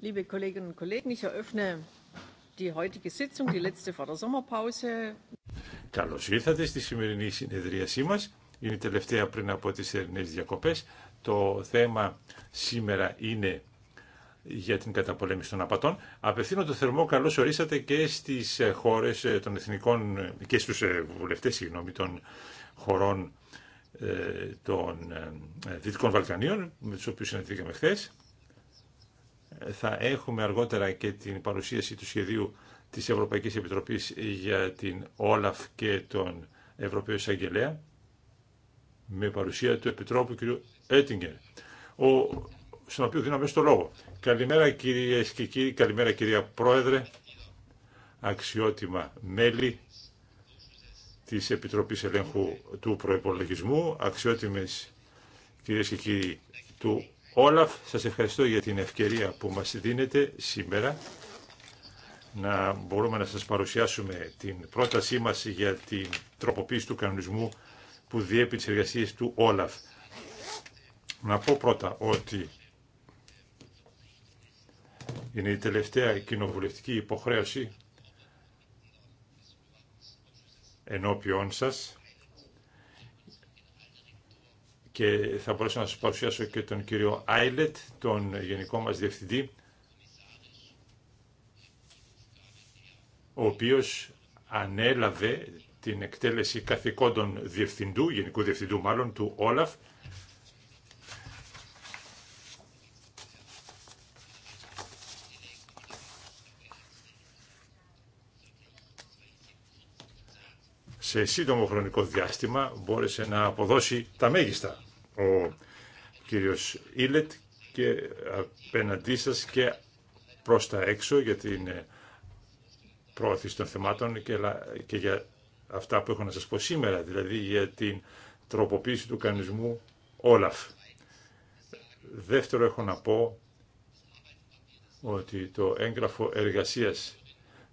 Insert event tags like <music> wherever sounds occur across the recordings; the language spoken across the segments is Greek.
Liebe Kolleginnen und Kollegen, ich eröffne die heutige Sitzung, die Καλώς ήρθατε στη σημερινή συνεδρίασή μα. Είναι η τελευταία πριν από τι ερηνές διακοπέ. Το θέμα σήμερα είναι για την καταπολέμηση των απατών. Απευθύνω το θερμό καλώ ορίσατε και στι χώρε ε, των εθνικών ε, και στους ε, βουλευτές συγγνώμη, των χωρών των Δυτικών Βαλκανίων με του οποίου συναντήκαμε χθε θα έχουμε αργότερα και την παρουσίαση του σχεδίου της Ευρωπαϊκής Επιτροπής για την Όλαφ και τον Ευρωπαίο Εισαγγελέα με παρουσία του Επιτρόπου κ. Έτιγκερ, ο, στον οποίο δίνω αμέσως το λόγο. Καλημέρα κυρίε και κύριοι, καλημέρα κυρία Πρόεδρε, αξιότιμα μέλη της Επιτροπής Ελέγχου του Προϋπολογισμού, αξιότιμες κυρίε και κύριοι του Όλαφ, σας ευχαριστώ για την ευκαιρία που μας δίνετε σήμερα να μπορούμε να σας παρουσιάσουμε την πρότασή μας για την τροποποίηση του κανονισμού που διέπει τις εργασίες του Όλαφ. Να πω πρώτα ότι είναι η τελευταία κοινοβουλευτική υποχρέωση ενώπιόν σας και θα μπορέσω να σας παρουσιάσω και τον κύριο Άιλετ, τον γενικό μας διευθυντή, ο οποίος ανέλαβε την εκτέλεση καθηκόντων διευθυντού, γενικού διευθυντού μάλλον, του Όλαφ, σε σύντομο χρονικό διάστημα μπόρεσε να αποδώσει τα μέγιστα ο κύριος Ήλετ και απέναντί σας και προς τα έξω για την ε, πρόθεση των θεμάτων και για αυτά που έχω να σας πω σήμερα, δηλαδή για την τροποποίηση του κανονισμού Όλαφ. Δεύτερο έχω να πω ότι το έγγραφο εργασίας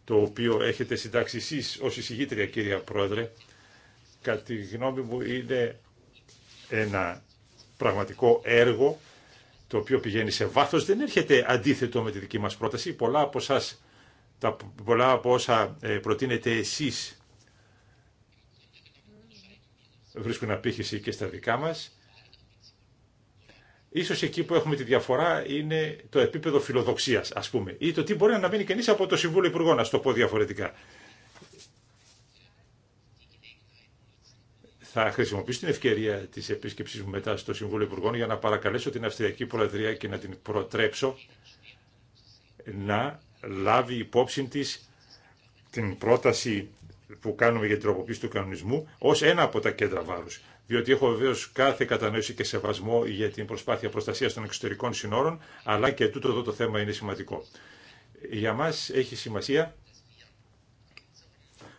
το οποίο έχετε συντάξει εσείς ως εισηγήτρια κυρία Πρόεδρε, κατά τη γνώμη μου είναι ένα πραγματικό έργο το οποίο πηγαίνει σε βάθος δεν έρχεται αντίθετο με τη δική μας πρόταση. Πολλά από, σας, τα, πολλά από όσα ε, προτείνετε εσείς βρίσκουν απήχηση και στα δικά μας. Ίσως εκεί που έχουμε τη διαφορά είναι το επίπεδο φιλοδοξίας, ας πούμε, ή το τι μπορεί να μείνει κανείς από το Συμβούλιο Υπουργό να το πω διαφορετικά. Θα χρησιμοποιήσω την ευκαιρία τη επίσκεψή μου μετά στο Συμβούλιο Υπουργών για να παρακαλέσω την Αυστριακή Προεδρία και να την προτρέψω να λάβει υπόψη τη την πρόταση που κάνουμε για την τροποποίηση του κανονισμού ω ένα από τα κέντρα βάρου. Διότι έχω βεβαίω κάθε κατανόηση και σεβασμό για την προσπάθεια προστασία των εξωτερικών συνόρων, αλλά και τούτο εδώ το θέμα είναι σημαντικό. Για μα έχει σημασία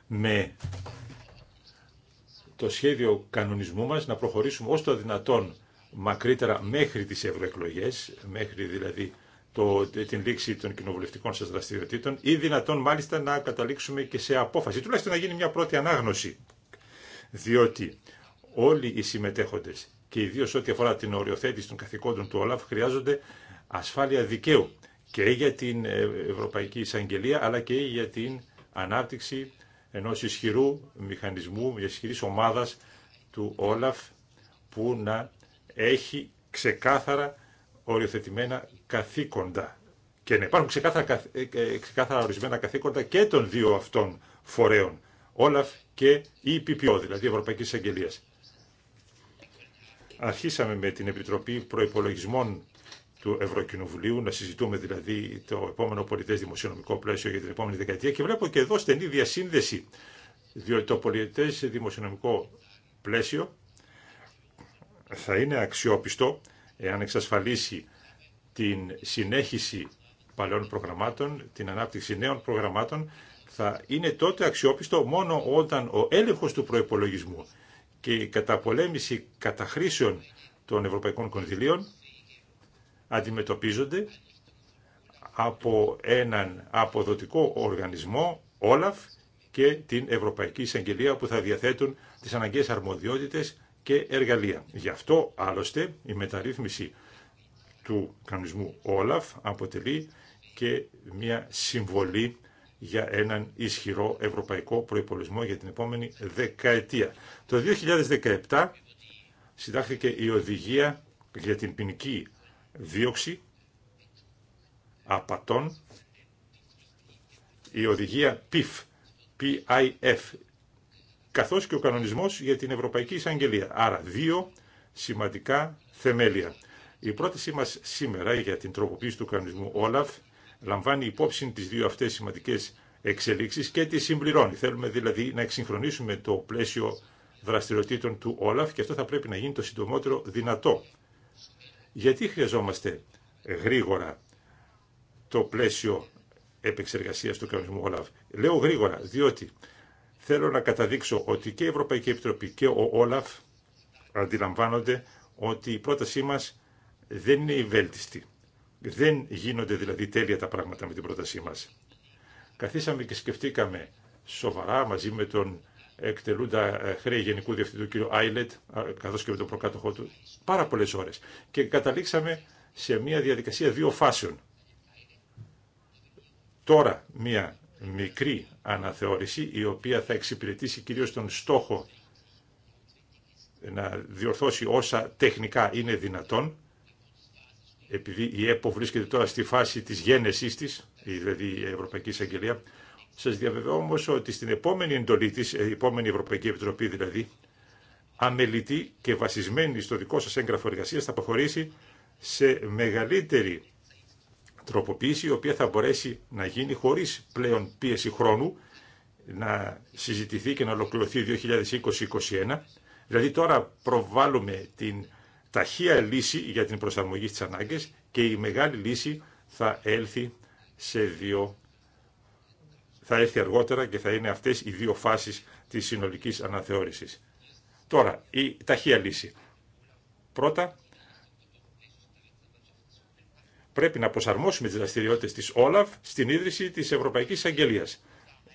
με το σχέδιο κανονισμού μας να προχωρήσουμε όσο το δυνατόν μακρύτερα μέχρι τις ευρωεκλογέ, μέχρι δηλαδή το, την λήξη των κοινοβουλευτικών σας δραστηριοτήτων ή δυνατόν μάλιστα να καταλήξουμε και σε απόφαση, τουλάχιστον να γίνει μια πρώτη ανάγνωση. Διότι όλοι οι συμμετέχοντες και ιδίως ό,τι αφορά την οριοθέτηση των καθηκόντων του ΟΛΑΦ χρειάζονται ασφάλεια δικαίου και για την Ευρωπαϊκή Εισαγγελία αλλά και για την ανάπτυξη Ενό ισχυρού μηχανισμού, μια ισχυρή ομάδα του Όλαφ που να έχει ξεκάθαρα οριοθετημένα καθήκοντα και να υπάρχουν ξεκάθαρα, ε, ε, ξεκάθαρα ορισμένα καθήκοντα και των δύο αυτών φορέων, Όλαφ και η ΠΠΟ, δηλαδή Ευρωπαϊκή Εισαγγελία. Αρχίσαμε με την Επιτροπή Προπολογισμών του Ευρωκοινοβουλίου, να συζητούμε δηλαδή το επόμενο πολιτέ δημοσιονομικό πλαίσιο για την επόμενη δεκαετία και βλέπω και εδώ στενή διασύνδεση, διότι το πολιτέ δημοσιονομικό πλαίσιο θα είναι αξιόπιστο εάν εξασφαλίσει την συνέχιση παλαιών προγραμμάτων, την ανάπτυξη νέων προγραμμάτων, θα είναι τότε αξιόπιστο μόνο όταν ο έλεγχος του προϋπολογισμού και η καταπολέμηση καταχρήσεων των ευρωπαϊκών κονδυλίων αντιμετωπίζονται από έναν αποδοτικό οργανισμό, Όλαφ, και την Ευρωπαϊκή Εισαγγελία που θα διαθέτουν τις αναγκαίες αρμοδιότητες και εργαλεία. Γι' αυτό, άλλωστε, η μεταρρύθμιση του κανονισμού Όλαφ αποτελεί και μια συμβολή για έναν ισχυρό ευρωπαϊκό προϋπολογισμό για την επόμενη δεκαετία. Το 2017 συντάχθηκε η οδηγία για την ποινική δίωξη απατών. Η οδηγία PIF, PIF, καθώς και ο κανονισμός για την Ευρωπαϊκή Εισαγγελία. Άρα δύο σημαντικά θεμέλια. Η πρότασή μας σήμερα για την τροποποίηση του κανονισμού Όλαφ λαμβάνει υπόψη τις δύο αυτές σημαντικές εξελίξεις και τις συμπληρώνει. Θέλουμε δηλαδή να εξυγχρονίσουμε το πλαίσιο δραστηριοτήτων του Όλαφ και αυτό θα πρέπει να γίνει το συντομότερο δυνατό. Γιατί χρειαζόμαστε γρήγορα το πλαίσιο επεξεργασία του κανονισμού ΟΛΑΒ. Λέω γρήγορα, διότι θέλω να καταδείξω ότι και η Ευρωπαϊκή Επιτροπή και ο ΟΛΑΦ αντιλαμβάνονται ότι η πρότασή μα δεν είναι ευέλτιστη. Δεν γίνονται δηλαδή τέλεια τα πράγματα με την πρότασή μα. Καθίσαμε και σκεφτήκαμε σοβαρά μαζί με τον τα ε, χρέη Γενικού Διευθυντού κ. Άιλετ, καθώς και με τον προκάτοχό του, πάρα πολλές ώρες. Και καταλήξαμε σε μια διαδικασία δύο φάσεων. Τώρα μια μικρή αναθεώρηση, η οποία θα εξυπηρετήσει κυρίως τον στόχο να διορθώσει όσα τεχνικά είναι δυνατόν, επειδή η ΕΠΟ βρίσκεται τώρα στη φάση της γένεσής της, δηλαδή η Ευρωπαϊκή Εισαγγελία, Σα διαβεβαιώ όμως ότι στην επόμενη εντολή της, η ε, επόμενη Ευρωπαϊκή Επιτροπή δηλαδή, αμελητή και βασισμένη στο δικό σα έγγραφο εργασία θα προχωρήσει σε μεγαλύτερη τροποποίηση η οποία θα μπορέσει να γίνει χωρίς πλέον πίεση χρόνου να συζητηθεί και να ολοκληρωθεί 2020-2021. Δηλαδή τώρα προβάλλουμε την ταχεία λύση για την προσαρμογή στις ανάγκες και η μεγάλη λύση θα έλθει σε δύο θα έρθει αργότερα και θα είναι αυτές οι δύο φάσεις της συνολικής αναθεώρησης. Τώρα, η ταχεία λύση. Πρώτα, πρέπει να προσαρμόσουμε τις δραστηριότητες της Όλαφ στην ίδρυση της Ευρωπαϊκής Αγγελίας,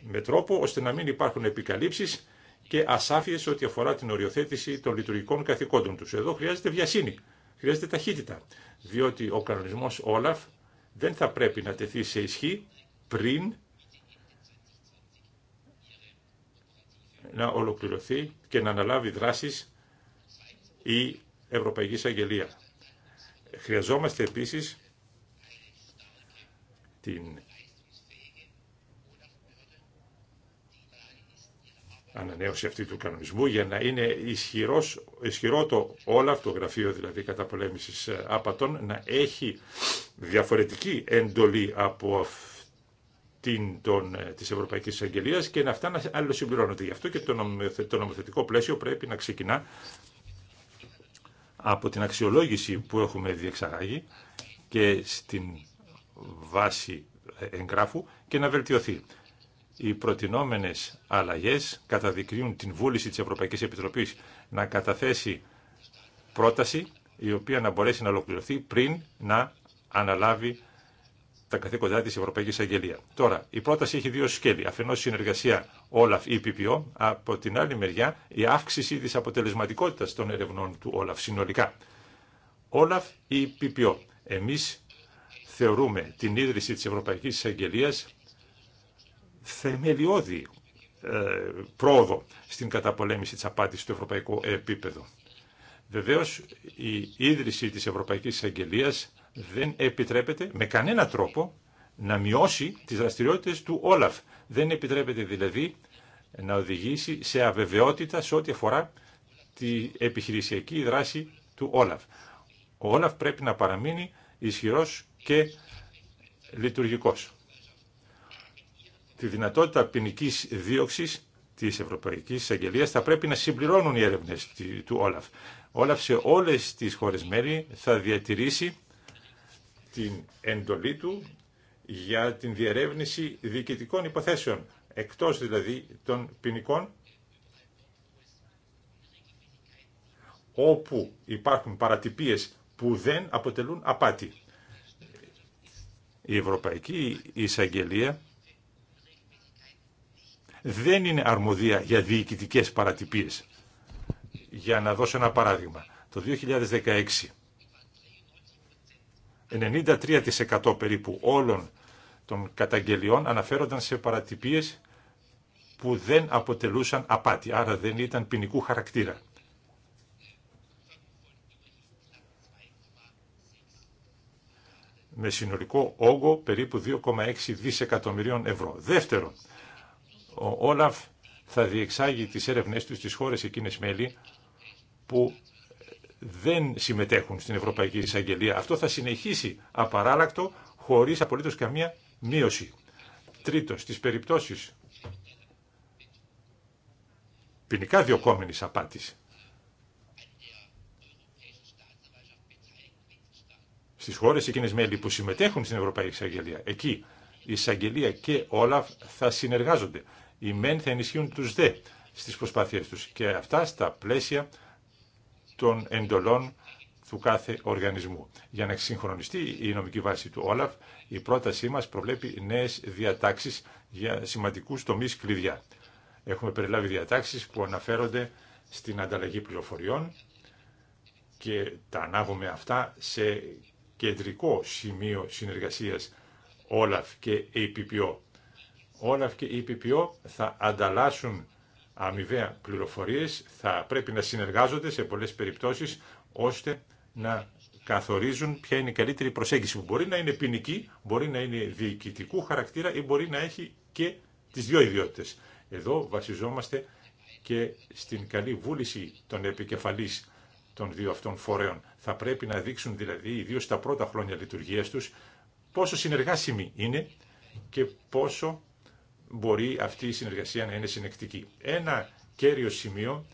με τρόπο ώστε να μην υπάρχουν επικαλύψεις και ασάφειες ό,τι αφορά την οριοθέτηση των λειτουργικών καθηκόντων τους. Εδώ χρειάζεται βιασύνη, χρειάζεται ταχύτητα, διότι ο κανονισμός Όλαφ δεν θα πρέπει να τεθεί σε ισχύ πριν να ολοκληρωθεί και να αναλάβει δράσεις η Ευρωπαϊκή Αγγελία. Χρειαζόμαστε επίσης την ανανέωση αυτή του κανονισμού για να είναι ισχυρός, ισχυρό το αυτό το γραφείο δηλαδή καταπολέμησης άπατων να έχει διαφορετική εντολή από αυτό την, των, ε, της Ευρωπαϊκής Αγγελίας και αυτά να αλληλοσυμπληρώνονται. Γι' αυτό και το νομοθετικό πλαίσιο πρέπει να ξεκινά από την αξιολόγηση που έχουμε διεξαγάγει και στην βάση ε, εγγράφου και να βελτιωθεί. Οι προτινόμενες αλλαγές καταδεικνύουν την βούληση της Ευρωπαϊκής Επιτροπής να καταθέσει πρόταση η οποία να μπορέσει να ολοκληρωθεί πριν να αναλάβει τα καθήκοντά τη Ευρωπαϊκή Αγγελία. Τώρα, η πρόταση έχει δύο σκέλη. Αφενό, η συνεργασία Όλαφ ή ΠΠΟ, από την άλλη μεριά, η αύξηση τη αποτελεσματικότητα των ερευνών του Όλαφ συνολικά. Όλαφ ή ΠΠΟ. Εμεί θεωρούμε την ίδρυση τη Ευρωπαϊκή Αγγελία θεμελιώδη ε, πρόοδο στην καταπολέμηση της απάτης στο ευρωπαϊκό επίπεδο. Βεβαίως, η αυξηση τη αποτελεσματικοτητα των ερευνων του ολαφ συνολικα ολαφ η ππο εμει θεωρουμε την ιδρυση τη ευρωπαικη αγγελια θεμελιωδη προοδο στην καταπολεμηση τη απατηση στο ευρωπαικο επιπεδο βεβαιω η ιδρυση τη ευρωπαικη αγγελια δεν επιτρέπεται με κανένα τρόπο να μειώσει τις δραστηριότητες του Όλαφ. Δεν επιτρέπεται δηλαδή να οδηγήσει σε αβεβαιότητα σε ό,τι αφορά τη επιχειρησιακή δράση του Όλαφ. Ο Όλαφ πρέπει να παραμείνει ισχυρός και λειτουργικός. Τη δυνατότητα ποινική δίωξη της Ευρωπαϊκή Εισαγγελία θα πρέπει να συμπληρώνουν οι έρευνε του Όλαφ. Όλαφ σε όλε τι χώρε θα διατηρήσει την εντολή του για την διερεύνηση διοικητικών υποθέσεων, εκτός δηλαδή των ποινικών, όπου υπάρχουν παρατυπίες που δεν αποτελούν απάτη. Η Ευρωπαϊκή Εισαγγελία δεν είναι αρμοδία για διοικητικές παρατυπίες. Για να δώσω ένα παράδειγμα. Το 2016 93% περίπου όλων των καταγγελιών αναφέρονταν σε παρατυπίες που δεν αποτελούσαν απάτη, άρα δεν ήταν ποινικού χαρακτήρα. με συνολικό όγκο περίπου 2,6 δισεκατομμυρίων ευρώ. Δεύτερον, ο Όλαφ θα διεξάγει τις έρευνές του στις χώρες εκείνες μέλη που δεν συμμετέχουν στην Ευρωπαϊκή Εισαγγελία. Αυτό θα συνεχίσει απαράλλακτο, χωρίς απολύτως καμία μείωση. Τρίτο, στις περιπτώσεις ποινικά διοκόμενης απάτης. Στις χώρες εκείνες μέλη που συμμετέχουν στην Ευρωπαϊκή Εισαγγελία, εκεί η Εισαγγελία και όλα θα συνεργάζονται. Οι μεν θα ενισχύουν τους δε στις προσπάθειές τους και αυτά στα πλαίσια των εντολών του κάθε οργανισμού. Για να συγχρονιστεί η νομική βάση του Όλαφ, η πρότασή μας προβλέπει νέες διατάξεις για σημαντικούς τομείς κλειδιά. Έχουμε περιλάβει διατάξεις που αναφέρονται στην ανταλλαγή πληροφοριών και τα ανάγουμε αυτά σε κεντρικό σημείο συνεργασίας Όλαφ και ΕΠΠΟ. Όλαφ και ΕΠΠΟ θα ανταλλάσσουν αμοιβαία πληροφορίες, θα πρέπει να συνεργάζονται σε πολλές περιπτώσεις ώστε να καθορίζουν ποια είναι η καλύτερη προσέγγιση που μπορεί να είναι ποινική, μπορεί να είναι διοικητικού χαρακτήρα ή μπορεί να έχει και τις δύο ιδιότητες. Εδώ βασιζόμαστε και στην καλή βούληση των επικεφαλής των δύο αυτών φορέων. Θα πρέπει να δείξουν δηλαδή, ιδίω στα πρώτα χρόνια λειτουργίας τους, πόσο συνεργάσιμοι είναι και πόσο μπορεί αυτή η συνεργασία να είναι συνεκτική. Ένα κέριο σημείο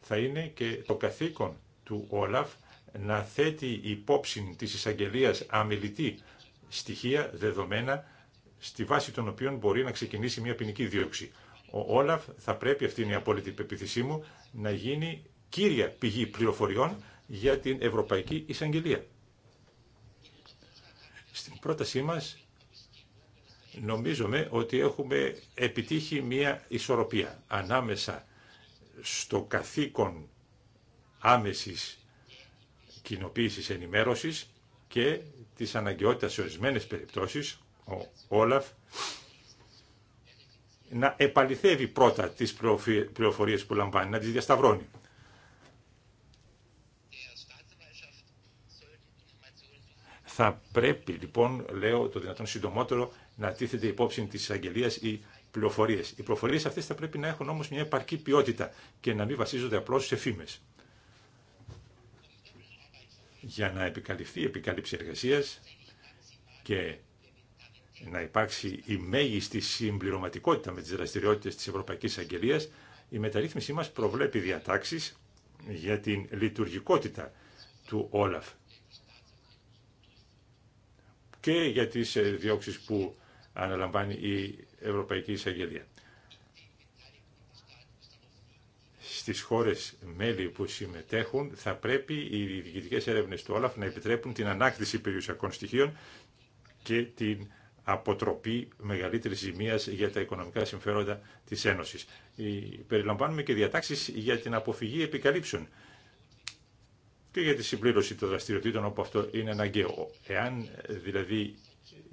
θα είναι και το καθήκον του Όλαφ να θέτει υπόψη της εισαγγελία αμελητή στοιχεία, δεδομένα, στη βάση των οποίων μπορεί να ξεκινήσει μια ποινική δίωξη. Ο Όλαφ θα πρέπει, αυτή είναι η απόλυτη πεποίθησή μου, να γίνει κύρια πηγή πληροφοριών για την Ευρωπαϊκή Εισαγγελία. Στην πρότασή μας Νομίζομαι ότι έχουμε επιτύχει μία ισορροπία ανάμεσα στο καθήκον άμεσης κοινοποίησης ενημέρωσης και της αναγκαιότητας σε ορισμένες περιπτώσεις ο Όλαφ να επαληθεύει πρώτα τις πληροφορίες που λαμβάνει, να τις διασταυρώνει. Θα πρέπει λοιπόν, λέω το δυνατόν συντομότερο, να τίθεται υπόψη τη εισαγγελία ή πληροφορίε. Οι πληροφορίε αυτέ θα πρέπει να έχουν όμω μια επαρκή ποιότητα και να μην βασίζονται απλώ σε φήμε. Για να επικαλυφθεί η επικάλυψη εργασία και να υπάρξει η μέγιστη συμπληρωματικότητα με τι δραστηριότητε τη Ευρωπαϊκή Αγγελία, η μεταρρύθμιση μα προβλέπει διατάξει για την λειτουργικότητα του Όλαφ και για τις ε, διώξεις που αναλαμβάνει η Ευρωπαϊκή Εισαγγελία. Στις χώρες μέλη που συμμετέχουν θα πρέπει οι διοικητικές έρευνες του Όλαφ να επιτρέπουν την ανάκτηση περιουσιακών στοιχείων και την αποτροπή μεγαλύτερη ζημία για τα οικονομικά συμφέροντα τη Ένωση. Περιλαμβάνουμε και διατάξει για την αποφυγή επικαλύψεων και για τη συμπλήρωση των δραστηριοτήτων όπου αυτό είναι αναγκαίο. Εάν δηλαδή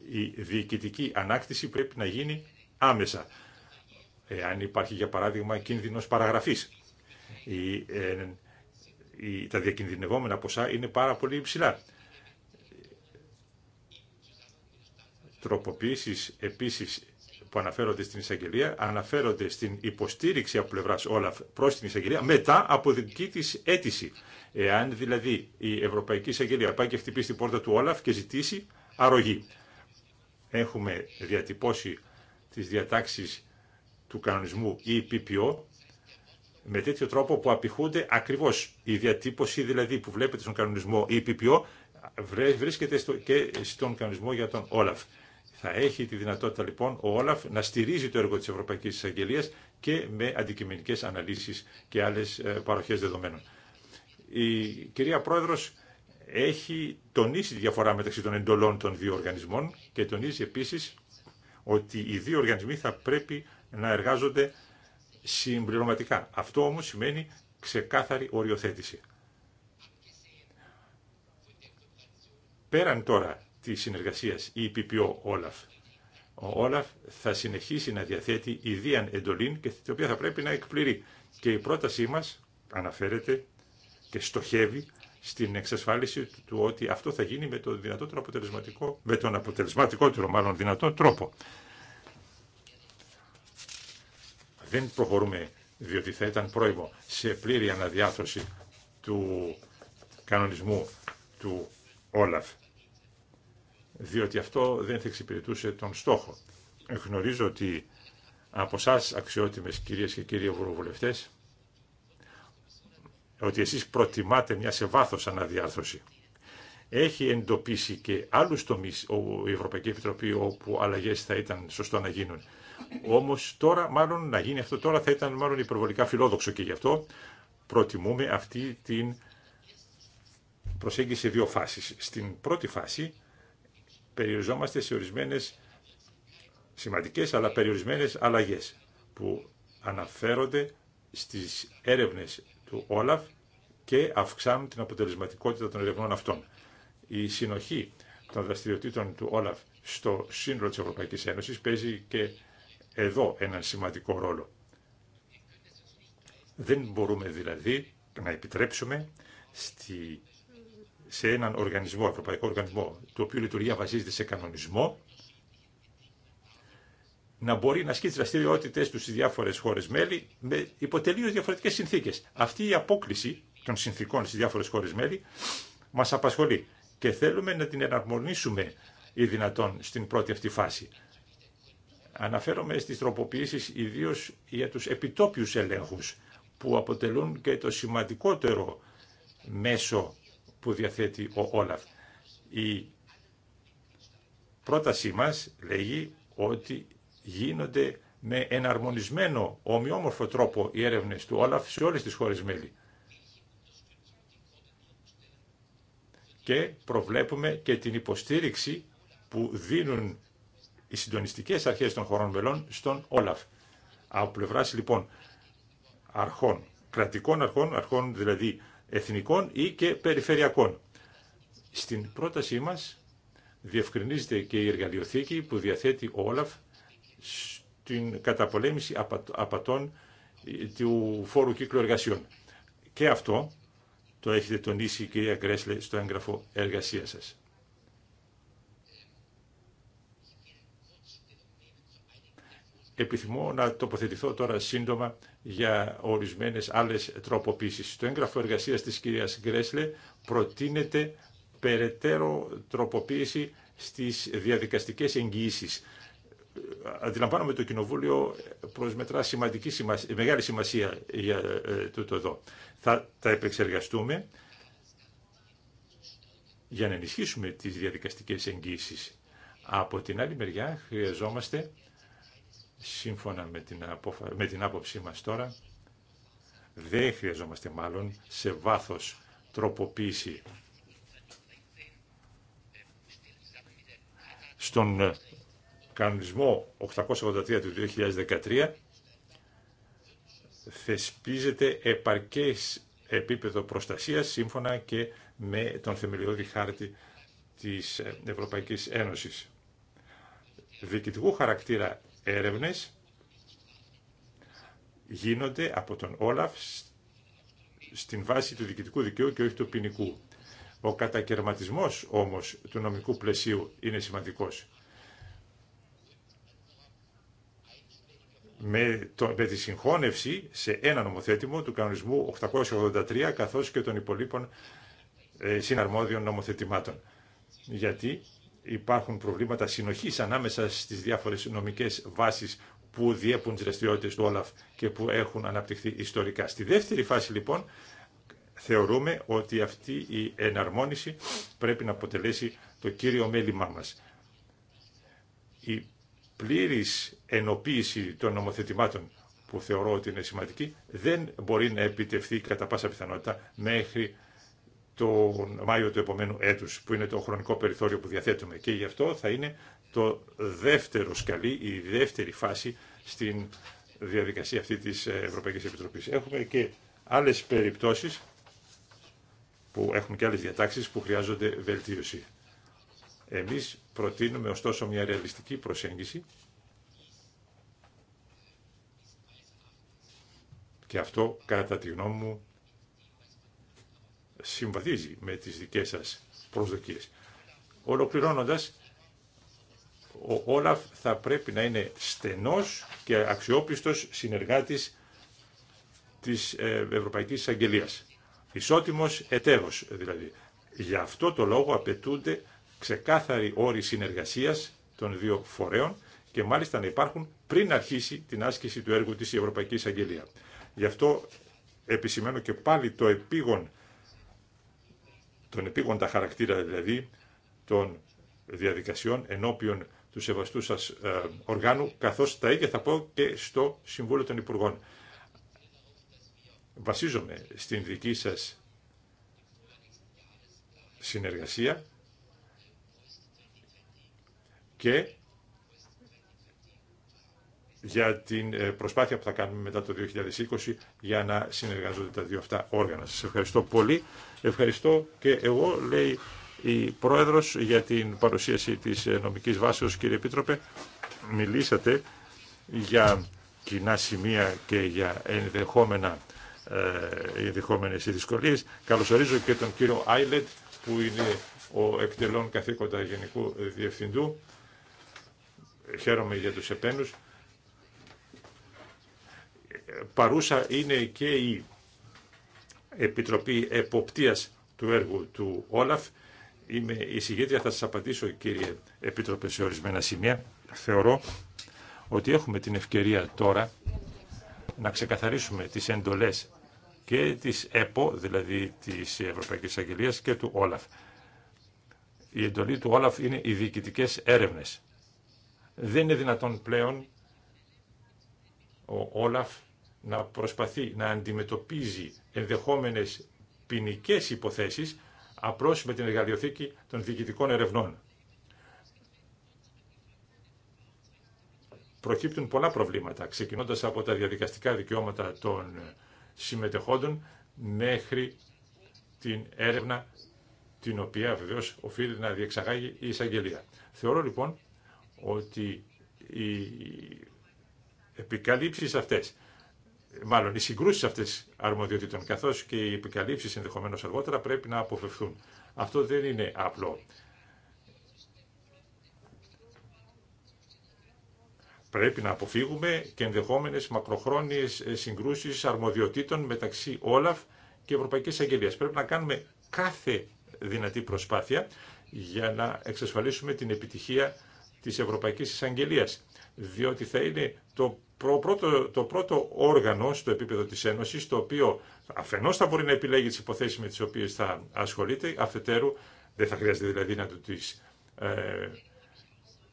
η διοικητική ανάκτηση πρέπει να γίνει άμεσα. Εάν υπάρχει, για παράδειγμα, κίνδυνος παραγραφής. Η, ε, η, τα διακινδυνευόμενα ποσά είναι πάρα πολύ υψηλά. Τροποποιήσεις επίσης που αναφέρονται στην εισαγγελία αναφέρονται στην υποστήριξη από πλευράς Όλαφ προς την εισαγγελία μετά από δική της αίτηση. Εάν δηλαδή η Ευρωπαϊκή Εισαγγελία πάει και χτυπήσει την πόρτα του Όλαφ και ζητήσει αρρωγή έχουμε διατυπώσει τις διατάξεις του κανονισμού ή e PPO με τέτοιο τρόπο που απηχούνται ακριβώς. Η διατύπωση δηλαδή που βλέπετε στον κανονισμό ή e PPO βρίσκεται στο, και στον κανονισμό για τον Όλαφ. Θα έχει τη δυνατότητα λοιπόν ο Όλαφ να στηρίζει το έργο της Ευρωπαϊκής Εισαγγελίας και με αντικειμενικές αναλύσεις και άλλες ε, παροχές δεδομένων. Η κυρία Πρόεδρος έχει τονίσει τη διαφορά μεταξύ των εντολών των δύο οργανισμών και τονίζει επίσης ότι οι δύο οργανισμοί θα πρέπει να εργάζονται συμπληρωματικά. Αυτό όμως σημαίνει ξεκάθαρη οριοθέτηση. Πέραν τώρα τη συνεργασία η ΠΠΟ Όλαφ. Ο Όλαφ θα συνεχίσει να διαθέτει ιδίαν εντολή και την οποία θα πρέπει να εκπληρεί. Και η πρότασή μας αναφέρεται και στοχεύει στην εξασφάλιση του ότι αυτό θα γίνει με, τον δυνατότερο αποτελεσματικό, με τον αποτελεσματικότερο μάλλον δυνατό τρόπο. Δεν προχωρούμε διότι θα ήταν πρόημο σε πλήρη αναδιάθρωση του κανονισμού του Όλαφ. Διότι αυτό δεν θα εξυπηρετούσε τον στόχο. Γνωρίζω ότι από εσά αξιότιμες κυρίες και κύριοι ευρωβουλευτές ότι εσείς προτιμάτε μια σε βάθος αναδιάρθρωση. Έχει εντοπίσει και άλλους τομείς η Ευρωπαϊκή Επιτροπή όπου αλλαγές θα ήταν σωστό να γίνουν. Όμως τώρα μάλλον να γίνει αυτό τώρα θα ήταν μάλλον υπερβολικά φιλόδοξο και γι' αυτό προτιμούμε αυτή την προσέγγιση σε δύο φάσεις. Στην πρώτη φάση περιοριζόμαστε σε ορισμένες σημαντικές αλλά περιορισμένες αλλαγές που αναφέρονται στις έρευνες του Όλαφ και αυξάνουν την αποτελεσματικότητα των ερευνών αυτών. Η συνοχή των δραστηριοτήτων του Όλαφ στο σύνολο της Ευρωπαϊκής Ένωσης παίζει και εδώ έναν σημαντικό ρόλο. Δεν μπορούμε δηλαδή να επιτρέψουμε στη, σε έναν οργανισμό, ευρωπαϊκό οργανισμό, το οποίο λειτουργία βασίζεται σε κανονισμό, να μπορεί να ασκεί τι δραστηριότητε του στι διάφορε χώρε μέλη με υποτελείω διαφορετικέ συνθήκε. Αυτή η απόκληση των συνθήκων στι διάφορε χώρε μέλη, μας απασχολεί και θέλουμε να την εναρμονίσουμε ή δυνατόν στην πρώτη αυτή φάση. Αναφέρομαι στις τροποποιήσεις ιδίως για τους επιτόπιους ελέγχους που αποτελούν και το σημαντικότερο μέσο που διαθέτει ο Όλαφ. Η πρότασή μας λέγει ότι γίνονται με εναρμονισμένο ομοιόμορφο τρόπο οι έρευνες του Όλαφ σε όλες τις χώρες μέλη. και προβλέπουμε και την υποστήριξη που δίνουν οι συντονιστικές αρχές των χωρών μελών στον Όλαφ. Από πλευρά λοιπόν αρχών, κρατικών αρχών, αρχών δηλαδή εθνικών ή και περιφερειακών. Στην πρότασή μας διευκρινίζεται και η εργαλειοθήκη που διαθέτει ο Όλαφ στην καταπολέμηση απατών ε, του φόρου κύκλου εργασιών. Και αυτό το έχετε τονίσει κυρία Γκρέσλε, στο έγγραφο εργασία σα. Επιθυμώ να τοποθετηθώ τώρα σύντομα για ορισμένε άλλε τροποποίησει. Στο έγγραφο εργασία της κυρίας Γκρέσλε προτείνεται περαιτέρω τροποποίηση στις διαδικαστικές εγγύησει αντιλαμβάνομαι το Κοινοβούλιο προσμετρά σημαντική σημασία, μεγάλη σημασία για ε, τούτο εδώ. Θα τα επεξεργαστούμε για να ενισχύσουμε τις διαδικαστικές εγγύσεις. Από την άλλη μεριά χρειαζόμαστε, σύμφωνα με την, με την άποψή μας τώρα, δεν χρειαζόμαστε μάλλον σε βάθος τροποποίηση στον κανονισμό 883 του 2013 θεσπίζεται επαρκές επίπεδο προστασίας σύμφωνα και με τον θεμελιώδη χάρτη της Ευρωπαϊκής Ένωσης. Διοικητικού χαρακτήρα έρευνες γίνονται από τον Όλαφ στην βάση του διοικητικού δικαίου και όχι του ποινικού. Ο κατακαιρματισμός όμως του νομικού πλαισίου είναι σημαντικός. με, το, με τη συγχώνευση σε ένα νομοθέτημα του κανονισμού 883 καθώς και των υπολείπων ε, συναρμόδιων νομοθετημάτων. Γιατί υπάρχουν προβλήματα συνοχής ανάμεσα στις διάφορες νομικές βάσεις που διέπουν τι δραστηριότητε του Όλαφ και που έχουν αναπτυχθεί ιστορικά. Στη δεύτερη φάση λοιπόν θεωρούμε ότι αυτή η εναρμόνιση πρέπει να αποτελέσει το κύριο μέλημά μας πλήρης ενοποίηση των νομοθετημάτων που θεωρώ ότι είναι σημαντική, δεν μπορεί να επιτευχθεί κατά πάσα πιθανότητα μέχρι τον Μάιο του επομένου έτους, που είναι το χρονικό περιθώριο που διαθέτουμε. Και γι' αυτό θα είναι το δεύτερο σκαλί, η δεύτερη φάση στην διαδικασία αυτή της Ευρωπαϊκής Επιτροπής. Έχουμε και άλλες περιπτώσεις, που έχουν και άλλες διατάξεις που χρειάζονται βελτίωση. Εμείς προτείνουμε ωστόσο μια ρεαλιστική προσέγγιση και αυτό κατά τη γνώμη μου συμβαδίζει με τις δικές σας προσδοκίες. Ολοκληρώνοντας, ο Όλαφ θα πρέπει να είναι στενός και αξιόπιστος συνεργάτης της ε, Ευρωπαϊκής Αγγελίας. Ισότιμος εταίρος δηλαδή. Γι' αυτό το λόγο απαιτούνται ξεκάθαροι όροι συνεργασίας των δύο φορέων και μάλιστα να υπάρχουν πριν αρχίσει την άσκηση του έργου της Ευρωπαϊκής Ευρωπαϊκή Γι' αυτό επισημαίνω και πάλι το επίγον, τον επίγοντα χαρακτήρα δηλαδή των διαδικασιών ενώπιον του σεβαστού σας ε, οργάνου, καθώς τα ίδια θα πω και στο Συμβούλιο των Υπουργών. Βασίζομαι στην δική σας συνεργασία και για την ε, προσπάθεια που θα κάνουμε μετά το 2020 για να συνεργαζόνται τα δύο αυτά όργανα. Σας ευχαριστώ πολύ. Ευχαριστώ και εγώ, λέει η Πρόεδρος, για την παρουσίαση της ε, νομικής βάσεως. Κύριε Επίτροπε, μιλήσατε για κοινά σημεία και για ενδεχόμενα ε, ενδεχόμενες δυσκολίες. Καλωσορίζω και τον κύριο Άιλετ, που είναι ο εκτελών καθήκοντα Γενικού Διευθυντού χαίρομαι για τους επένους. Παρούσα είναι και η Επιτροπή Εποπτείας του έργου του Όλαφ. Είμαι η συγγήτρια, θα σας απαντήσω κύριε Επίτροπε σε ορισμένα σημεία. Θεωρώ ότι έχουμε την ευκαιρία τώρα να ξεκαθαρίσουμε τις εντολές και της ΕΠΟ, δηλαδή της Ευρωπαϊκής Αγγελίας και του Όλαφ. Η εντολή του Όλαφ είναι οι διοικητικές έρευνες. Δεν είναι δυνατόν πλέον ο Όλαφ να προσπαθεί να αντιμετωπίζει ενδεχόμενες ποινικέ υποθέσεις απλώς με την εργαλειοθήκη των διοικητικών ερευνών. Προκύπτουν πολλά προβλήματα, ξεκινώντας από τα διαδικαστικά δικαιώματα των συμμετεχόντων μέχρι την έρευνα την οποία βεβαίως οφείλει να διεξαγάγει η εισαγγελία. Θεωρώ λοιπόν ότι οι επικαλύψεις αυτές, μάλλον οι συγκρούσεις αυτές αρμοδιοτήτων, καθώς και οι επικαλύψεις ενδεχομένως αργότερα πρέπει να αποφευθούν. Αυτό δεν είναι απλό. Πρέπει να αποφύγουμε και ενδεχόμενες μακροχρόνιες συγκρούσεις αρμοδιοτήτων μεταξύ Όλαφ και Ευρωπαϊκής Αγγελίας. Πρέπει να κάνουμε κάθε δυνατή προσπάθεια για να εξασφαλίσουμε την επιτυχία της Ευρωπαϊκής Εισαγγελίας, διότι θα είναι το πρώτο, το πρώτο όργανο στο επίπεδο της Ένωσης, το οποίο αφενός θα μπορεί να επιλέγει τις υποθέσεις με τις οποίες θα ασχολείται, αφετέρου δεν θα χρειάζεται δηλαδή να του τις ε,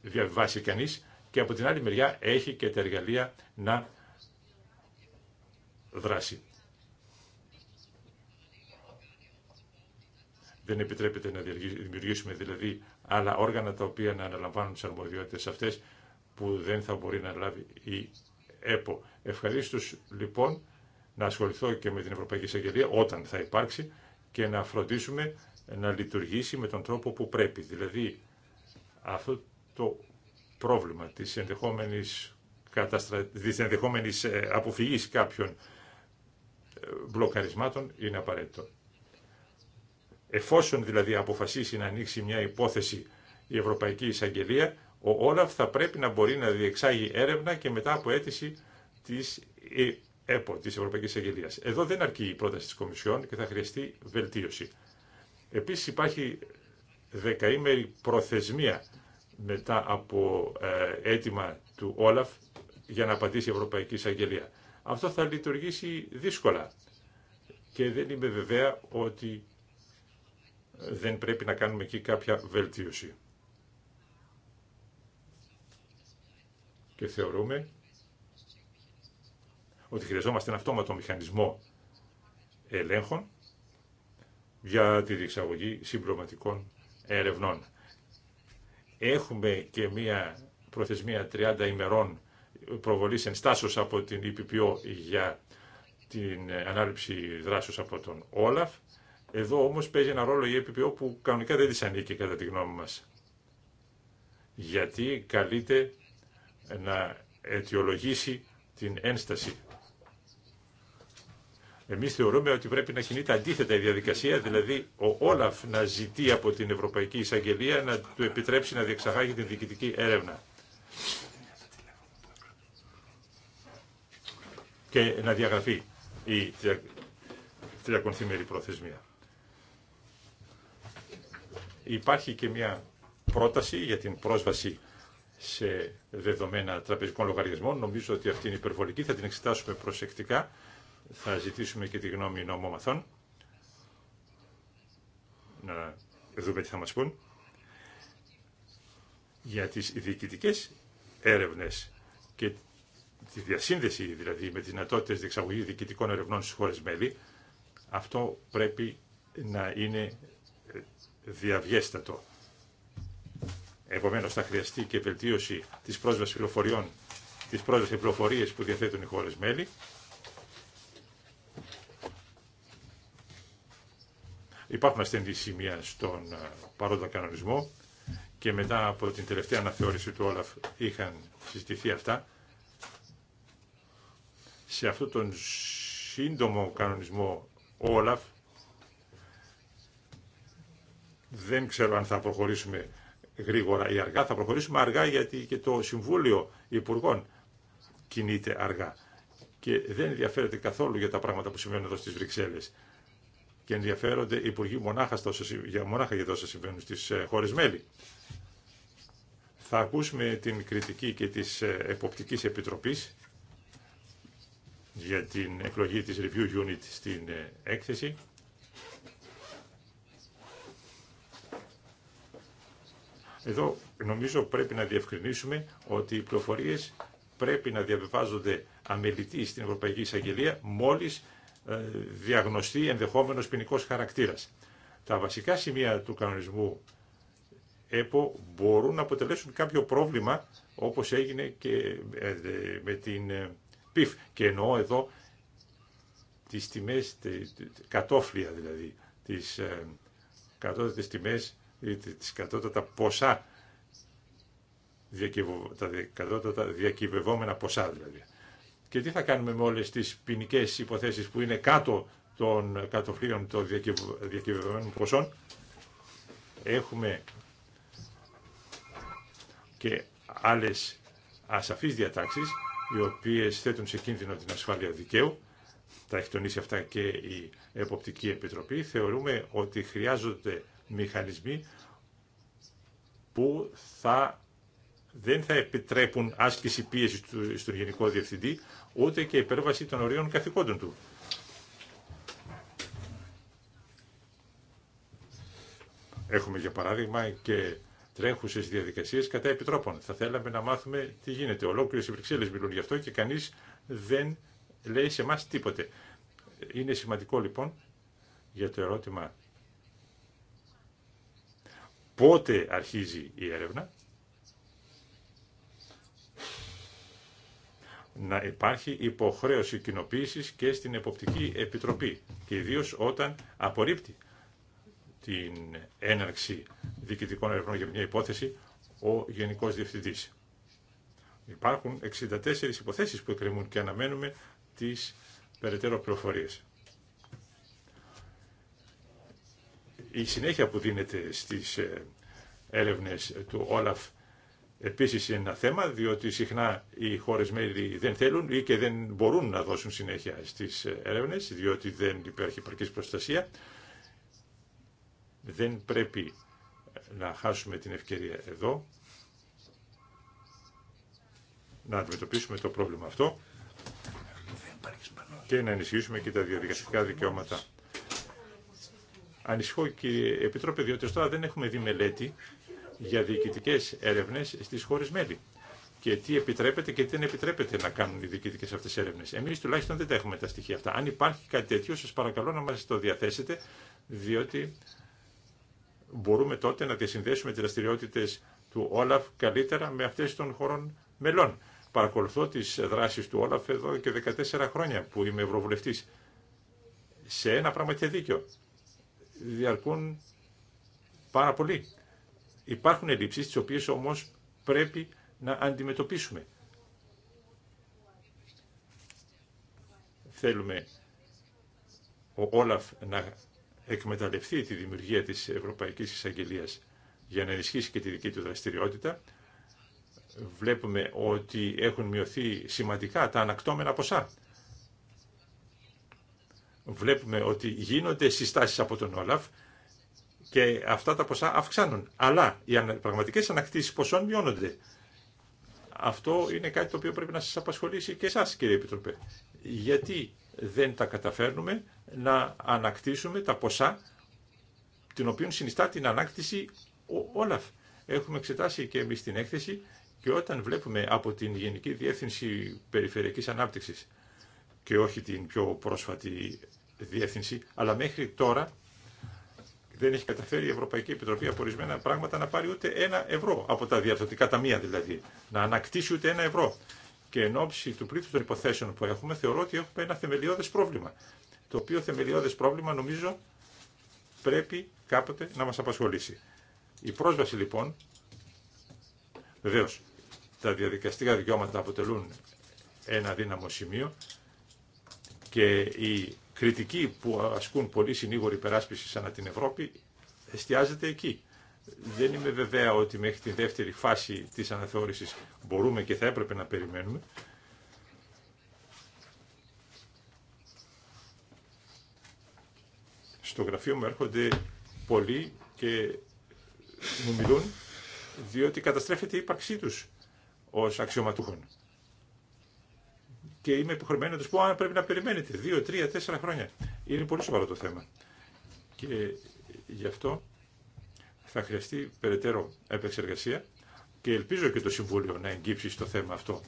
διαβιβάσει κανείς, και από την άλλη μεριά έχει και τα εργαλεία να δράσει. Δεν επιτρέπεται να δημιουργήσουμε δηλαδή άλλα όργανα τα οποία να αναλαμβάνουν τις αρμοδιότητες αυτές που δεν θα μπορεί να λάβει η ΕΠΟ. Ευχαρίστω λοιπόν να ασχοληθώ και με την Ευρωπαϊκή Εισαγγελία όταν θα υπάρξει και να φροντίσουμε να λειτουργήσει με τον τρόπο που πρέπει. Δηλαδή αυτό το πρόβλημα της ενδεχόμενης, καταστρα... της ενδεχόμενης ε, αποφυγής κάποιων ε, μπλοκαρισμάτων είναι απαραίτητο. Εφόσον δηλαδή αποφασίσει να ανοίξει μια υπόθεση η Ευρωπαϊκή Εισαγγελία, ο Όλαφ θα πρέπει να μπορεί να διεξάγει έρευνα και μετά από αίτηση τη ε, ΕΠΟ, της Ευρωπαϊκής Εισαγγελίας. Εδώ δεν αρκεί η πρόταση τη Κομισιόν και θα χρειαστεί βελτίωση. Επίση υπάρχει δεκαήμερη προθεσμία μετά από ε, αίτημα του Όλαφ για να απαντήσει η Ευρωπαϊκή Εισαγγελία. Αυτό θα λειτουργήσει δύσκολα και δεν είμαι βεβαία ότι δεν πρέπει να κάνουμε εκεί κάποια βελτίωση. Και θεωρούμε ότι χρειαζόμαστε ένα αυτόματο μηχανισμό ελέγχων για τη διεξαγωγή συμπληρωματικών ερευνών. Έχουμε και μία προθεσμία 30 ημερών προβολής ενστάσεως από την ΕΠΠΟ για την ανάληψη δράσεως από τον Όλαφ εδώ όμως παίζει ένα ρόλο η ΕΠΠΟ που κανονικά δεν τη ανήκει κατά τη γνώμη μας. Γιατί καλείται να αιτιολογήσει την ένσταση. Εμείς θεωρούμε ότι πρέπει να κινείται αντίθετα η διαδικασία, δηλαδή ο Όλαφ να ζητεί από την Ευρωπαϊκή Εισαγγελία να του επιτρέψει να διεξαγάγει την διοικητική έρευνα. Και να διαγραφεί η τριακονθήμερη προθεσμία. Υπάρχει και μια πρόταση για την πρόσβαση σε δεδομένα τραπεζικών λογαριασμών. Νομίζω ότι αυτή είναι υπερβολική, θα την εξετάσουμε προσεκτικά. Θα ζητήσουμε και τη γνώμη νομομαθών. Να δούμε τι θα μας πούν. Για τις διοικητικές έρευνες και τη διασύνδεση δηλαδή με τις δυνατότητες διεξαγωγή διοικητικών ερευνών στις χώρες μέλη, αυτό πρέπει να είναι διαβιέστατο. Επομένως θα χρειαστεί και βελτίωση της πρόσβασης πληροφοριών, της πρόσβασης πληροφορίες που διαθέτουν οι χώρες μέλη. Υπάρχουν ασθενή σημεία στον ε, παρόντα κανονισμό και μετά από την τελευταία αναθεώρηση του Όλαφ είχαν συζητηθεί αυτά. Σε αυτόν τον σύντομο κανονισμό Όλαφ δεν ξέρω αν θα προχωρήσουμε γρήγορα ή αργά. Θα προχωρήσουμε αργά γιατί και το Συμβούλιο Υπουργών κινείται αργά και δεν ενδιαφέρεται καθόλου για τα πράγματα που συμβαίνουν εδώ στις Βρυξέλλες. Και ενδιαφέρονται οι υπουργοί μονάχα, τόσο, για, μονάχα για τόσα συμβαίνουν στις ε, μέλη. Θα ακούσουμε την κριτική και της ε, Εποπτικής Επιτροπής για την εκλογή της Review Unit στην ε, έκθεση. Εδώ νομίζω πρέπει να διευκρινίσουμε ότι οι πληροφορίε πρέπει να διαβιβάζονται αμελητή στην Ευρωπαϊκή Εισαγγελία μόλις ε, διαγνωστεί ενδεχόμενος ποινικό χαρακτήρας. Τα βασικά σημεία του κανονισμού ΕΠΟ μπορούν να αποτελέσουν κάποιο πρόβλημα όπως έγινε και ε, με την ΠΙΦ. Ε, και εννοώ εδώ τις τιμές, κατόφλια δηλαδή, τις κατώτερες τιμές τις κατώτατα ποσά, τα κατώτατα διακυβευόμενα ποσά δηλαδή. Και τι θα κάνουμε με όλες τις ποινικέ υποθέσεις που είναι κάτω των κατοφλίων των διακυβευόμενων ποσών. Έχουμε και άλλες ασαφείς διατάξεις, οι οποίες θέτουν σε κίνδυνο την ασφάλεια δικαίου. Τα έχει τονίσει αυτά και η Εποπτική Επιτροπή. Θεωρούμε ότι χρειάζονται μηχανισμοί που δεν θα επιτρέπουν άσκηση πίεση στον Γενικό Διευθυντή, ούτε και υπέρβαση των ορίων καθηκόντων του. Έχουμε για παράδειγμα και τρέχουσε διαδικασίε κατά επιτρόπων. Θα θέλαμε να μάθουμε τι γίνεται. Ολόκληρε οι Βρυξέλλε μιλούν γι' αυτό και κανεί δεν λέει σε εμά τίποτε. Είναι σημαντικό λοιπόν για το ερώτημα πότε αρχίζει η έρευνα, να υπάρχει υποχρέωση κοινοποίηση και στην Εποπτική Επιτροπή και ιδίω όταν απορρίπτει την έναρξη διοικητικών ερευνών για μια υπόθεση ο Γενικός Διευθυντής. Υπάρχουν 64 υποθέσεις που εκκρεμούν και αναμένουμε τις περαιτέρω πληροφορίες. η συνέχεια που δίνεται στις ε, έρευνες του Όλαφ επίσης είναι ένα θέμα, διότι συχνά οι χώρες μέλη δεν θέλουν ή και δεν μπορούν να δώσουν συνέχεια στις ε, έρευνες, διότι δεν υπάρχει υπαρκής προστασία. Δεν πρέπει ε, να χάσουμε την ευκαιρία εδώ να αντιμετωπίσουμε το πρόβλημα αυτό και να ενισχύσουμε και τα διαδικαστικά δικαιώματα Ανησυχώ κύριε Επιτρόπε, διότι τώρα δεν έχουμε δει μελέτη για διοικητικέ έρευνε στι χώρε μέλη. Και τι επιτρέπεται και τι δεν επιτρέπεται να κάνουν οι διοικητικέ αυτέ έρευνε. Εμεί τουλάχιστον δεν τα έχουμε τα στοιχεία αυτά. Αν υπάρχει κάτι τέτοιο, σα παρακαλώ να μα το διαθέσετε, διότι μπορούμε τότε να διασυνδέσουμε τι δραστηριότητε του Όλαφ καλύτερα με αυτέ των χωρών μελών. Παρακολουθώ τι δράσει του Όλαφ εδώ και 14 χρόνια που είμαι ευρωβουλευτή. Σε ένα πραγματικό δίκιο διαρκούν πάρα πολύ. Υπάρχουν ελλείψεις τις οποίες όμως πρέπει να αντιμετωπίσουμε. Θέλουμε ο Όλαφ να εκμεταλλευτεί τη δημιουργία της Ευρωπαϊκής Εισαγγελία για να ενισχύσει και τη δική του δραστηριότητα. Βλέπουμε ότι έχουν μειωθεί σημαντικά τα ανακτώμενα ποσά βλέπουμε ότι γίνονται συστάσεις από τον Όλαφ και αυτά τα ποσά αυξάνουν. Αλλά οι πραγματικές ανακτήσεις ποσών μειώνονται. Αυτό είναι κάτι το οποίο πρέπει να σας απασχολήσει και εσάς κύριε Επιτροπέ. Γιατί δεν τα καταφέρνουμε να ανακτήσουμε τα ποσά την οποία συνιστά την ανάκτηση ο Όλαφ. Έχουμε εξετάσει και εμείς την έκθεση και όταν βλέπουμε από την Γενική Διεύθυνση Περιφερειακής Ανάπτυξης και όχι την πιο πρόσφατη διεύθυνση, αλλά μέχρι τώρα δεν έχει καταφέρει η Ευρωπαϊκή Επιτροπή από ορισμένα πράγματα να πάρει ούτε ένα ευρώ από τα διαρθρωτικά ταμεία δηλαδή, να ανακτήσει ούτε ένα ευρώ. Και εν ώψη του πλήθου των υποθέσεων που έχουμε, θεωρώ ότι έχουμε ένα θεμελιώδες πρόβλημα. Το οποίο θεμελιώδες πρόβλημα νομίζω πρέπει κάποτε να μας απασχολήσει. Η πρόσβαση λοιπόν, βεβαίω, τα διαδικαστικά δικαιώματα αποτελούν ένα δύναμο σημείο, και η κριτική που ασκούν πολλοί συνήγοροι περάσπιση ανά την Ευρώπη εστιάζεται εκεί. Δεν είμαι βεβαία ότι μέχρι τη δεύτερη φάση της αναθεώρησης μπορούμε και θα έπρεπε να περιμένουμε. Στο γραφείο μου έρχονται πολλοί και μου μιλούν διότι καταστρέφεται η ύπαρξή τους ως αξιωματούχων και είμαι υποχρεωμένο να του πω αν πρέπει να περιμένετε δύο, τρία, τέσσερα χρόνια. Είναι πολύ σοβαρό το θέμα. Και γι' αυτό θα χρειαστεί περαιτέρω επεξεργασία και ελπίζω και το Συμβούλιο να εγκύψει στο θέμα αυτό.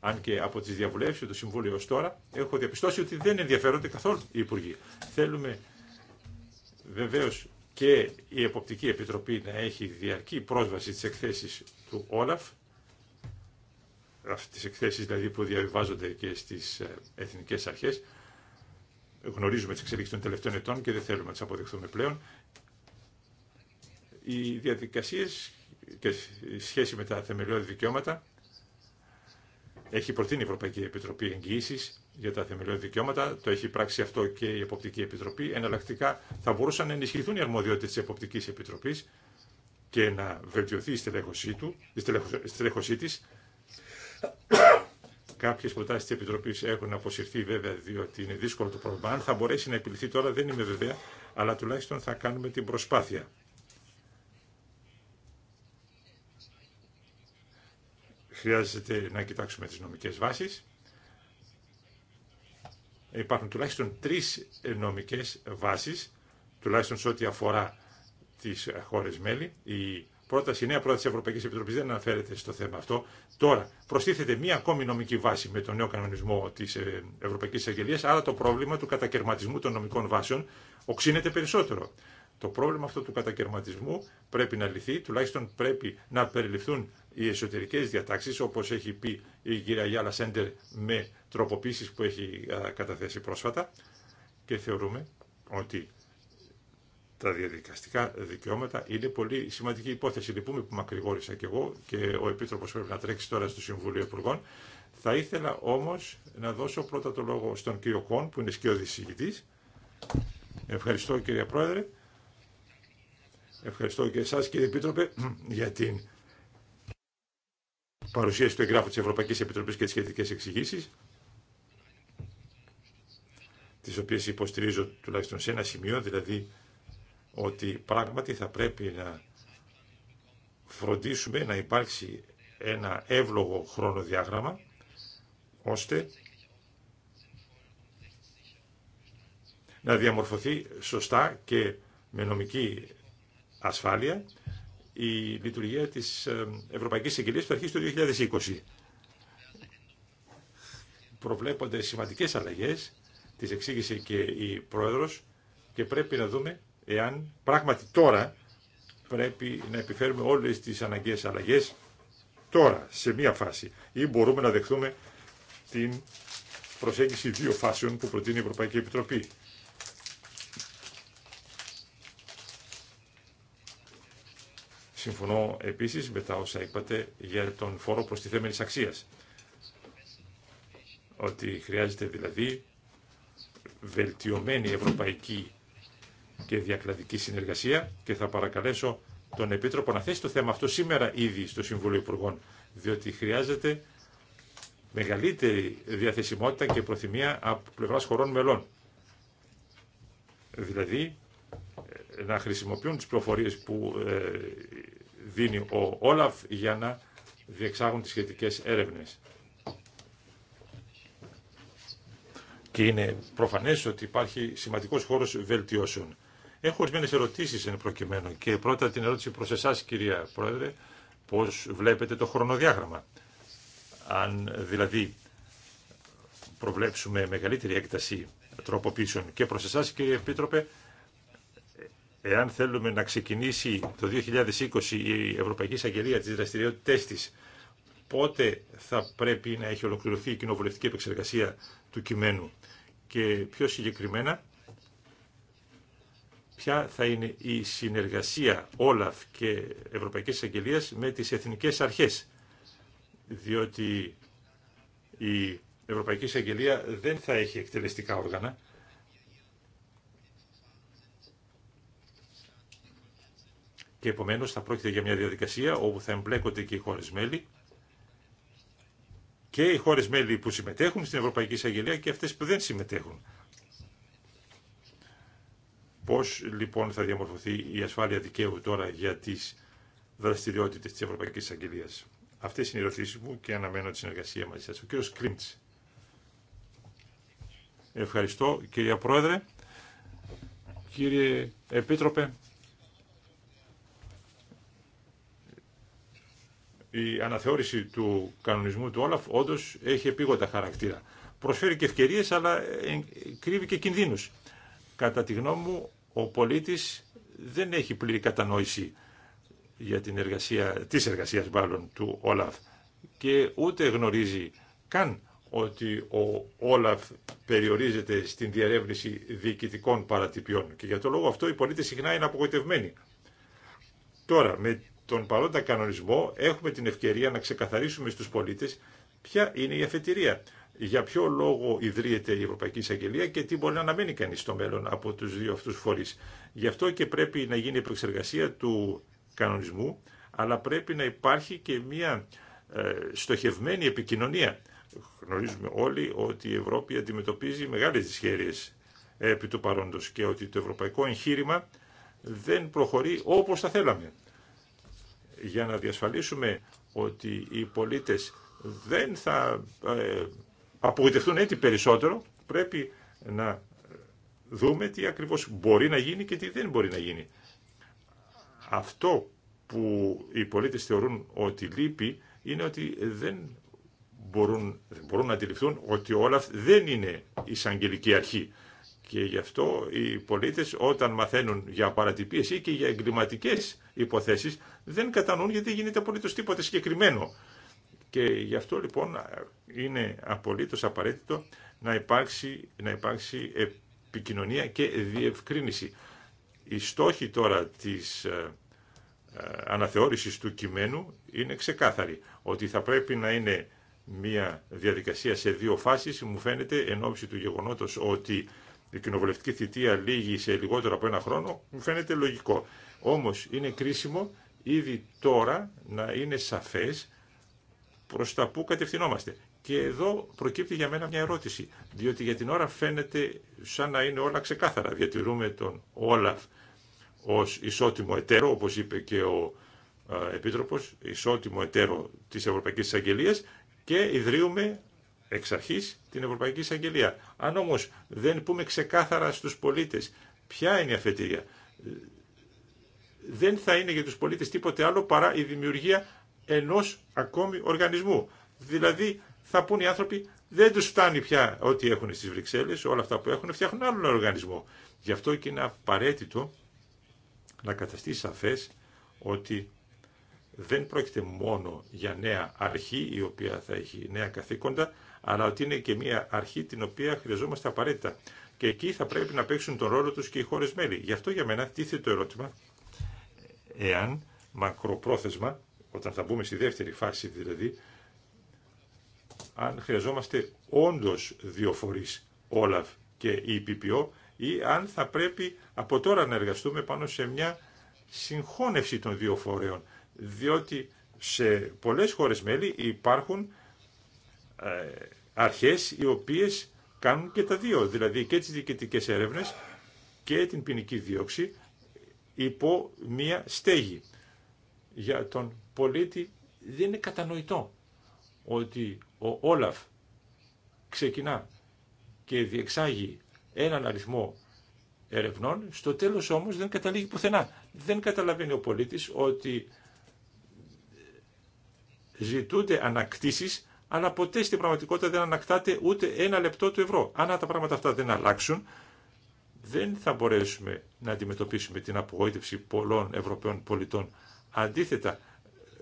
Αν και από τι διαβουλεύσει του Συμβούλιο ω τώρα έχω διαπιστώσει ότι δεν ενδιαφέρονται καθόλου οι Υπουργοί. Θέλουμε βεβαίω και η Εποπτική Επιτροπή να έχει διαρκή πρόσβαση στι εκθέσει του Όλαφ τις εκθέσεις δηλαδή που διαβιβάζονται και στις ε, εθνικές αρχές. Γνωρίζουμε τις εξελίξεις των τελευταίων ετών και δεν θέλουμε να τις αποδεχθούμε πλέον. Οι διαδικασίες και σχέση με τα θεμελιώδη δικαιώματα έχει προτείνει η Ευρωπαϊκή Επιτροπή εγγυήσει για τα θεμελιώδη δικαιώματα. Το έχει πράξει αυτό και η Εποπτική Επιτροπή. Εναλλακτικά θα μπορούσαν να ενισχυθούν οι αρμοδιότητε τη Εποπτική Επιτροπή και να βελτιωθεί η στελέχωσή, τη. Κάποιε προτάσει τη Επιτροπή έχουν αποσυρθεί βέβαια διότι είναι δύσκολο το πρόβλημα. Αν θα μπορέσει να επιληθεί τώρα δεν είμαι βέβαια, αλλά τουλάχιστον θα κάνουμε την προσπάθεια. Χρειάζεται να κοιτάξουμε τις νομικές βάσεις. Υπάρχουν τουλάχιστον τρει νομικές βάσεις, τουλάχιστον σε ό,τι αφορά τις χώρε μέλη. Η πρόταση, η νέα πρόταση της Ευρωπαϊκής Επιτροπής δεν αναφέρεται στο θέμα αυτό. Τώρα, προστίθεται μία ακόμη νομική βάση με τον νέο κανονισμό της ε, Ευρωπαϊκής Αγγελίας, άρα το πρόβλημα του κατακαιρματισμού των νομικών βάσεων οξύνεται περισσότερο. Το πρόβλημα αυτό του κατακαιρματισμού πρέπει να λυθεί, τουλάχιστον πρέπει να περιληφθούν οι εσωτερικές διατάξεις, όπως έχει πει η κυρία Γιάλα Σέντερ με τροποποίησεις που έχει καταθέσει πρόσφατα και θεωρούμε ότι τα διαδικαστικά δικαιώματα είναι πολύ σημαντική υπόθεση. Λυπούμε που μακρηγόρησα κι εγώ και ο Επίτροπο πρέπει να τρέξει τώρα στο Συμβούλιο Υπουργών. Θα ήθελα όμω να δώσω πρώτα το λόγο στον κύριο Κον, που είναι σκιώδη συζητητή. Ευχαριστώ κύριε Πρόεδρε. Ευχαριστώ και εσά κύριε Επίτροπε για την παρουσίαση του εγγράφου τη Ευρωπαϊκή Επιτροπή και τι σχετικέ εξηγήσει τις οποίε υποστηρίζω τουλάχιστον σε ένα σημείο, δηλαδή ότι πράγματι θα πρέπει να φροντίσουμε να υπάρξει ένα εύλογο χρονοδιάγραμμα ώστε να διαμορφωθεί σωστά και με νομική ασφάλεια η λειτουργία της ε, Ευρωπαϊκής Εγγελίας που αρχίσει το 2020. Προβλέπονται σημαντικές αλλαγές, τις εξήγησε και η Πρόεδρος και πρέπει να δούμε εάν πράγματι τώρα πρέπει να επιφέρουμε όλες τις αναγκαίες αλλαγές τώρα, σε μία φάση, ή μπορούμε να δεχθούμε την προσέγγιση δύο φάσεων που προτείνει η Ευρωπαϊκή Επιτροπή. Συμφωνώ επίσης με τα όσα είπατε για τον φόρο προστιθέμενης αξίας. Ότι χρειάζεται δηλαδή βελτιωμένη ευρωπαϊκή και διακρατική συνεργασία και θα παρακαλέσω τον Επίτροπο να θέσει το θέμα αυτό σήμερα ήδη στο Συμβούλιο Υπουργών, διότι χρειάζεται μεγαλύτερη διαθεσιμότητα και προθυμία από πλευρά χωρών μελών. Δηλαδή, ε, να χρησιμοποιούν τις πληροφορίες που ε, δίνει ο Όλαφ για να διεξάγουν τις σχετικές έρευνες. Και είναι προφανές ότι υπάρχει σημαντικός χώρος βελτιώσεων. Έχω ορισμένε ερωτήσει εν προκειμένου και πρώτα την ερώτηση προ εσά, κυρία Πρόεδρε, πώ βλέπετε το χρονοδιάγραμμα. Αν δηλαδή προβλέψουμε μεγαλύτερη έκταση τροποποίησεων και προ εσά, κύριε Επίτροπε, εάν θέλουμε να ξεκινήσει το 2020 η Ευρωπαϊκή Εισαγγελία τι δραστηριότητε της, πότε θα πρέπει να έχει ολοκληρωθεί η κοινοβουλευτική επεξεργασία του κειμένου και πιο συγκεκριμένα ποια θα είναι η συνεργασία Όλαφ και Ευρωπαϊκής Αγγελίας με τις εθνικές αρχές. Διότι η Ευρωπαϊκή Εισαγγελία δεν θα έχει εκτελεστικά όργανα. Και επομένως θα πρόκειται για μια διαδικασία όπου θα εμπλέκονται και οι χώρες μέλη και οι χώρες μέλη που συμμετέχουν στην Ευρωπαϊκή αγγελία και αυτές που δεν συμμετέχουν. Πώς λοιπόν θα διαμορφωθεί η ασφάλεια δικαίου τώρα για τις δραστηριότητες της Ευρωπαϊκής Αγγελίας. Αυτές είναι οι ερωτήσει μου και αναμένω τη συνεργασία μαζί σας. Ο κύριος Κλίντς. Ευχαριστώ κύριε Πρόεδρε. Κύριε Επίτροπε, η αναθεώρηση του κανονισμού του Όλαφ όντω έχει επίγοντα χαρακτήρα. Προσφέρει και ευκαιρίες αλλά ε, ε, κρύβει και κινδύνους. Κατά τη γνώμη μου ο πολίτης δεν έχει πλήρη κατανόηση για την εργασία, της εργασίας μάλλον του Όλαφ και ούτε γνωρίζει καν ότι ο Όλαφ περιορίζεται στην διαρεύνηση διοικητικών παρατυπιών και για το λόγο αυτό οι πολίτες συχνά είναι απογοητευμένοι. Τώρα με τον παρόντα κανονισμό έχουμε την ευκαιρία να ξεκαθαρίσουμε στους πολίτες ποια είναι η αφετηρία για ποιο λόγο ιδρύεται η Ευρωπαϊκή Εισαγγελία και τι μπορεί να αναμένει κανεί στο μέλλον από του δύο αυτού φορεί. Γι' αυτό και πρέπει να γίνει η επεξεργασία του κανονισμού, αλλά πρέπει να υπάρχει και μια ε, στοχευμένη επικοινωνία. Γνωρίζουμε όλοι ότι η Ευρώπη αντιμετωπίζει μεγάλε δυσχέρειε επί του παρόντο και ότι το ευρωπαϊκό εγχείρημα δεν προχωρεί όπω θα θέλαμε. Για να διασφαλίσουμε ότι οι πολίτε δεν θα ε, απογοητευτούν έτσι περισσότερο, πρέπει να δούμε τι ακριβώς μπορεί να γίνει και τι δεν μπορεί να γίνει. Αυτό που οι πολίτες θεωρούν ότι λείπει είναι ότι δεν μπορούν, μπορούν να αντιληφθούν ότι όλα δεν είναι εισαγγελική αρχή. Και γι' αυτό οι πολίτες όταν μαθαίνουν για παρατυπίες ή και για εγκληματικές υποθέσεις δεν κατανοούν γιατί γίνεται απολύτως τίποτε συγκεκριμένο. Και γι' αυτό λοιπόν είναι απολύτως απαραίτητο να υπάρξει, να υπάρξει επικοινωνία και διευκρίνηση. Η στόχη τώρα της ε, ε, αναθεώρησης του κειμένου είναι ξεκάθαρη. Ότι θα πρέπει να είναι μια διαδικασία σε δύο φάσεις, μου φαίνεται εν ώψη του γεγονότος ότι η κοινοβουλευτική θητεία λύγει σε λιγότερο από ένα χρόνο, μου φαίνεται λογικό. Όμως είναι κρίσιμο ήδη τώρα να είναι σαφές Προ τα που κατευθυνόμαστε. Και εδώ προκύπτει για μένα μια ερώτηση, διότι για την ώρα φαίνεται σαν να είναι όλα ξεκάθαρα. Διατηρούμε τον Όλαφ ως ισότιμο εταίρο, όπως είπε και ο επίτροπο, ισότιμο εταίρο της Ευρωπαϊκής Εισαγγελία και ιδρύουμε εξ αρχή την Ευρωπαϊκή Εισαγγελία. Αν όμω, δεν πούμε ξεκάθαρα στου πολίτε ποια είναι η αφετηρία, δεν θα είναι για τους πολίτες τίποτε άλλο παρά η δημιουργία ενός ακόμη οργανισμού. Δηλαδή θα πούν οι άνθρωποι δεν τους φτάνει πια ό,τι έχουν στις Βρυξέλλες, όλα αυτά που έχουν φτιάχνουν άλλον οργανισμό. Γι' αυτό και είναι απαραίτητο να καταστεί σαφές ότι δεν πρόκειται μόνο για νέα αρχή η οποία θα έχει νέα καθήκοντα, αλλά ότι είναι και μια αρχή την οποία χρειαζόμαστε απαραίτητα. Και εκεί θα πρέπει να παίξουν τον ρόλο τους και οι χώρες μέλη. Γι' αυτό για μένα τίθεται το ερώτημα εάν μακροπρόθεσμα όταν θα μπούμε στη δεύτερη φάση δηλαδή, αν χρειαζόμαστε όντως δύο φορείς, Όλαφ και η ή αν θα πρέπει από τώρα να εργαστούμε πάνω σε μια συγχώνευση των δύο φορέων, διότι σε πολλές χώρες μέλη υπάρχουν ε, αρχές οι οποίες κάνουν και τα δύο, δηλαδή και τις διοικητικές έρευνες και την ποινική δίωξη υπό μία στέγη για τον πολίτη δεν είναι κατανοητό ότι ο Όλαφ ξεκινά και διεξάγει έναν αριθμό ερευνών, στο τέλος όμως δεν καταλήγει πουθενά. Δεν καταλαβαίνει ο πολίτης ότι ζητούνται ανακτήσεις, αλλά ποτέ στην πραγματικότητα δεν ανακτάται ούτε ένα λεπτό του ευρώ. Αν τα πράγματα αυτά δεν αλλάξουν, δεν θα μπορέσουμε να αντιμετωπίσουμε την απογοήτευση πολλών Ευρωπαίων πολιτών Αντίθετα,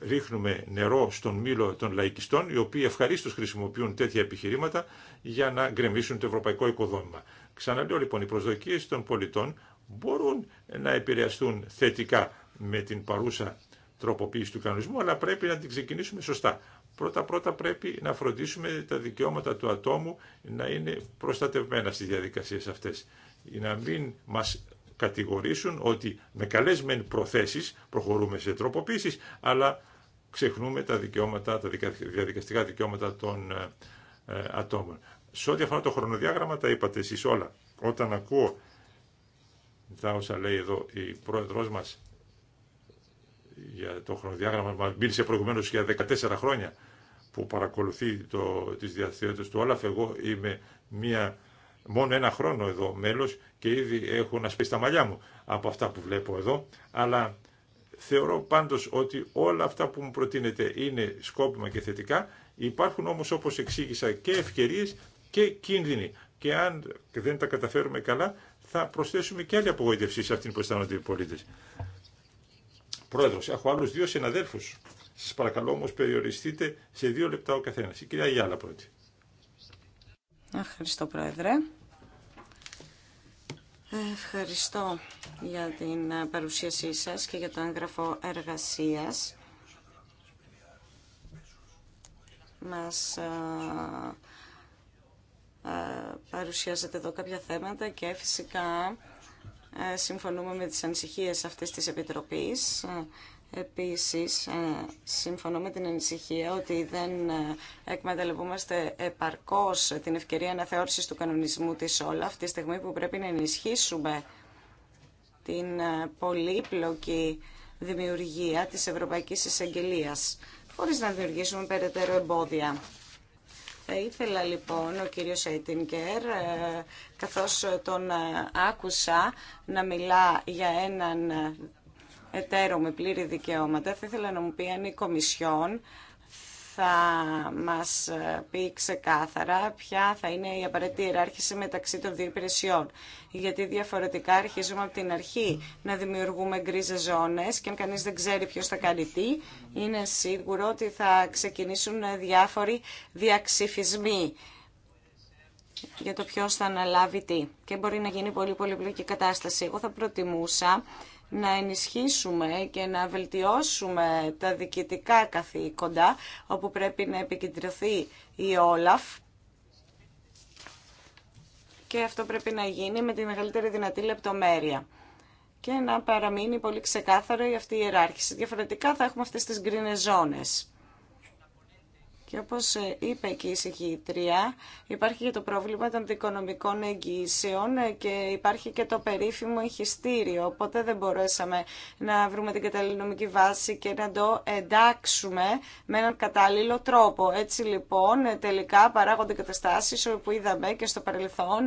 ρίχνουμε νερό στον μήλο των λαϊκιστών, οι οποίοι ευχαρίστως χρησιμοποιούν τέτοια επιχειρήματα για να γκρεμίσουν το ευρωπαϊκό οικοδόμημα. Ξαναλέω λοιπόν, οι προσδοκίε των πολιτών μπορούν να επηρεαστούν θετικά με την παρούσα τροποποίηση του κανονισμού, αλλά πρέπει να την ξεκινήσουμε σωστά. Πρώτα-πρώτα πρέπει να φροντίσουμε τα δικαιώματα του ατόμου να είναι προστατευμένα στις διαδικασίες αυτές. Να μην κατηγορήσουν ότι με καλές μεν προθέσεις προχωρούμε σε τροποποίησεις, αλλά ξεχνούμε τα δικαιώματα, τα διαδικαστικά δικαιώματα των ε, ε, ατόμων. Σε ό,τι αφορά το χρονοδιάγραμμα τα είπατε εσείς όλα. Όταν ακούω τα όσα λέει εδώ η πρόεδρός μας για το χρονοδιάγραμμα, μας μίλησε προηγουμένως για 14 χρόνια που παρακολουθεί το, τις του Όλαφ. Εγώ είμαι μία μόνο ένα χρόνο εδώ μέλος και ήδη έχω να σπίσει τα μαλλιά μου από αυτά που βλέπω εδώ, αλλά θεωρώ πάντως ότι όλα αυτά που μου προτείνετε είναι σκόπιμα και θετικά, υπάρχουν όμως όπως εξήγησα και ευκαιρίες και κίνδυνοι και αν δεν τα καταφέρουμε καλά θα προσθέσουμε και άλλη απογοήτευση σε αυτήν που αισθάνονται οι πολίτες. Πρόεδρος, έχω άλλους δύο συναδέλφους. Σας παρακαλώ όμως περιοριστείτε σε δύο λεπτά ο καθένας. Η κυρία Γιάλα πρώτη. Ευχαριστώ Πρόεδρε. Ευχαριστώ για την παρουσίασή σας και για το έγγραφο εργασίας. Μας παρουσιάζετε εδώ κάποια θέματα και φυσικά ε, συμφωνούμε με τις ανησυχίες αυτής της Επιτροπής Επίσης, ε, συμφωνώ με την ανησυχία ότι δεν ε, εκμεταλλευόμαστε επαρκώς την ευκαιρία αναθεώρησης του κανονισμού της όλα αυτή τη στιγμή που πρέπει να ενισχύσουμε την ε, πολύπλοκη δημιουργία της Ευρωπαϊκής Εισαγγελίας, χωρίς να δημιουργήσουμε περαιτέρω εμπόδια. Θα ήθελα λοιπόν ο κύριος Έιτινγκερ, καθώς τον άκουσα να μιλά για έναν εταίρο με πλήρη δικαιώματα. Θα ήθελα να μου πει αν η Κομισιόν θα μας ε, πει ξεκάθαρα ποια θα είναι η απαραίτητη ιεράρχηση μεταξύ των δύο υπηρεσιών. Γιατί διαφορετικά αρχίζουμε από την αρχή να δημιουργούμε γκρίζε ζώνε και αν κανείς δεν ξέρει ποιος θα κάνει τι, είναι σίγουρο ότι θα ξεκινήσουν διάφοροι διαξυφισμοί για το ποιος θα αναλάβει τι. Και μπορεί να γίνει πολύ πολύπλοκη κατάσταση. Εγώ θα προτιμούσα να ενισχύσουμε και να βελτιώσουμε τα διοικητικά καθήκοντα όπου πρέπει να επικεντρωθεί η Όλαφ και αυτό πρέπει να γίνει με τη μεγαλύτερη δυνατή λεπτομέρεια και να παραμείνει πολύ ξεκάθαρο η αυτή η ιεράρχηση. Διαφορετικά θα έχουμε αυτές τις γκρίνες ζώνες. Και όπως ε, είπε και η συγχύτρια, υπάρχει και το πρόβλημα των δικονομικών εγγυήσεων ε, και υπάρχει και το περίφημο εγχειστήριο. Οπότε δεν μπορέσαμε να βρούμε την κατάλληλη βάση και να το εντάξουμε με έναν κατάλληλο τρόπο. Έτσι λοιπόν ε, τελικά παράγονται καταστάσεις όπου είδαμε και στο παρελθόν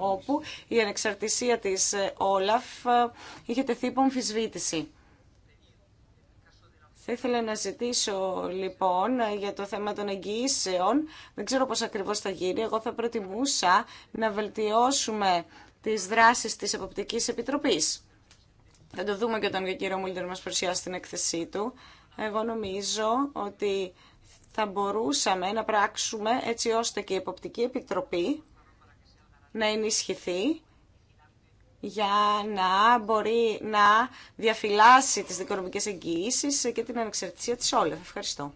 όπου η ανεξαρτησία της Όλαφ είχε τεθεί υπομφισβήτηση. Θα ήθελα να ζητήσω λοιπόν για το θέμα των εγγυήσεων. Δεν ξέρω πώς ακριβώς θα γίνει. Εγώ θα προτιμούσα να βελτιώσουμε τις δράσεις της Εποπτικής Επιτροπής. Θα το δούμε και όταν ο κύριο Μούλτερ μας παρουσιάσει την έκθεσή του. Εγώ νομίζω ότι θα μπορούσαμε να πράξουμε έτσι ώστε και η Εποπτική Επιτροπή να ενισχυθεί για να μπορεί να διαφυλάσει τις δικονομικές εγγυήσεις και την ανεξαρτησία της όλων. Ευχαριστώ.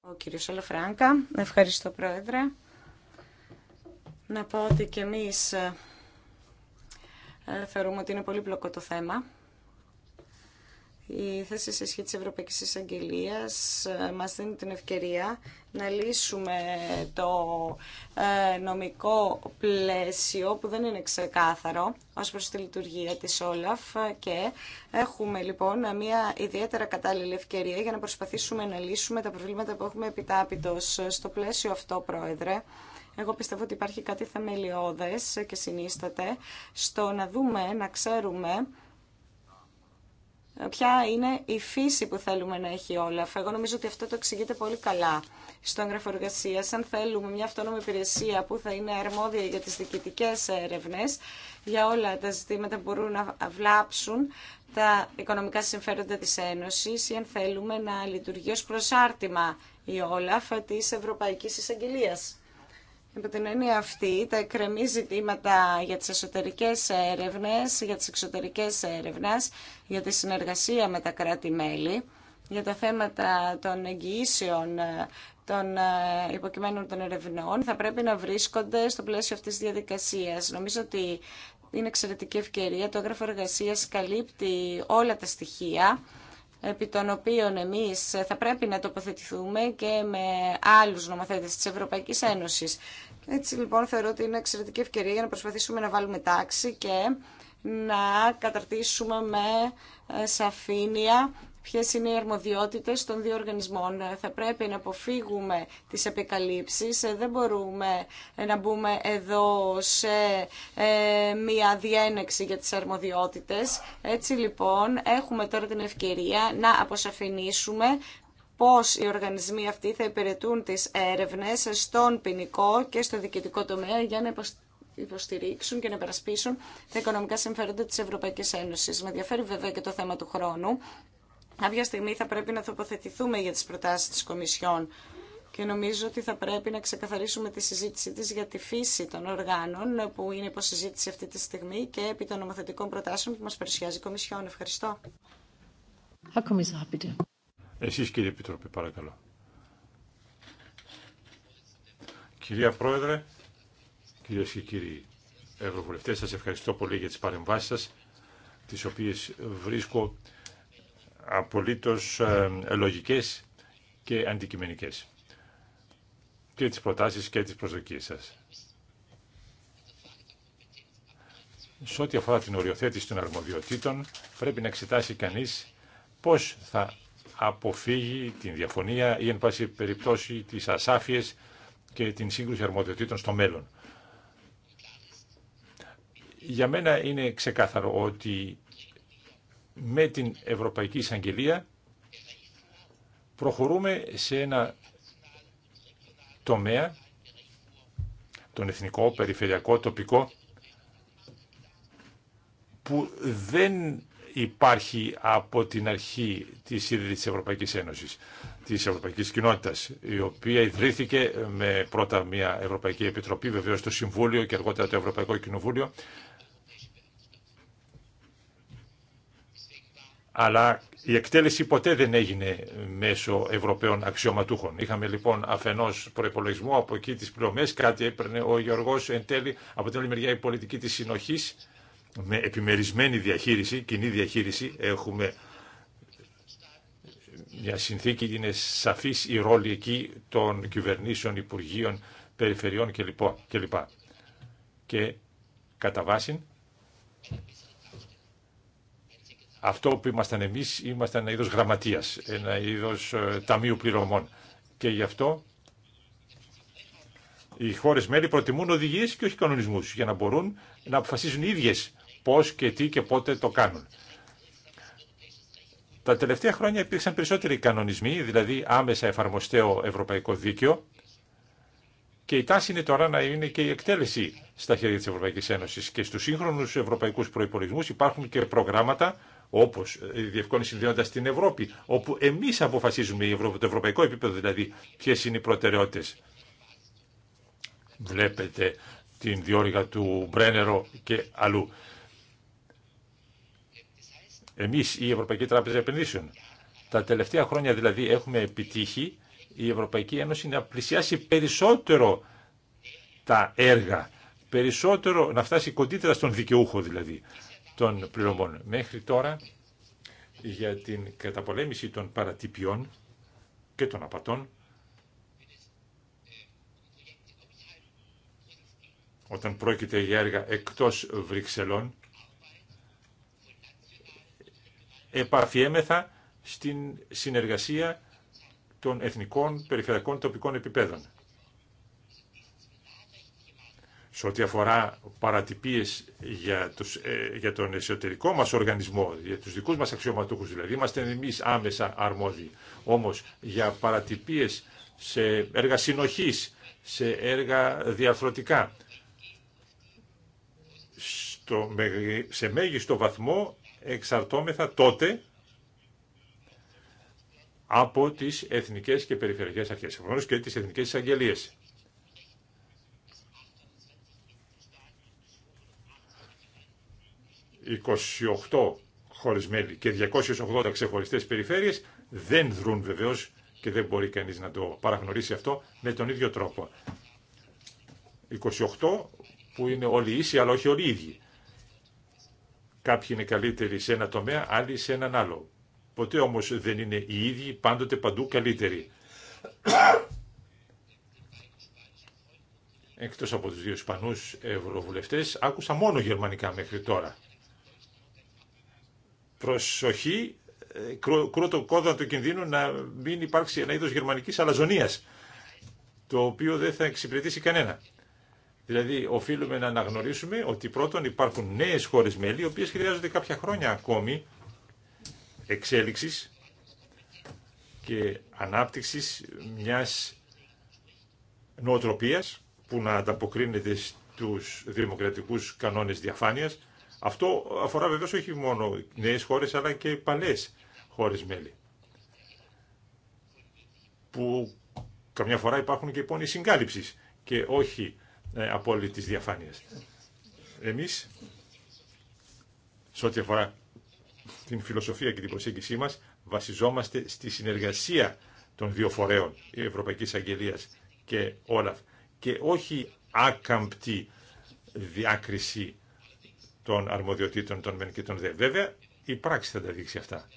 Ο κύριος Αλαφράγκα, ευχαριστώ Πρόεδρε. Να πω ότι και εμείς ε, θεωρούμε ότι είναι πολύ πλοκό το θέμα. Η θέση σε σχέση της Ευρωπαϊκής Εισαγγελίας ε, μας δίνει την ευκαιρία να λύσουμε το ε, νομικό πλαίσιο που δεν είναι ξεκάθαρο ως προς τη λειτουργία της Όλαφ και έχουμε λοιπόν μια ιδιαίτερα κατάλληλη ευκαιρία για να προσπαθήσουμε να λύσουμε τα προβλήματα που έχουμε επιτάπητος στο πλαίσιο αυτό, Πρόεδρε. Εγώ πιστεύω ότι υπάρχει κάτι θεμελιώδες και συνίσταται στο να δούμε, να ξέρουμε ποια είναι η φύση που θέλουμε να έχει όλα. Εγώ νομίζω ότι αυτό το εξηγείται πολύ καλά στο έγγραφο εργασία. Αν θέλουμε μια αυτόνομη υπηρεσία που θα είναι αρμόδια για τι διοικητικέ έρευνε, για όλα τα ζητήματα που μπορούν να βλάψουν τα οικονομικά συμφέροντα της Ένωσης ή αν θέλουμε να λειτουργεί ως προσάρτημα η Όλαφ της Ευρωπαϊκής Εισαγγελίας. Υπό την έννοια αυτή, τα εκκρεμή ζητήματα για τις εσωτερικές έρευνες, για τις εξωτερικές έρευνες, για τη συνεργασία με τα κράτη-μέλη, για τα θέματα των εγγυήσεων ε, των ε, υποκειμένων των ερευνών, θα πρέπει να βρίσκονται στο πλαίσιο αυτής της διαδικασίας. Νομίζω ότι είναι εξαιρετική ευκαιρία. Το έγγραφο εργασία καλύπτει όλα τα στοιχεία επί των οποίων εμείς θα πρέπει να τοποθετηθούμε και με άλλους νομοθέτες της Ευρωπαϊκής Ένωσης. Έτσι λοιπόν θεωρώ ότι είναι εξαιρετική ευκαιρία για να προσπαθήσουμε να βάλουμε τάξη και να καταρτήσουμε με ε, σαφήνεια Ποιε είναι οι αρμοδιότητε των δύο οργανισμών. Θα πρέπει να αποφύγουμε τι επικαλύψει. Δεν μπορούμε ε, να μπούμε εδώ σε ε, μία διένεξη για τι αρμοδιότητε. Έτσι λοιπόν έχουμε τώρα την ευκαιρία να αποσαφηνίσουμε πώς οι οργανισμοί αυτοί θα υπηρετούν τις έρευνες στον ποινικό και στο διοικητικό τομέα για να υποστηρίξουν και να περασπίσουν τα οικονομικά συμφέροντα της Ευρωπαϊκής Ένωσης. Με ενδιαφέρει βέβαια και το θέμα του χρόνου Κάποια στιγμή θα πρέπει να τοποθετηθούμε για τις προτάσεις της Κομισιόν και νομίζω ότι θα πρέπει να ξεκαθαρίσουμε τη συζήτησή της για τη φύση των οργάνων που είναι συζήτηση αυτή τη στιγμή και επί των νομοθετικών προτάσεων που μας παρουσιάζει η Κομισιόν. Ευχαριστώ. Εσείς κύριε Επιτροπή, παρακαλώ. Κυρία Πρόεδρε, κυρίε και κύριοι Ευρωβουλευτές, σας ευχαριστώ πολύ για τις παρεμβάσεις σας, τις οποίες βρίσκω απολύτως ε, λογικές και αντικειμενικές και τις προτάσεις και τις προσδοκίες σας. Σε ό,τι αφορά την οριοθέτηση των αρμοδιοτήτων, πρέπει να εξετάσει κανείς πώς θα αποφύγει την διαφωνία ή, εν πάση περιπτώσει, τις ασάφειες και την σύγκρουση αρμοδιοτήτων στο μέλλον. Για μένα είναι ξεκάθαρο ότι με την Ευρωπαϊκή Εισαγγελία προχωρούμε σε ένα τομέα, τον εθνικό, περιφερειακό, τοπικό, που δεν υπάρχει από την αρχή της ίδρυσης της Ευρωπαϊκής Ένωσης, της Ευρωπαϊκής Κοινότητας, η οποία ιδρύθηκε με πρώτα μια Ευρωπαϊκή Επιτροπή, βεβαίως το Συμβούλιο και αργότερα το Ευρωπαϊκό Κοινοβούλιο αλλά η εκτέλεση ποτέ δεν έγινε μέσω Ευρωπαίων αξιωματούχων. Είχαμε λοιπόν αφενό προπολογισμό από εκεί τι πληρωμέ, κάτι έπαιρνε ο Γιώργος. εν τέλει, από την άλλη μεριά η πολιτική τη συνοχή με επιμερισμένη διαχείριση, κοινή διαχείριση. Έχουμε μια συνθήκη, είναι σαφή η ρόλη εκεί των κυβερνήσεων, υπουργείων, περιφερειών κλπ. Και κατά βάση αυτό που ήμασταν εμείς ήμασταν ένα είδος γραμματείας, ένα είδος ε, ταμείου πληρωμών. Και γι' αυτό οι χώρες μέλη προτιμούν οδηγίες και όχι κανονισμούς για να μπορούν να αποφασίζουν οι ίδιες πώς και τι και πότε το κάνουν. Τα τελευταία χρόνια υπήρξαν περισσότεροι κανονισμοί, δηλαδή άμεσα εφαρμοστέο ευρωπαϊκό δίκαιο και η τάση είναι τώρα να είναι και η εκτέλεση στα χέρια της Ευρωπαϊκής Ένωσης και στους σύγχρονους ευρωπαϊκούς προπολογισμού υπάρχουν και προγράμματα Όπω ε, η διευκόλυνση συνδέοντα την Ευρώπη, όπου εμεί αποφασίζουμε το ευρωπαϊκό επίπεδο δηλαδή ποιε είναι οι προτεραιότητε. Βλέπετε την διόρυγα του Μπρένερο και αλλού. Εμείς, η Ευρωπαϊκή Τράπεζα Επενδύσεων, τα τελευταία χρόνια δηλαδή έχουμε επιτύχει η Ευρωπαϊκή Ένωση να πλησιάσει περισσότερο τα έργα, περισσότερο να φτάσει κοντύτερα στον δικαιούχο δηλαδή των πληρωμών. Μέχρι τώρα για την καταπολέμηση των παρατυπιών και των απατών όταν πρόκειται για έργα εκτός Βρυξελών επαφιέμεθα στην συνεργασία των εθνικών, περιφερειακών, τοπικών επιπέδων σε ό,τι αφορά παρατυπίες για, τους, ε, για τον εσωτερικό μας οργανισμό, για τους δικούς μας αξιωματούχους δηλαδή, είμαστε εμείς άμεσα αρμόδιοι. Όμως για παρατυπίες σε έργα συνοχής, σε έργα διαρθρωτικά, στο, σε μέγιστο βαθμό εξαρτώμεθα τότε από τις εθνικές και περιφερειακές αρχές, και τις εθνικές εισαγγελίες. 28 χώρες μέλη και 280 ξεχωριστές περιφέρειες δεν δρούν βεβαίως και δεν μπορεί κανείς να το παραγνωρίσει αυτό με τον ίδιο τρόπο. 28 που είναι όλοι ίσοι αλλά όχι όλοι ίδιοι. Κάποιοι είναι καλύτεροι σε ένα τομέα, άλλοι σε έναν άλλο. Ποτέ όμως δεν είναι οι ίδιοι πάντοτε παντού καλύτεροι. Εκτός από τους δύο Ισπανούς ευρωβουλευτές, άκουσα μόνο γερμανικά μέχρι τώρα προσοχή ε, κρότο κόδωνα του κινδύνου να μην υπάρξει ένα είδος γερμανικής αλαζονίας, το οποίο δεν θα εξυπηρετήσει κανένα. Δηλαδή, οφείλουμε να αναγνωρίσουμε ότι πρώτον υπάρχουν νέε χώρε μέλη, οι οποίες χρειάζονται κάποια χρόνια ακόμη εξέλιξη και ανάπτυξης μιας νοοτροπίας που να ανταποκρίνεται στου δημοκρατικού κανόνε διαφάνεια. Αυτό αφορά βεβαίω όχι μόνο νέε χώρε, αλλά και παλέ χώρε μέλη. Που καμιά φορά υπάρχουν και πόνοι συγκάλυψη και όχι ε, απόλυτη διαφάνεια. Εμεί, σε ό,τι αφορά την φιλοσοφία και την προσέγγιση μα, βασιζόμαστε στη συνεργασία των δύο φορέων, η Ευρωπαϊκή Αγγελία και όλα και όχι άκαμπτη διάκριση των αρμοδιοτήτων των μεν και των δε. Βέβαια, η πράξη θα τα δείξει αυτά.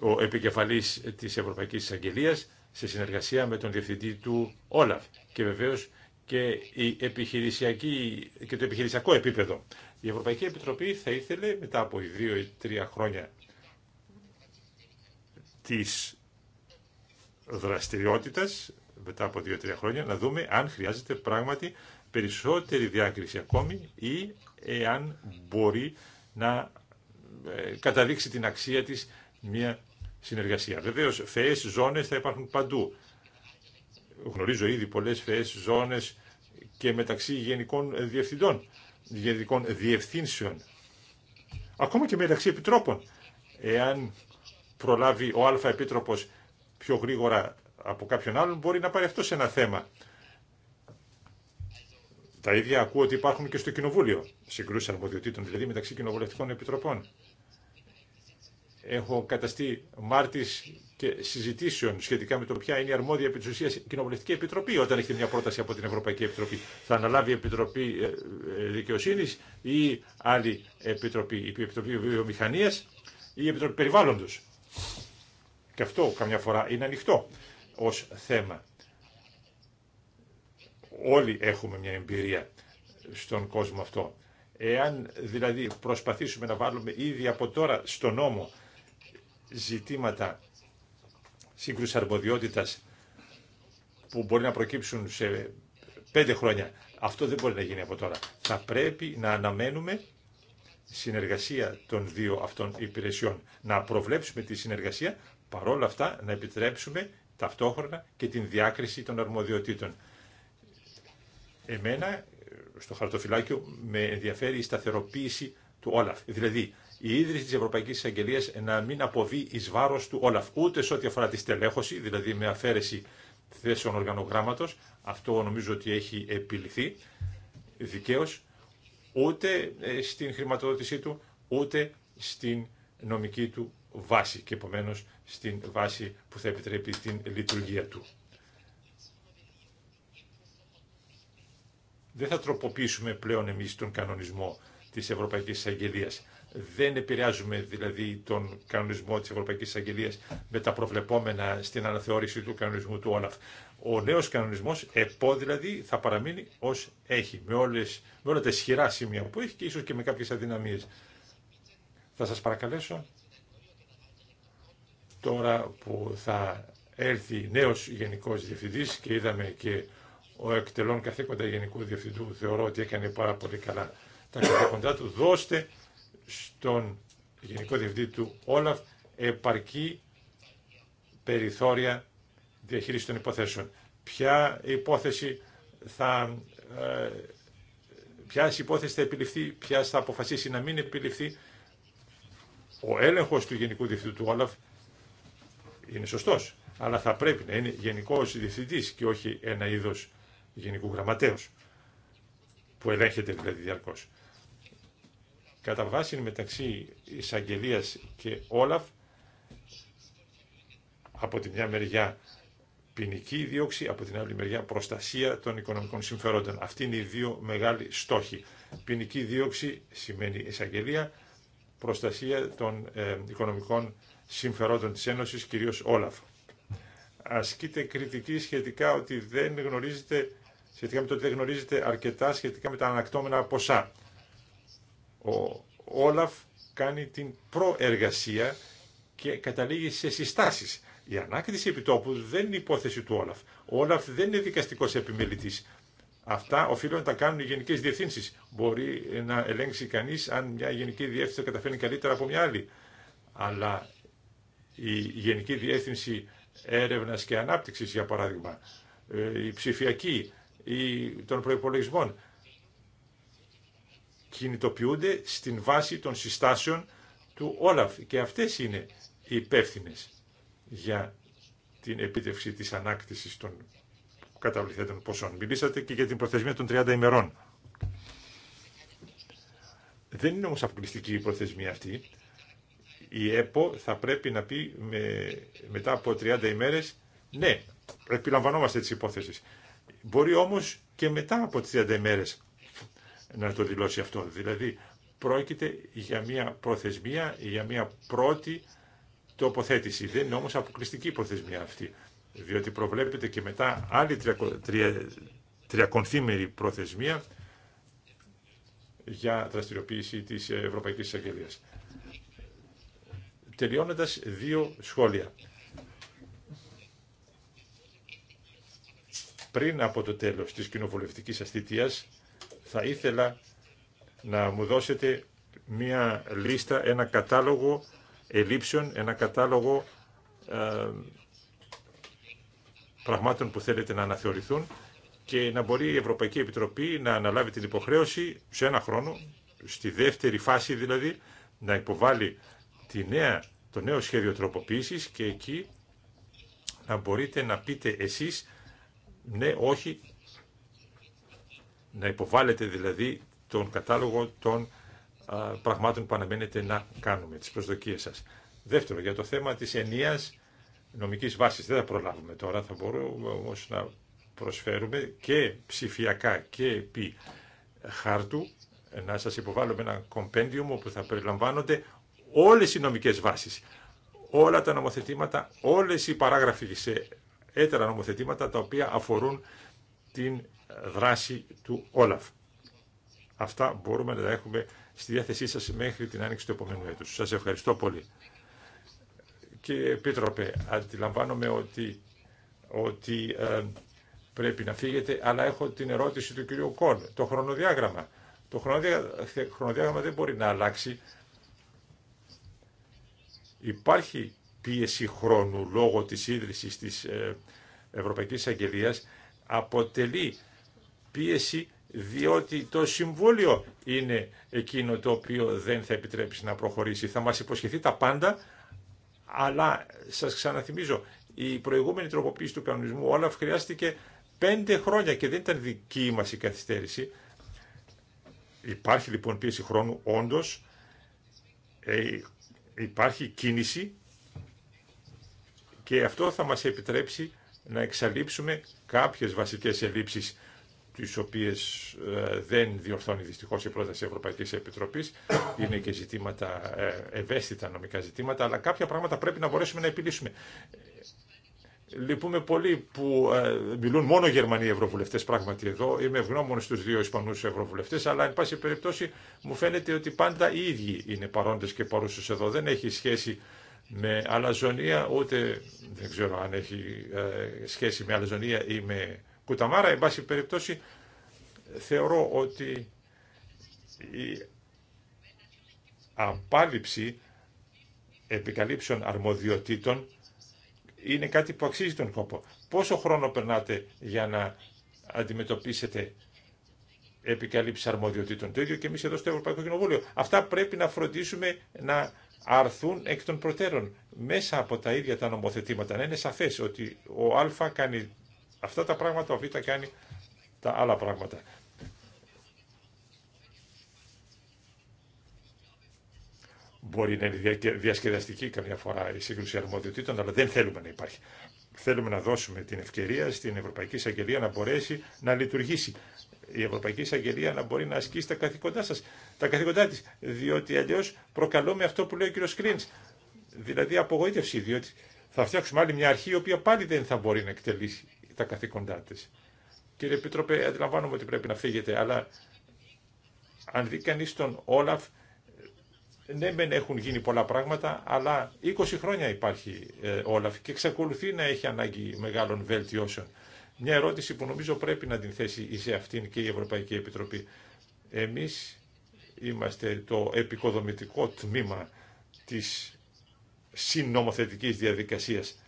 Ο επικεφαλής της Ευρωπαϊκής Αγγελίας σε συνεργασία με τον διευθυντή του Όλαφ και βεβαίως και, η επιχειρησιακή, και το επιχειρησιακό επίπεδο. Η Ευρωπαϊκή Επιτροπή θα ήθελε μετά από δύο ή τρία χρόνια της δραστηριότητας μετά από 2-3 χρόνια να δούμε αν χρειάζεται πράγματι περισσότερη διάκριση ακόμη ή εάν μπορεί να ε, καταδείξει την αξία της μια συνεργασία. Βεβαίω φαιές ζώνες θα υπάρχουν παντού. Γνωρίζω ήδη πολλές φαιές ζώνες και μεταξύ γενικών διευθυντών, γενικών διευθύνσεων. Ακόμα και μεταξύ επιτρόπων. Εάν προλάβει ο Α επίτροπος πιο γρήγορα από κάποιον άλλον μπορεί να πάρει αυτό σε ένα θέμα. Τα ίδια ακούω ότι υπάρχουν και στο Κοινοβούλιο, συγκρούσει αρμοδιοτήτων δηλαδή μεταξύ κοινοβουλευτικών επιτροπών. Έχω καταστεί μάρτη και συζητήσεων σχετικά με το ποια είναι η αρμόδια επί τη ουσία κοινοβουλευτική επιτροπή όταν έχετε μια πρόταση από την Ευρωπαϊκή Επιτροπή. Θα αναλάβει η Επιτροπή ε, ε, Δικαιοσύνη ή άλλη επιτροπή, η Επιτροπή Βιομηχανία ή η Επιτροπή Περιβάλλοντο. Και αυτό καμιά φορά είναι ανοιχτό ως θέμα. Όλοι έχουμε μια εμπειρία στον κόσμο αυτό. Εάν δηλαδή προσπαθήσουμε να βάλουμε ήδη από τώρα στο νόμο ζητήματα σύγκρουση αρμοδιότητας που μπορεί να προκύψουν σε πέντε χρόνια, αυτό δεν μπορεί να γίνει από τώρα. Θα πρέπει να αναμένουμε συνεργασία των δύο αυτών υπηρεσιών. Να προβλέψουμε τη συνεργασία, παρόλα αυτά να επιτρέψουμε ταυτόχρονα και την διάκριση των αρμοδιοτήτων. Εμένα, στο χαρτοφυλάκιο, με ενδιαφέρει η σταθεροποίηση του Όλαφ. Δηλαδή, η ίδρυση τη Ευρωπαϊκή Εισαγγελία να μην αποβεί ει βάρο του Όλαφ, ούτε σε ό,τι αφορά τη στελέχωση, δηλαδή με αφαίρεση θέσεων οργανογράμματο, αυτό νομίζω ότι έχει επιληθεί δικαίω, ούτε ε, στην χρηματοδότησή του, ούτε στην νομική του βάση. Και επομένω στην βάση που θα επιτρέπει την λειτουργία του. Δεν θα τροποποιήσουμε πλέον εμείς τον κανονισμό της Ευρωπαϊκής Αγγελίας. Δεν επηρεάζουμε δηλαδή τον κανονισμό της Ευρωπαϊκής Αγγελίας με τα προβλεπόμενα στην αναθεώρηση του κανονισμού του Όλαφ. Ο νέος κανονισμός, ΕΠΟ δηλαδή, θα παραμείνει ως έχει, με, όλες, με όλα τα ισχυρά σημεία που έχει και ίσως και με κάποιες αδυναμίες. Θα σας παρακαλέσω τώρα που θα έρθει νέος Γενικός Διευθυντής και είδαμε και ο εκτελών καθήκοντα Γενικού Διευθυντού θεωρώ ότι έκανε πάρα πολύ καλά τα καθήκοντά του, δώστε στον Γενικό Διευθυντή του Όλαφ επαρκή περιθώρια διαχείριση των υποθέσεων. Ποια υπόθεση θα, ε, υπόθεση θα επιληφθεί, ποια θα αποφασίσει να μην επιληφθεί. Ο έλεγχος του Γενικού Διευθυντού του Όλαφ είναι σωστός, αλλά θα πρέπει να είναι γενικός διευθυντή και όχι ένα είδος γενικού γραμματέα που ελέγχεται δηλαδή διαρκώ. Κατά βάση μεταξύ εισαγγελία και Όλαφ, από τη μια μεριά ποινική δίωξη, από την άλλη μεριά προστασία των οικονομικών συμφερόντων. Αυτοί είναι οι δύο μεγάλοι στόχοι. Ποινική δίωξη σημαίνει εισαγγελία, προστασία των ε, οικονομικών συμφερόντων της Ένωσης, κυρίως Όλαφ. Ασκείται κριτική σχετικά ότι δεν γνωρίζετε, σχετικά με το ότι δεν γνωρίζετε αρκετά σχετικά με τα ανακτώμενα ποσά. Ο Όλαφ κάνει την προεργασία και καταλήγει σε συστάσεις. Η ανάκτηση επιτόπου δεν είναι υπόθεση του Όλαφ. Ο Όλαφ δεν είναι δικαστικός επιμελητής. Αυτά οφείλουν να τα κάνουν οι γενικέ διευθύνσει. Μπορεί να ελέγξει κανεί αν μια γενική διεύθυνση τα καταφέρνει καλύτερα από μια άλλη. Αλλά η Γενική Διεύθυνση Έρευνα και Ανάπτυξη, για παράδειγμα, ε, η ψηφιακή ή των προπολογισμών, κινητοποιούνται στην βάση των συστάσεων του Όλαφ και αυτές είναι οι υπεύθυνε για την επίτευξη της ανάκτησης των καταβληθέτε των ποσών. Μιλήσατε και για την προθεσμία των 30 ημερών. Δεν είναι όμως αποκλειστική η προθεσμία αυτή. Η ΕΠΟ θα πρέπει να πει μετά από 30 ημέρες, ναι, επιλαμβανόμαστε τις υπόθεσεις. Μπορεί όμως και μετά από τις 30 ημέρες να το δηλώσει αυτό. Δηλαδή, πρόκειται για μια προθεσμία, για μια πρώτη τοποθέτηση. Δεν είναι όμως αποκλειστική η προθεσμία αυτή διότι προβλέπεται και μετά άλλη τριακονθήμερη προθεσμία για δραστηριοποίηση της Ευρωπαϊκής Εισαγγελίας. Τελειώνοντας, δύο σχόλια. Πριν από το τέλος της κοινοβουλευτικής αστήτειας, θα ήθελα να μου δώσετε μία λίστα, ένα κατάλογο ελήψεων, ένα κατάλογο ε, πραγμάτων που θέλετε να αναθεωρηθούν και να μπορεί η Ευρωπαϊκή Επιτροπή να αναλάβει την υποχρέωση σε ένα χρόνο, στη δεύτερη φάση δηλαδή, να υποβάλει τη νέα, το νέο σχέδιο τροποποίησης και εκεί να μπορείτε να πείτε εσείς ναι, όχι, να υποβάλλετε δηλαδή τον κατάλογο των πραγμάτων που αναμένετε να κάνουμε, τις προσδοκίες σας. Δεύτερο, για το θέμα της ενίας νομικής βάσης δεν θα προλάβουμε τώρα, θα μπορούμε όμω να προσφέρουμε και ψηφιακά και επί χάρτου να σας υποβάλουμε ένα κομπέντιουμ όπου θα περιλαμβάνονται όλες οι νομικές βάσεις, όλα τα νομοθετήματα, όλες οι παράγραφοι σε έτερα νομοθετήματα τα οποία αφορούν την δράση του Όλαφ. Αυτά μπορούμε να τα έχουμε στη διάθεσή σας μέχρι την άνοιξη του επόμενου έτους. Σας ευχαριστώ πολύ. Κύριε Επίτροπε, αντιλαμβάνομαι ότι, ότι ε, πρέπει να φύγετε, αλλά έχω την ερώτηση του κυρίου Κον, το χρονοδιάγραμμα. Το χρονοδιάγραμμα δεν μπορεί να αλλάξει. Υπάρχει πίεση χρόνου λόγω της ίδρυσης της ε, Ευρωπαϊκής Αγγελίας. Αποτελεί πίεση διότι το Συμβούλιο είναι εκείνο το οποίο δεν θα επιτρέψει να προχωρήσει. Θα μας υποσχεθεί τα πάντα αλλά σας ξαναθυμίζω, η προηγούμενη τροποποίηση του κανονισμού όλα χρειάστηκε πέντε χρόνια και δεν ήταν δική μα η καθυστέρηση. Υπάρχει λοιπόν πίεση χρόνου, όντω, ε, υπάρχει κίνηση και αυτό θα μας επιτρέψει να εξαλείψουμε κάποιες βασικές ελλείψεις τις οποίες ε, δεν διορθώνει δυστυχώς η πρόταση Ευρωπαϊκής Επιτροπής. Είναι και ζητήματα, ε, ευαίσθητα νομικά ζητήματα, αλλά κάποια πράγματα πρέπει να μπορέσουμε να επιλύσουμε. Λυπούμε πολύ που ε, μιλούν μόνο Γερμανοί ευρωβουλευτέ πράγματι εδώ. Είμαι ευγνώμων στου δύο Ισπανού ευρωβουλευτέ, αλλά εν πάση περιπτώσει μου φαίνεται ότι πάντα οι ίδιοι είναι παρόντε και παρούσε εδώ. Δεν έχει σχέση με αλαζονία, ούτε δεν ξέρω αν έχει σχέση με αλαζονία ή με Κουταμάρα. Εν πάση περιπτώσει θεωρώ ότι η απάλληψη επικαλύψεων αρμοδιοτήτων είναι κάτι που αξίζει τον κόπο. Πόσο χρόνο περνάτε για να αντιμετωπίσετε επικαλύψεις αρμοδιοτήτων. Το ίδιο και εμείς εδώ στο Ευρωπαϊκό Κοινοβούλιο. Αυτά πρέπει να φροντίσουμε να αρθούν εκ των προτέρων μέσα από τα ίδια τα νομοθετήματα. Να είναι σαφές ότι ο Α κάνει Αυτά τα πράγματα ο Β' κάνει τα άλλα πράγματα. Μπορεί να είναι διασκεδαστική καμιά φορά η σύγκρουση αρμοδιοτήτων, αλλά δεν θέλουμε να υπάρχει. Θέλουμε να δώσουμε την ευκαιρία στην Ευρωπαϊκή Εισαγγελία να μπορέσει να λειτουργήσει. Η Ευρωπαϊκή Εισαγγελία να μπορεί να ασκήσει τα καθήκοντά σα, τα καθήκοντά τη. Διότι αλλιώ προκαλούμε αυτό που λέει ο κ. Κρίν. Δηλαδή απογοήτευση, διότι θα φτιάξουμε άλλη μια αρχή η οποία πάλι δεν θα μπορεί να εκτελήσει τα καθήκοντά τη. Κύριε Επίτροπε, αντιλαμβάνομαι ότι πρέπει να φύγετε, αλλά αν δει κανεί τον Όλαφ, ναι, μεν έχουν γίνει πολλά πράγματα, αλλά 20 χρόνια υπάρχει ε, Όλαφ και εξακολουθεί να έχει ανάγκη μεγάλων βελτιώσεων. Μια ερώτηση που νομίζω πρέπει να την θέσει η σε αυτήν και η Ευρωπαϊκή Επιτροπή. Εμεί είμαστε το επικοδομητικό τμήμα της σύνομοθετική διαδικασίας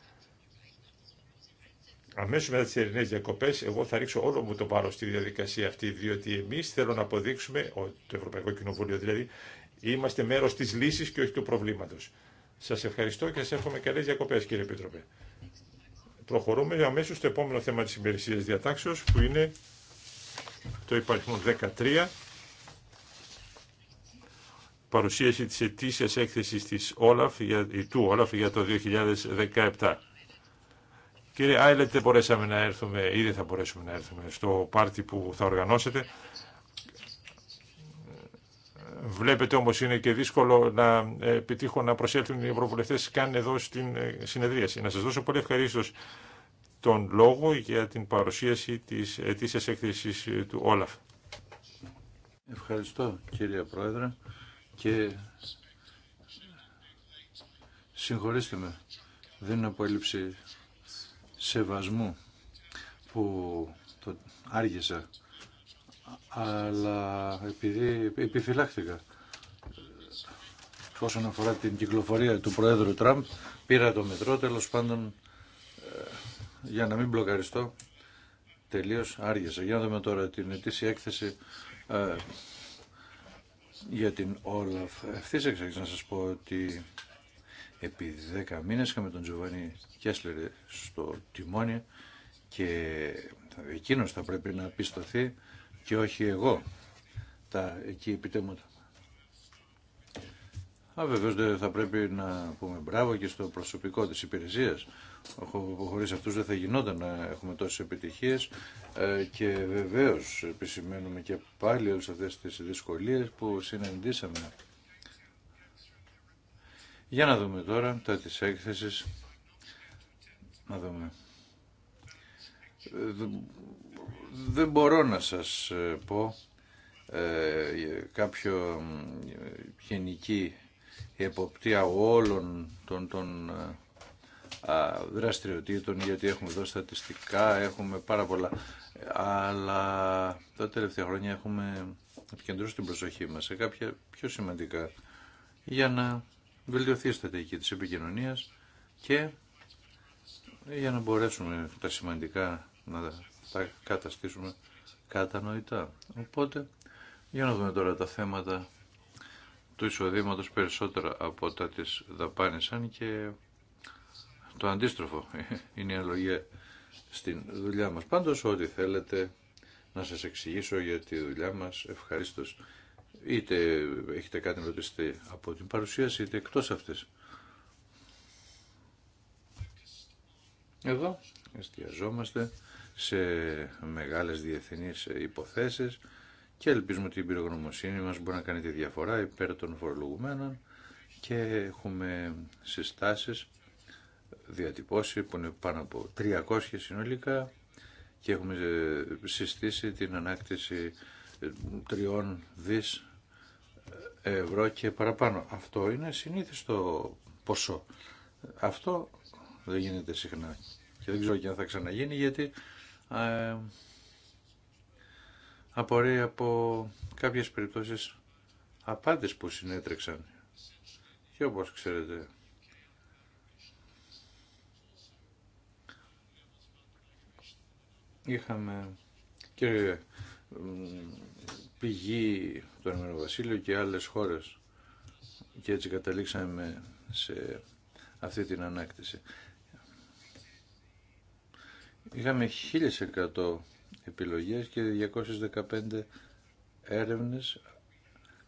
αμέσως μετά τις ελληνές διακοπές, εγώ θα ρίξω όλο μου το βάρος στη διαδικασία αυτή, διότι εμείς θέλω να αποδείξουμε, το Ευρωπαϊκό Κοινοβούλιο δηλαδή, είμαστε μέρος της λύσης και όχι του προβλήματος. Σας ευχαριστώ και σας εύχομαι καλές διακοπές κύριε Επίτροπε. Προχωρούμε αμέσω στο επόμενο θέμα της ημερησίας διατάξεως που είναι το υπαριθμό 13 παρουσίαση της ετήσιας έκθεσης της Όλαφ, του Όλαφ για το 2017. Κύριε Άιλετ, δεν μπορέσαμε να έρθουμε ή δεν θα μπορέσουμε να έρθουμε στο πάρτι που θα οργανώσετε. Βλέπετε όμω είναι και δύσκολο να ε, επιτύχω να προσέλθουν οι ευρωβουλευτέ καν εδώ στην ε, συνεδρίαση. Να σα δώσω πολύ ευχαρίστω τον λόγο για την παρουσίαση τη ετήσια έκθεση ε, του Όλαφ. Ευχαριστώ κύριε Πρόεδρε και συγχωρήστε με. Δεν είναι απόλυψη σεβασμού που το άργησα, αλλά επειδή επιφυλάχθηκα όσον αφορά την κυκλοφορία του Προέδρου Τραμπ, πήρα το μετρό, τέλο πάντων, ε, για να μην μπλοκαριστώ, τελείως άργησα. Για να δούμε τώρα την ετήσια έκθεση ε, για την Όλαφ. Ευθύς να σας πω ότι επί 10 μήνες είχαμε τον Τζοβάνι Κέσλερ στο τιμόνι και εκείνος θα πρέπει να πιστωθεί και όχι εγώ τα εκεί επιτέμματα. Α, βεβαίως θα πρέπει να πούμε μπράβο και στο προσωπικό της υπηρεσίας χωρίς αυτούς δεν θα γινόταν να έχουμε τόσες επιτυχίες ε, και βεβαίως επισημαίνουμε και πάλι όλες αυτές τις δυσκολίες που συναντήσαμε για να δούμε τώρα τα της έκθεσης. Να δούμε. Ε, δεν μπορώ να σας ε, πω ε, ε κάποιο γενική εποπτεία όλων των, των α, δραστηριοτήτων γιατί έχουμε εδώ στατιστικά, έχουμε πάρα πολλά αλλά τα τελευταία χρόνια έχουμε επικεντρώσει την προσοχή μας σε κάποια πιο σημαντικά για να βελτιωθεί η στρατηγική της επικοινωνίας και για να μπορέσουμε τα σημαντικά να τα καταστήσουμε κατανοητά. Οπότε, για να δούμε τώρα τα θέματα του εισοδήματο περισσότερα από τα της δαπάνησαν και το αντίστροφο <laughs> είναι η αλογία στην δουλειά μας. Πάντως, ό,τι θέλετε να σας εξηγήσω για τη δουλειά μας, ευχαρίστως είτε έχετε κάτι να ρωτήσετε από την παρουσίαση, είτε εκτός αυτής. Εδώ εστιαζόμαστε σε μεγάλες διεθνείς υποθέσεις και ελπίζουμε ότι η πυρογνωμοσύνη μας μπορεί να κάνει τη διαφορά υπέρ των φορολογουμένων και έχουμε συστάσεις διατυπώσει που είναι πάνω από 300 συνολικά και έχουμε συστήσει την ανάκτηση τριών δις ευρώ και παραπάνω. Αυτό είναι το ποσό. Αυτό δεν γίνεται συχνά και δεν ξέρω και αν θα ξαναγίνει γιατί ε, απορρέει από κάποιες περιπτώσεις απάντες που συνέτρεξαν και όπως ξέρετε είχαμε και πηγή του Ηνωμένου Βασίλειου και άλλες χώρες και έτσι καταλήξαμε σε αυτή την ανάκτηση. Είχαμε 1.100 επιλογές και 215 έρευνες,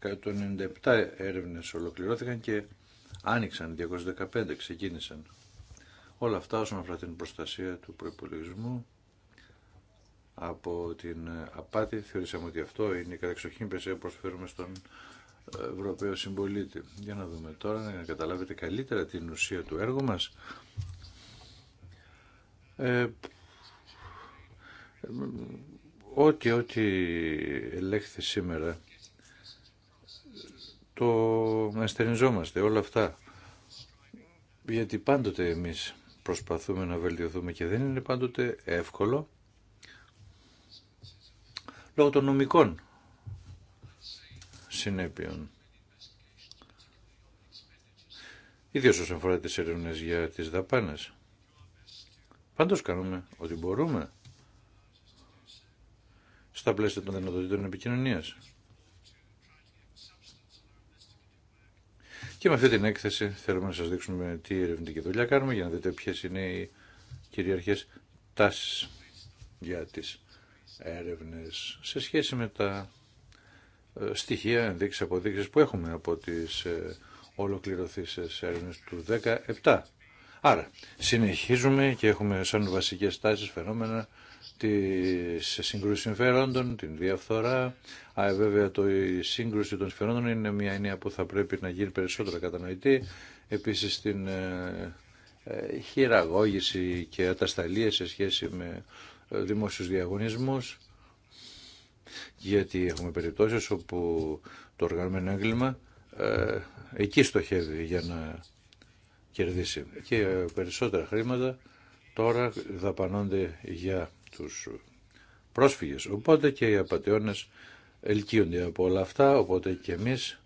197 έρευνες ολοκληρώθηκαν και άνοιξαν, 215 ξεκίνησαν. Όλα αυτά όσον αφορά την προστασία του προϋπολογισμού από την απάτη. Θεωρήσαμε ότι αυτό είναι η καταξοχή που προσφέρουμε στον Ευρωπαίο συμπολίτη. Για να δούμε τώρα να καταλάβετε καλύτερα την ουσία του έργου μας. Ε, ό,τι, ό,τι ελέγχθη σήμερα το αστεριζόμαστε όλα αυτά γιατί πάντοτε εμείς προσπαθούμε να βελτιωθούμε και δεν είναι πάντοτε εύκολο λόγω των νομικών συνέπειων. Ιδίω όσον αφορά τι έρευνε για τις δαπάνες. Πάντως κάνουμε ό,τι μπορούμε στα πλαίσια των δυνατοτήτων επικοινωνία. Και με αυτή την έκθεση θέλουμε να σας δείξουμε τι ερευνητική δουλειά κάνουμε για να δείτε ποιες είναι οι κυριαρχές τάσεις για τις έρευνες σε σχέση με τα ε, στοιχεία, ενδείξεις, αποδείξεις που έχουμε από τις ε, ολοκληρωθήσεις έρευνες του 17. Άρα, συνεχίζουμε και έχουμε σαν βασικές τάσεις φαινόμενα τη σύγκρουση συμφερόντων, την διαφθορά. Α, ε, βέβαια, το, η σύγκρουση των συμφερόντων είναι μια ενία που θα πρέπει να γίνει περισσότερο κατανοητή. Επίσης, την χειραγώγηση και ατασταλίες σε σχέση με ε, δημόσιους διαγωνισμού, γιατί έχουμε περιπτώσεις όπου το οργανωμένο έγκλημα ε, εκεί στοχεύει για να κερδίσει. Και ε, περισσότερα χρήματα τώρα δαπανώνται για τους πρόσφυγες. Οπότε και οι απαταιώνες ελκύονται από όλα αυτά, οπότε και εμείς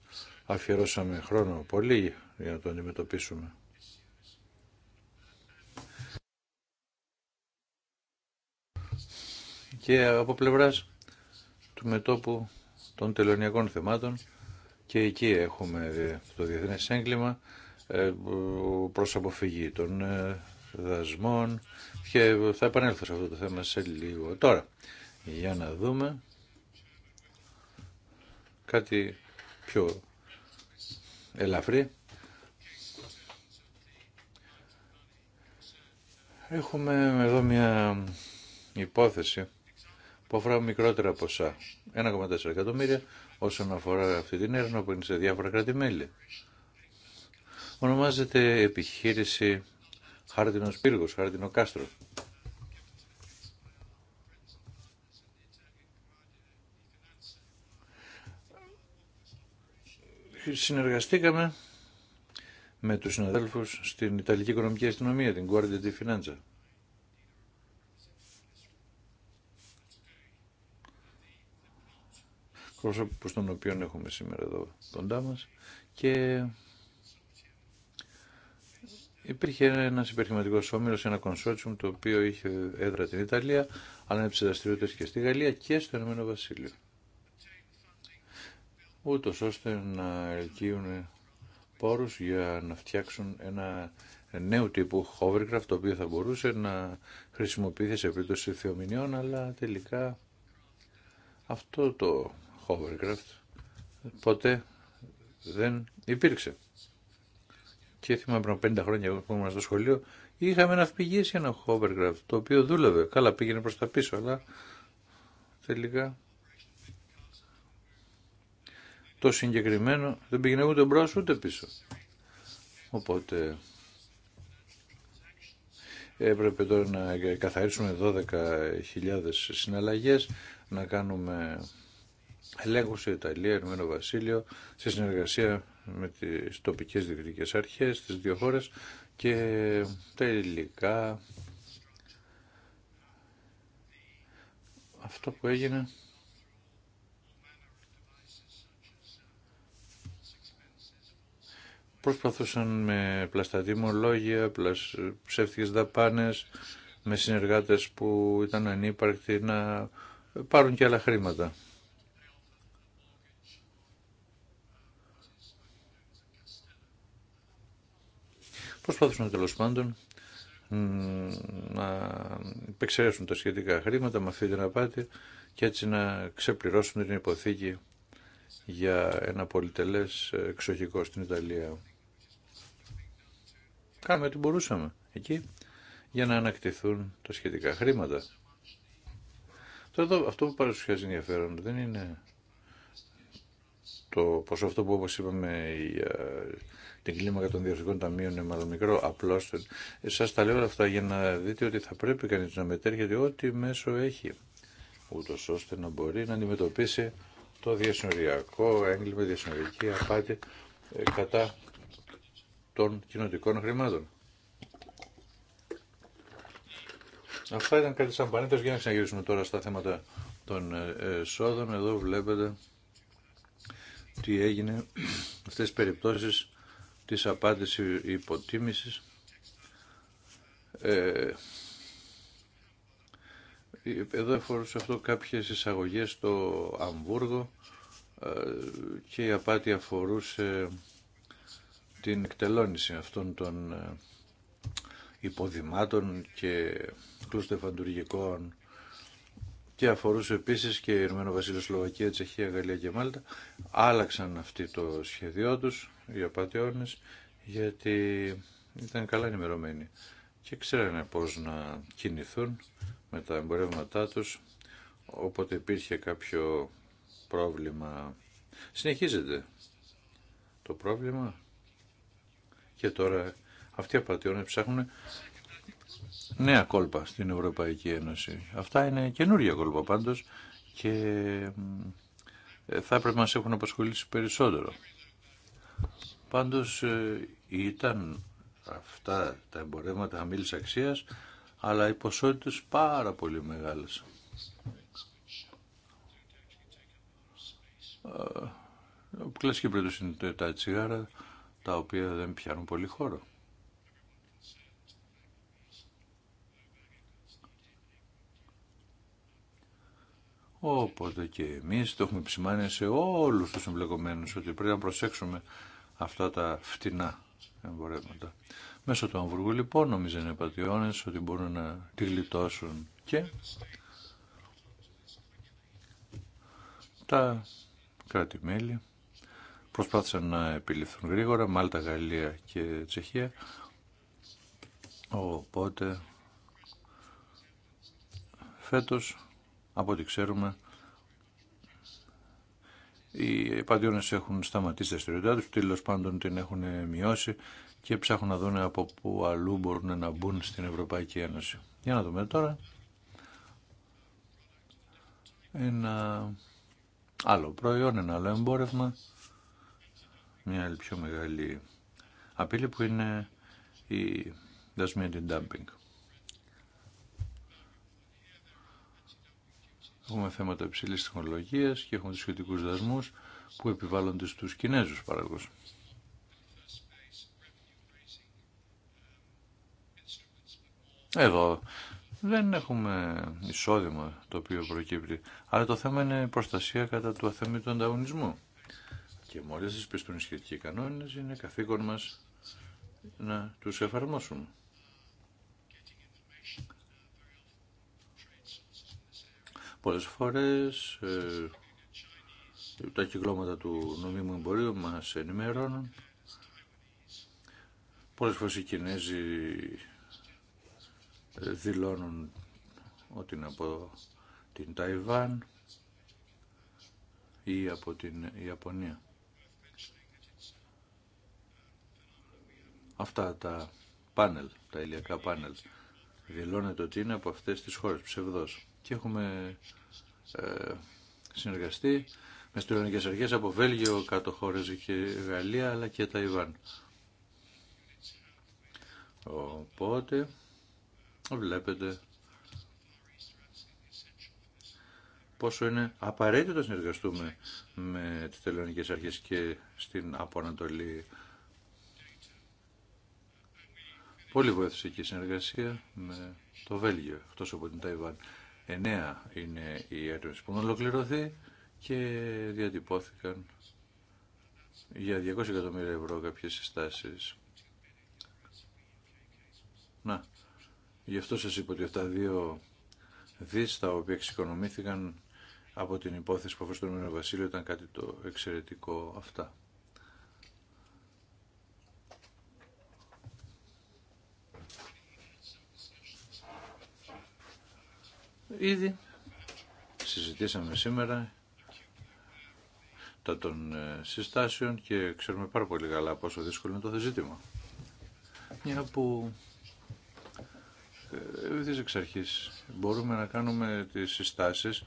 αφιερώσαμε χρόνο πολύ για να το αντιμετωπίσουμε. και από πλευράς του μετόπου των τελωνιακών θεμάτων και εκεί έχουμε το διεθνές έγκλημα ε, προς αποφυγή των ε, δασμών και θα επανέλθω σε αυτό το θέμα σε λίγο. Τώρα, για να δούμε κάτι πιο ελαφρύ. Έχουμε εδώ μια υπόθεση που αφορά μικρότερα ποσά, 1,4 εκατομμύρια, όσον αφορά αυτή την έρευνα που είναι σε διάφορα κράτη-μέλη. Ονομάζεται επιχείρηση Χάρτινο Πύργο, Χάρτινο Κάστρο. Συνεργαστήκαμε με τους συναδέλφους στην Ιταλική Οικονομική Αστυνομία, την Guardia di Finanza. προσώπου των οποίων έχουμε σήμερα εδώ κοντά μας και υπήρχε ένας υπερχηματικός όμιλος, ένα κονσότσιουμ το οποίο είχε έδρα την Ιταλία αλλά είναι δραστηριότητες και στη Γαλλία και στο Ηνωμένο Βασίλειο ούτως ώστε να ελκύουν πόρους για να φτιάξουν ένα νέο τύπου hovercraft το οποίο θα μπορούσε να χρησιμοποιηθεί σε περίπτωση θεομηνιών αλλά τελικά αυτό το Hovercraft ποτέ δεν υπήρξε. Και θυμάμαι πριν 50 χρόνια που ήμουν στο σχολείο, είχαμε ναυπηγήσει ένα Hovercraft το οποίο δούλευε. Καλά πήγαινε προς τα πίσω, αλλά τελικά το συγκεκριμένο δεν πήγαινε ούτε μπρο ούτε πίσω. Οπότε έπρεπε τώρα να καθαρίσουμε 12.000 συναλλαγές, να κάνουμε Ελέγχου η Ιταλία, Ηνωμένο Βασίλειο, σε συνεργασία με τις τοπικέ διοικητικές αρχές τις δύο χώρες και τελικά αυτό που έγινε προσπαθούσαν με πλασταδημολόγια, πλασ... ψεύτικες δαπάνες, με συνεργάτες που ήταν ανύπαρκτοι να πάρουν και άλλα χρήματα. προσπαθούσαν τέλο πάντων να επεξερέσουν τα σχετικά χρήματα με αυτή την απάτη και έτσι να ξεπληρώσουν την υποθήκη για ένα πολυτελές εξοχικό στην Ιταλία. Κάναμε ό,τι μπορούσαμε εκεί για να ανακτηθούν τα σχετικά χρήματα. Τώρα αυτό που παρουσιάζει ενδιαφέρον δεν είναι το ποσό αυτό που όπως είπαμε ε, την κλίμακα των διευθυντικών ταμείων είναι μάλλον μικρό. Απλώ σα τα λέω αυτά για να δείτε ότι θα πρέπει κανεί να μετέρχεται ό,τι μέσο έχει. Ούτω ώστε να μπορεί να αντιμετωπίσει το διασυνοριακό έγκλημα, διασυνοριακή απάτη ε, κατά των κοινοτικών χρημάτων. Αυτά ήταν κάτι σαν για να ξαναγυρίσουμε τώρα στα θέματα των ε, ε, εσόδων. Εδώ βλέπετε τι έγινε αυτές τις περιπτώσεις της απάντησης υποτίμησης ε, εδώ αφορούσε αυτό κάποιες εισαγωγές στο Αμβούργο ε, και η απάτη αφορούσε την εκτελώνηση αυτών των ε, υποδημάτων και κλωστεφαντουργικών και αφορούσε επίσης και η Ηνωμένο Βασίλειο, Σλοβακία, Τσεχία, Γαλλία και Μάλτα. Άλλαξαν αυτοί το σχέδιό τους, οι απαταιώνε γιατί ήταν καλά ενημερωμένοι και ξέρανε πώς να κινηθούν με τα εμπορεύματά τους, όποτε υπήρχε κάποιο πρόβλημα. Συνεχίζεται το πρόβλημα και τώρα αυτοί οι απαταιώνε ψάχνουν νέα κόλπα στην Ευρωπαϊκή Ένωση. Αυτά είναι καινούργια κόλπα πάντως και ε, θα έπρεπε να μας έχουν απασχολήσει περισσότερο. Πάντως ε, ήταν αυτά τα εμπορεύματα χαμηλής αξίας, αλλά οι ποσότητες πάρα πολύ μεγάλες. Ο ε, κλασική να είναι τα τσιγάρα, τα οποία δεν πιάνουν πολύ χώρο. Οπότε και εμείς το έχουμε επισημάνει σε όλους τους εμπλεκομένους ότι πρέπει να προσέξουμε αυτά τα φτηνά εμπορεύματα. Μέσω του Αμβουργού λοιπόν νομίζανε οι πατιώνες ότι μπορούν να τη γλιτώσουν και τα κράτη-μέλη προσπάθησαν να επιληφθούν γρήγορα, Μάλτα, Γαλλία και Τσεχία. Οπότε φέτος από ό,τι ξέρουμε, οι επαντιώνες έχουν σταματήσει τα ιστοριότητά τους, τέλο πάντων την έχουν μειώσει και ψάχνουν να δουν από πού αλλού μπορούν να μπουν στην Ευρωπαϊκή Ένωση. Για να δούμε τώρα ένα άλλο προϊόν, ένα άλλο εμπόρευμα, μια άλλη πιο μεγάλη απειλή που είναι η δασμία την dumping. Έχουμε θέματα υψηλή τεχνολογία και έχουμε του σχετικού δασμού που επιβάλλονται στου Κινέζου παραγωγού. Εδώ δεν έχουμε εισόδημα το οποίο προκύπτει. αλλά το θέμα είναι η προστασία κατά του αθεμήτου ανταγωνισμού. Και μόλις τις πιστούν οι σχετικοί κανόνες είναι καθήκον μας να τους εφαρμόσουμε. Πολλές φορές ε, τα κυκλώματα του νομίμου εμπορίου μας ενημερώνουν. Πολλές φορές οι Κινέζοι ε, δηλώνουν ότι είναι από την Ταϊβάν ή από την Ιαπωνία. Αυτά τα πάνελ, τα ηλιακά πάνελ, δηλώνεται ότι είναι από αυτές τις χώρες ψευδός και έχουμε ε, συνεργαστεί με στουρανικές αρχές από Βέλγιο, κάτω χώρες και Γαλλία αλλά και Ταϊβάν. Οπότε βλέπετε πόσο είναι απαραίτητο να συνεργαστούμε με τις τελωνικές αρχές και στην Αποανατολή. Πολύ βοήθησε και η συνεργασία με το Βέλγιο, εκτός από την Ταϊβάν. Εννέα είναι οι έρευνε που έχουν ολοκληρωθεί και διατυπώθηκαν για 200 εκατομμύρια ευρώ κάποιες συστάσει. Να, γι' αυτό σας είπα ότι αυτά δύο δίστα, τα οποία εξοικονομήθηκαν από την υπόθεση που αφορούσε το Βασίλειο ήταν κάτι το εξαιρετικό αυτά. Ήδη συζητήσαμε σήμερα τα των ε, συστάσεων και ξέρουμε πάρα πολύ καλά πόσο δύσκολο είναι το ζήτημα. Μια που ε, ευθύς εξ αρχής μπορούμε να κάνουμε τις συστάσεις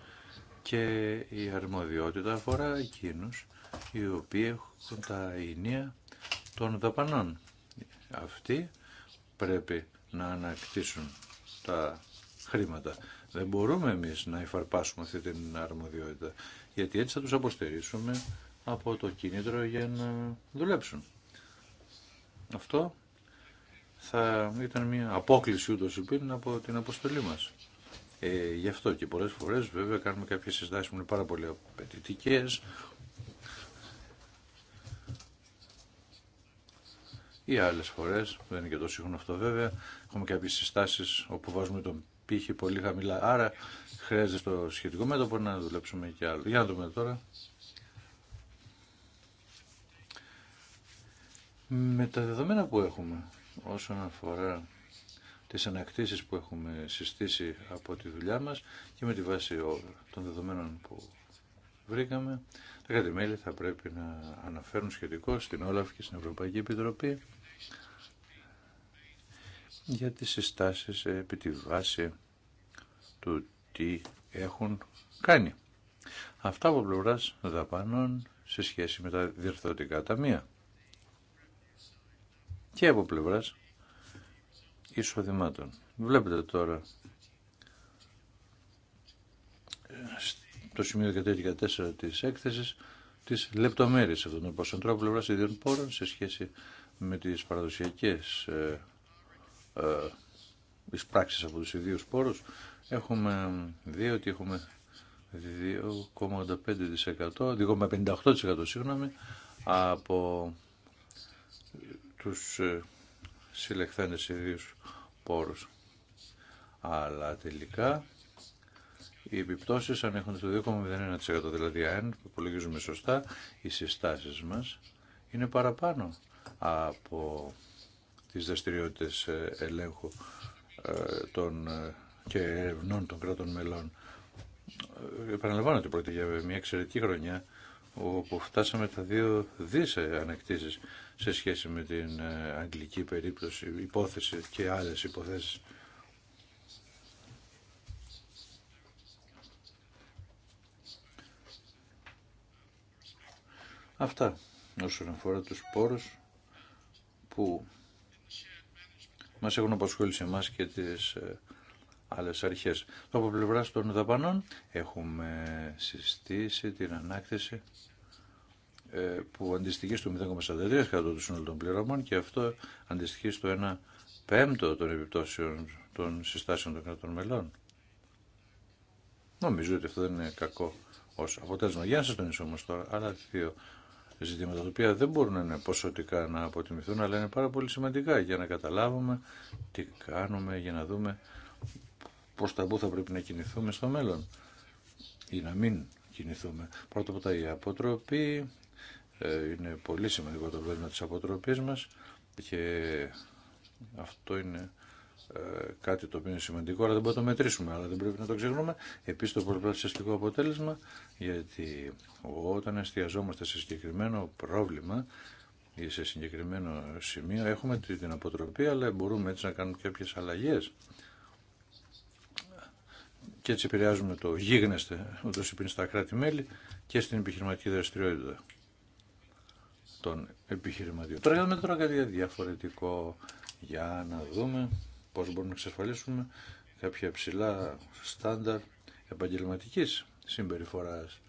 και η αρμοδιότητα αφορά εκείνους οι οποίοι έχουν τα ίνια των δαπανών. Αυτοί πρέπει να ανακτήσουν τα χρήματα. Δεν μπορούμε εμείς να υφαρπάσουμε αυτή την αρμοδιότητα, γιατί έτσι θα τους αποστερήσουμε από το κίνητρο για να δουλέψουν. Αυτό θα ήταν μια απόκληση ούτως υπήρνε από την αποστολή μας. Ε, γι' αυτό και πολλές φορές βέβαια κάνουμε κάποιες συστάσεις που είναι πάρα πολύ απαιτητικέ. ή άλλες φορές, δεν είναι και τόσο σύγχρονο αυτό βέβαια, έχουμε κάποιες συστάσεις όπου βάζουμε τον πύχη πολύ χαμηλά. Άρα χρειάζεται στο σχετικό μέτωπο να δουλέψουμε και άλλο. Για να δούμε τώρα. Με τα δεδομένα που έχουμε όσον αφορά τις ανακτήσεις που έχουμε συστήσει από τη δουλειά μας και με τη βάση των δεδομένων που βρήκαμε, τα κατημέλια θα πρέπει να αναφέρουν σχετικό στην Όλαφ και στην Ευρωπαϊκή Επιτροπή για τις συστάσεις επί τη βάση του τι έχουν κάνει. Αυτά από πλευράς δαπάνων σε σχέση με τα διερθωτικά ταμεία και από πλευρά εισοδημάτων. Βλέπετε τώρα το σημείο 14 της έκθεσης τις λεπτομέρειες αυτών των ποσοντρών πλευράς ιδιών πόρων σε σχέση με τις παραδοσιακές ε, ε, εισπράξεις από τους ιδίους πόρους έχουμε δει ότι έχουμε 2,85% 2,58% συγγνώμη από τους ε, συλλεχθέντες ιδίους πόρους αλλά τελικά οι επιπτώσεις ανέχονται το 2,01% δηλαδή αν υπολογίζουμε σωστά οι συστάσεις μας είναι παραπάνω από τις δραστηριότητε ε, ελέγχου ε, των ε, και ερευνών των κράτων μελών. Επαναλαμβάνω ότι πρόκειται για μια εξαιρετική χρονιά όπου φτάσαμε τα δύο δις ανακτήσεις σε σχέση με την αγγλική περίπτωση, υπόθεση και άλλες υποθέσεις. Αυτά όσον αφορά τους πόρους που Μα έχουν απασχολήσει εμά και τις ε, άλλε αρχέ. Από πλευρά των δαπανών έχουμε συστήσει την ανάκτηση ε, που αντιστοιχεί στο 0,43% του συνόλου των πληρώμων και αυτό αντιστοιχεί στο 1 πέμπτο των επιπτώσεων των συστάσεων των κρατών μελών. Νομίζω ότι αυτό δεν είναι κακό ω αποτέλεσμα. Για να σα τονίσω όμω τώρα άλλα ζητήματα τα οποία δεν μπορούν να είναι ποσοτικά να αποτιμηθούν αλλά είναι πάρα πολύ σημαντικά για να καταλάβουμε τι κάνουμε για να δούμε πώς τα που θα πρέπει να κινηθούμε στο μέλλον ή να μην κινηθούμε. Πρώτα απ' τα η αποτροπή ε, είναι πολύ σημαντικό το πρόβλημα της αποτροπής μας και αυτό είναι ε, κάτι το οποίο είναι σημαντικό, αλλά δεν μπορούμε να το μετρήσουμε, αλλά δεν πρέπει να το ξεχνούμε. Επίση το πολυπλασιαστικό αποτέλεσμα, γιατί όταν εστιαζόμαστε σε συγκεκριμένο πρόβλημα ή σε συγκεκριμένο σημείο, έχουμε την αποτροπή, αλλά μπορούμε έτσι να κάνουμε κάποιε αλλαγέ. Και έτσι επηρεάζουμε το γίγνεσθε, ούτω ή στα κράτη-μέλη και στην επιχειρηματική δραστηριότητα των επιχειρηματιών. Τώρα κάνουμε τώρα κάτι διαφορετικό. Για να δούμε πώς μπορούμε να εξασφαλίσουμε κάποια ψηλά στάνταρ επαγγελματικής συμπεριφοράς.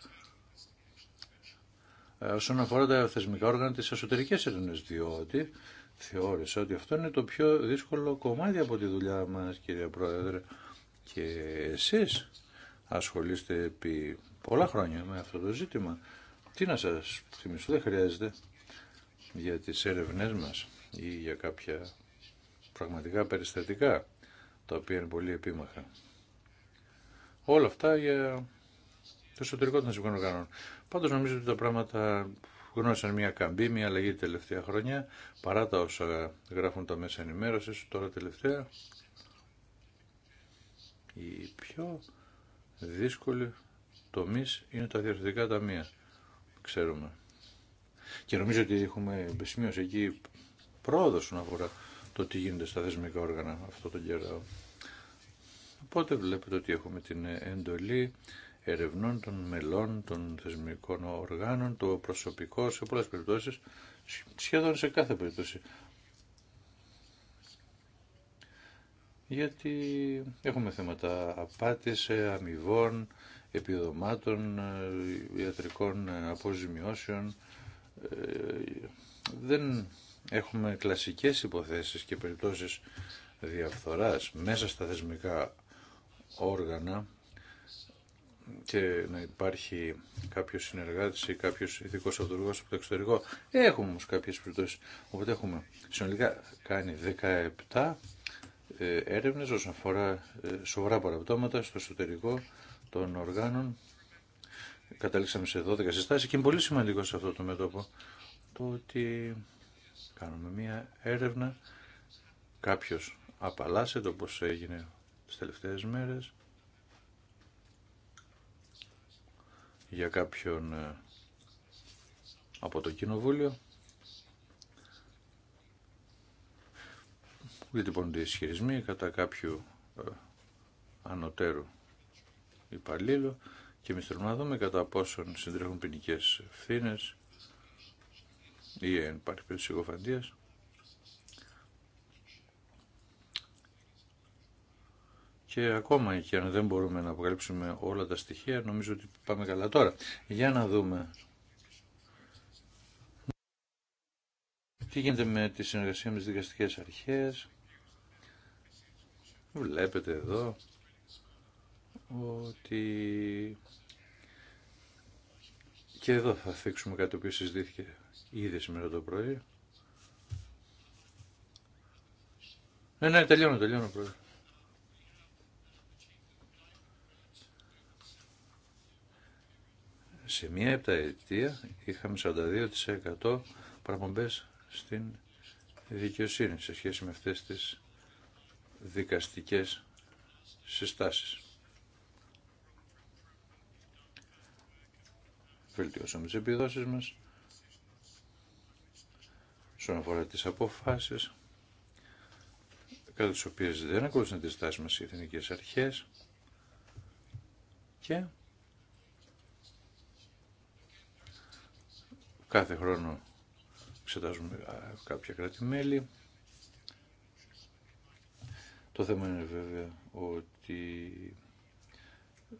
Ε, όσον αφορά τα θεσμικά όργανα της εσωτερικής έρευνας, διότι θεώρησα ότι αυτό είναι το πιο δύσκολο κομμάτι από τη δουλειά μας, κύριε Πρόεδρε, και εσείς ασχολείστε επί πολλά χρόνια με αυτό το ζήτημα. Τι να σας θυμίσω, δεν χρειάζεται για τις έρευνές μας ή για κάποια πραγματικά περιστατικά, τα οποία είναι πολύ επίμαχα. Όλα αυτά για το εσωτερικό των συμβουλών οργανών. Πάντως νομίζω ότι τα πράγματα γνώρισαν μια καμπή, μια αλλαγή τελευταία χρόνια, παρά τα όσα γράφουν τα μέσα ενημέρωσης, τώρα τελευταία. οι πιο δύσκολη τομή είναι τα διευθυντικά ταμεία, ξέρουμε. Και νομίζω ότι έχουμε σημείωση εκεί πρόοδο όσον το τι γίνεται στα θεσμικά όργανα αυτό τον καιρό. Οπότε βλέπετε ότι έχουμε την εντολή ερευνών των μελών, των θεσμικών οργάνων, το προσωπικό σε πολλές περιπτώσεις, σχεδόν σε κάθε περίπτωση. Γιατί έχουμε θέματα απάτης, αμοιβών, επιδομάτων, ιατρικών αποζημιώσεων. Ε, δεν έχουμε κλασικές υποθέσεις και περιπτώσεις διαφθοράς μέσα στα θεσμικά όργανα και να υπάρχει κάποιος συνεργάτης ή κάποιος ειδικός αυτοργός από το εξωτερικό. Έχουμε όμως κάποιες περιπτώσεις. Οπότε έχουμε συνολικά κάνει 17 ε, έρευνες όσον αφορά ε, σοβαρά παραπτώματα στο εσωτερικό των οργάνων. Καταλήξαμε σε 12 συστάσεις και είναι πολύ σημαντικό σε αυτό το μέτωπο το ότι κάνουμε μία έρευνα. Κάποιος απαλλάσσεται πως έγινε τις τελευταίες μέρες για κάποιον ε, από το Κοινοβούλιο. Διατυπώνονται ισχυρισμοί κατά κάποιου ε, ανωτέρου υπαλλήλου και εμείς θέλουμε να δούμε κατά πόσον συντρέχουν ποινικέ ευθύνε ή εν πάρει περίπτωση Και ακόμα και αν δεν μπορούμε να αποκαλύψουμε όλα τα στοιχεία, νομίζω ότι πάμε καλά τώρα. Για να δούμε τι γίνεται με τη συνεργασία με τις δικαστικές αρχές. Βλέπετε εδώ ότι και εδώ θα θέξουμε κάτι που συζητήθηκε ήδη σήμερα το πρωί. Ναι, ναι, τελειώνω, τελειώνω πρωί. Σε μία επταετία είχαμε 42% παραπομπές στην δικαιοσύνη σε σχέση με αυτές τις δικαστικές συστάσεις. Βελτιώσαμε τις επιδόσεις μας όσον αφορά τις αποφάσεις κατά τις οποίες δεν ακολουθούν τις τάσεις μας οι εθνικές αρχές και κάθε χρόνο εξετάζουμε κάποια κράτη-μέλη. Το θέμα είναι βέβαια ότι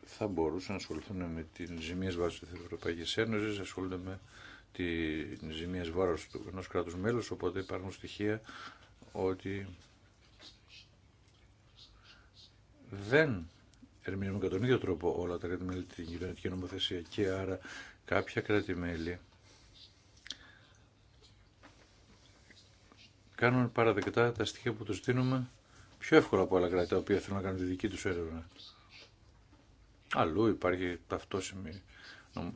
θα μπορούσαν να ασχοληθούν με τις ζημίες βάσης της Ευρωπαϊκής Ένωσης, ασχολούνται με τη ζημία βάρος του ενό κράτου μέλου, οπότε υπάρχουν στοιχεία ότι δεν ερμηνεύουν κατά τον ίδιο τρόπο όλα τα κράτη-μέλη την κυβερνητική νομοθεσία και άρα κάποια κράτη-μέλη κάνουν παραδεκτά τα στοιχεία που τους δίνουμε πιο εύκολα από άλλα κράτη τα οποία θέλουν να κάνουν τη δική τους έρευνα. Αλλού υπάρχει ταυτόσιμη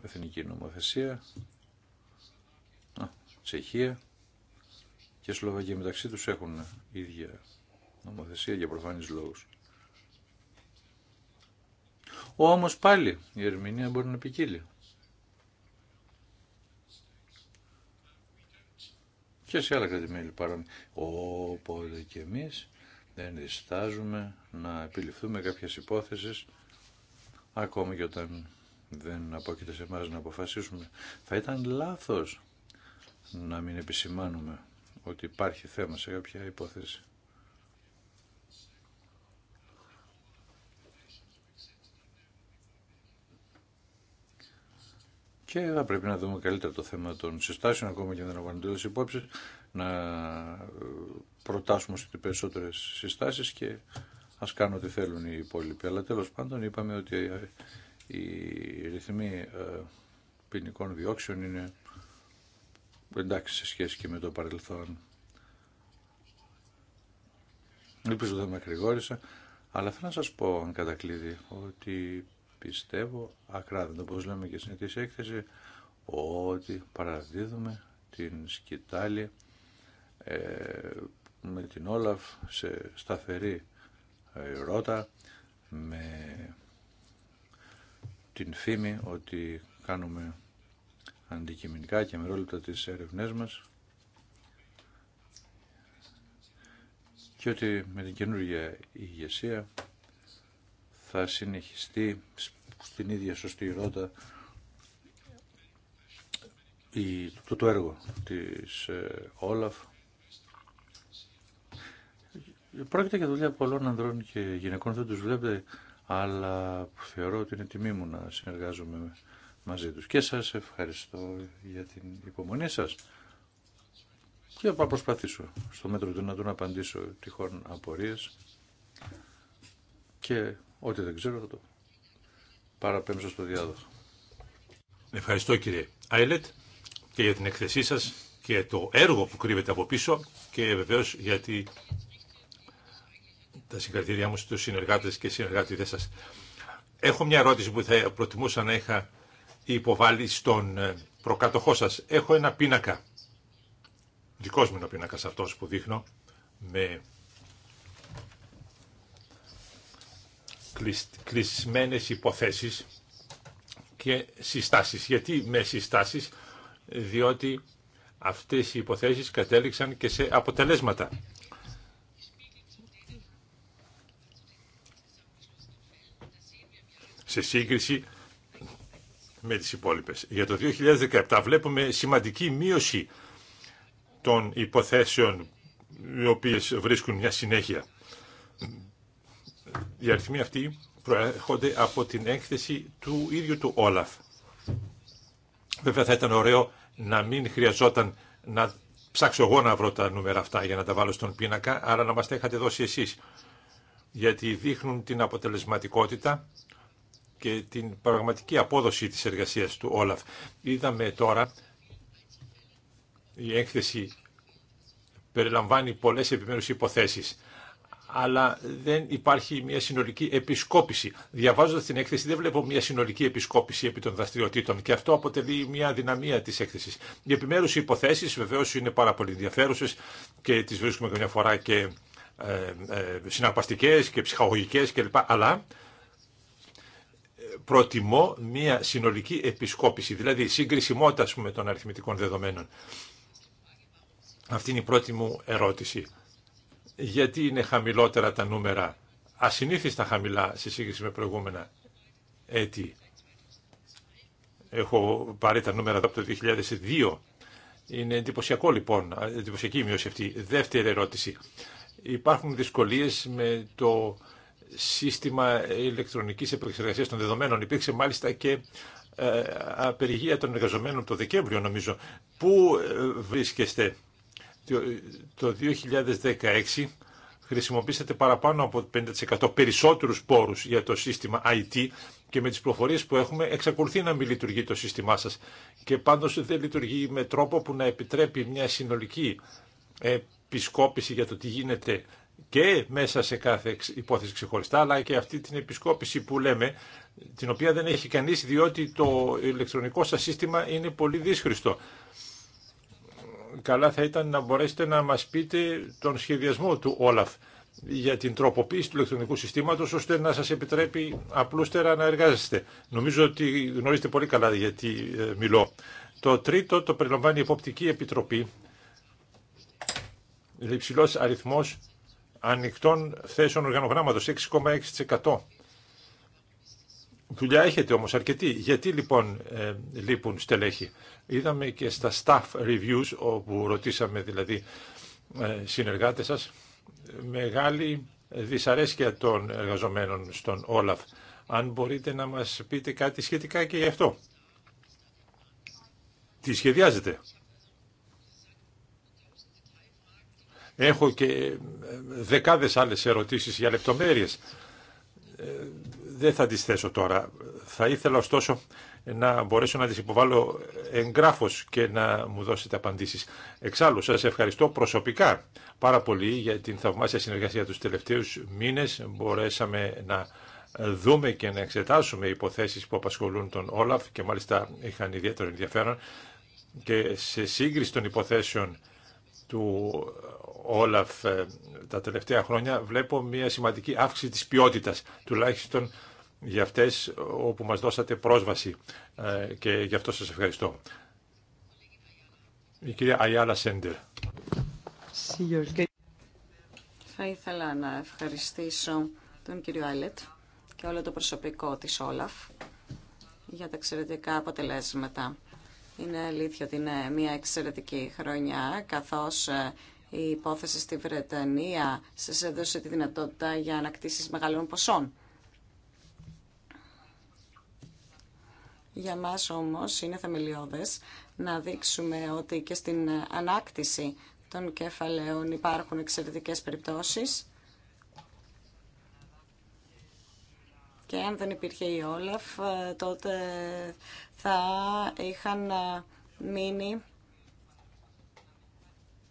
εθνική νομοθεσία Τσεχία και Σλοβακία μεταξύ τους έχουν ίδια νομοθεσία για προφανείς λόγους. Όμως πάλι η ερμηνεία μπορεί να επικύλει. Και σε άλλα κρατημέλη παρόν. Οπότε και εμείς δεν διστάζουμε να επιληφθούμε κάποιες υπόθεσεις ακόμη και όταν δεν απόκειται σε εμάς να αποφασίσουμε. Θα ήταν λάθος να μην επισημάνουμε ότι υπάρχει θέμα σε κάποια υπόθεση. Και θα πρέπει να δούμε καλύτερα το θέμα των συστάσεων, ακόμα και αν δεν λαμβάνονται υπόψη, να ε, προτάσουμε στις περισσότερες συστάσεις και ας κάνουν ό,τι θέλουν οι υπόλοιποι. Αλλά τέλος πάντων είπαμε ότι οι ρυθμοί ε, ποινικών διώξεων είναι εντάξει σε σχέση και με το παρελθόν. Ελπίζω δεν με ακρηγόρησα, αλλά θέλω να σας πω, αν κατακλείδει, ότι πιστεύω ακράδαντα, όπως λέμε και στην ετήσια έκθεση, ότι παραδίδουμε την σκητάλη ε, με την Όλαφ σε σταθερή ε, ρότα, με την φήμη ότι κάνουμε αντικειμενικά και μερόληπτα τις έρευνές μας και ότι με την καινούργια ηγεσία θα συνεχιστεί στην ίδια σωστή ρότα το, το έργο της ε, Όλαφ Πρόκειται για δουλειά πολλών ανδρών και γυναικών, δεν τους βλέπετε, αλλά θεωρώ ότι είναι τιμή μου να συνεργάζομαι μαζί τους. Και σας ευχαριστώ για την υπομονή σας. Και θα προσπαθήσω στο μέτρο του να τον απαντήσω τυχόν απορίες και ό,τι δεν ξέρω θα το παραπέμψω στο διάδοχο. Ευχαριστώ κύριε Άιλετ και για την εκθεσή σας και το έργο που κρύβεται από πίσω και βεβαίως γιατί τα συγκαρτήριά μου στους συνεργάτες και συνεργάτηδες σας. Έχω μια ερώτηση που θα προτιμούσα να είχα υποβάλει στον ε, προκατοχό σας. Έχω ένα πίνακα, δικός μου είναι ο πίνακας αυτός που δείχνω, με κλεισμένες υποθέσεις και συστάσεις. Γιατί με συστάσεις, διότι αυτές οι υποθέσεις κατέληξαν και σε αποτελέσματα. Σε σύγκριση με τις υπόλοιπες. Για το 2017 βλέπουμε σημαντική μείωση των υποθέσεων οι οποίες βρίσκουν μια συνέχεια. Οι αριθμοί αυτοί προέρχονται από την έκθεση του ίδιου του Όλαφ. Βέβαια θα ήταν ωραίο να μην χρειαζόταν να ψάξω εγώ να βρω τα νούμερα αυτά για να τα βάλω στον πίνακα, αλλά να μας τα είχατε δώσει εσείς. Γιατί δείχνουν την αποτελεσματικότητα και την πραγματική απόδοση της εργασίας του Όλαφ. Είδαμε τώρα η έκθεση περιλαμβάνει πολλές επιμέρους υποθέσεις αλλά δεν υπάρχει μια συνολική επισκόπηση. Διαβάζοντας την έκθεση δεν βλέπω μια συνολική επισκόπηση επί των δραστηριοτήτων και αυτό αποτελεί μια δυναμία της έκθεσης. Οι επιμέρους υποθέσεις βεβαίως είναι πάρα πολύ ενδιαφέρουσε και τις βρίσκουμε καμιά φορά και ε, ε συναρπαστικές και ψυχαγωγικές κλπ. Αλλά προτιμώ μια συνολική επισκόπηση, δηλαδή συγκρισιμότητα με με των αριθμητικών δεδομένων. Αυτή είναι η πρώτη μου ερώτηση. Γιατί είναι χαμηλότερα τα νούμερα, ασυνήθιστα χαμηλά σε σύγκριση με προηγούμενα έτη. Έχω πάρει τα νούμερα από το 2002. Είναι εντυπωσιακό λοιπόν, εντυπωσιακή η μείωση αυτή. Δεύτερη ερώτηση. Υπάρχουν δυσκολίες με το σύστημα ηλεκτρονικής επεξεργασίας των δεδομένων. Υπήρξε μάλιστα και ε, απεργία των εργαζομένων το Δεκέμβριο νομίζω. Πού ε, βρίσκεστε το 2016 χρησιμοποίησατε παραπάνω από 50% περισσότερους πόρους για το σύστημα IT και με τις προφορίες που έχουμε εξακολουθεί να μην λειτουργεί το σύστημά σας και πάντως δεν λειτουργεί με τρόπο που να επιτρέπει μια συνολική επισκόπηση για το τι γίνεται και μέσα σε κάθε υπόθεση ξεχωριστά, αλλά και αυτή την επισκόπηση που λέμε, την οποία δεν έχει κανείς διότι το ηλεκτρονικό σας σύστημα είναι πολύ δύσχριστο. Καλά θα ήταν να μπορέσετε να μας πείτε τον σχεδιασμό του Όλαφ για την τροποποίηση του ηλεκτρονικού συστήματος ώστε να σας επιτρέπει απλούστερα να εργάζεστε. Νομίζω ότι γνωρίζετε πολύ καλά γιατί ε, μιλώ. Το τρίτο το περιλαμβάνει η Εποπτική Επιτροπή. Υψηλός αριθμός ανοιχτών θέσεων οργανογράμματος, 6,6%. Δουλειά έχετε όμως αρκετή. Γιατί λοιπόν ε, λείπουν στελέχη. Είδαμε και στα staff reviews όπου ρωτήσαμε δηλαδή ε, συνεργάτες σας μεγάλη δυσαρέσκεια των εργαζομένων στον Όλαφ. Αν μπορείτε να μας πείτε κάτι σχετικά και γι' αυτό. Τι σχεδιάζετε. Έχω και ε, δεκάδες άλλες ερωτήσεις για λεπτομέρειες. Ε, δεν θα τις θέσω τώρα. Θα ήθελα ωστόσο να μπορέσω να τις υποβάλω εγγράφως και να μου δώσετε απαντήσεις. Εξάλλου, σας ευχαριστώ προσωπικά πάρα πολύ για την θαυμάσια συνεργασία τους τελευταίους μήνες. Μπορέσαμε να δούμε και να εξετάσουμε υποθέσεις που απασχολούν τον Όλαφ και μάλιστα είχαν ιδιαίτερο ενδιαφέρον και σε σύγκριση των υποθέσεων του Όλαφ ε, τα τελευταία χρόνια βλέπω μια σημαντική αύξηση της ποιότητας, τουλάχιστον για αυτές όπου μας δώσατε πρόσβαση ε, και γι' αυτό σας ευχαριστώ. Η κυρία Αιάλα Σέντερ. Θα ήθελα να ευχαριστήσω τον κύριο Άιλετ και όλο το προσωπικό της Όλαφ για τα εξαιρετικά αποτελέσματα είναι αλήθεια ότι είναι μια εξαιρετική χρονιά, καθώς ε, η υπόθεση στη Βρετανία σας έδωσε τη δυνατότητα για ανακτήσεις μεγαλών ποσών. Για μας όμως είναι θεμελιώδες να δείξουμε ότι και στην ανάκτηση των κεφαλαίων υπάρχουν εξαιρετικές περιπτώσεις. Και αν δεν υπήρχε η Όλαφ, ε, τότε θα είχαν ε, μείνει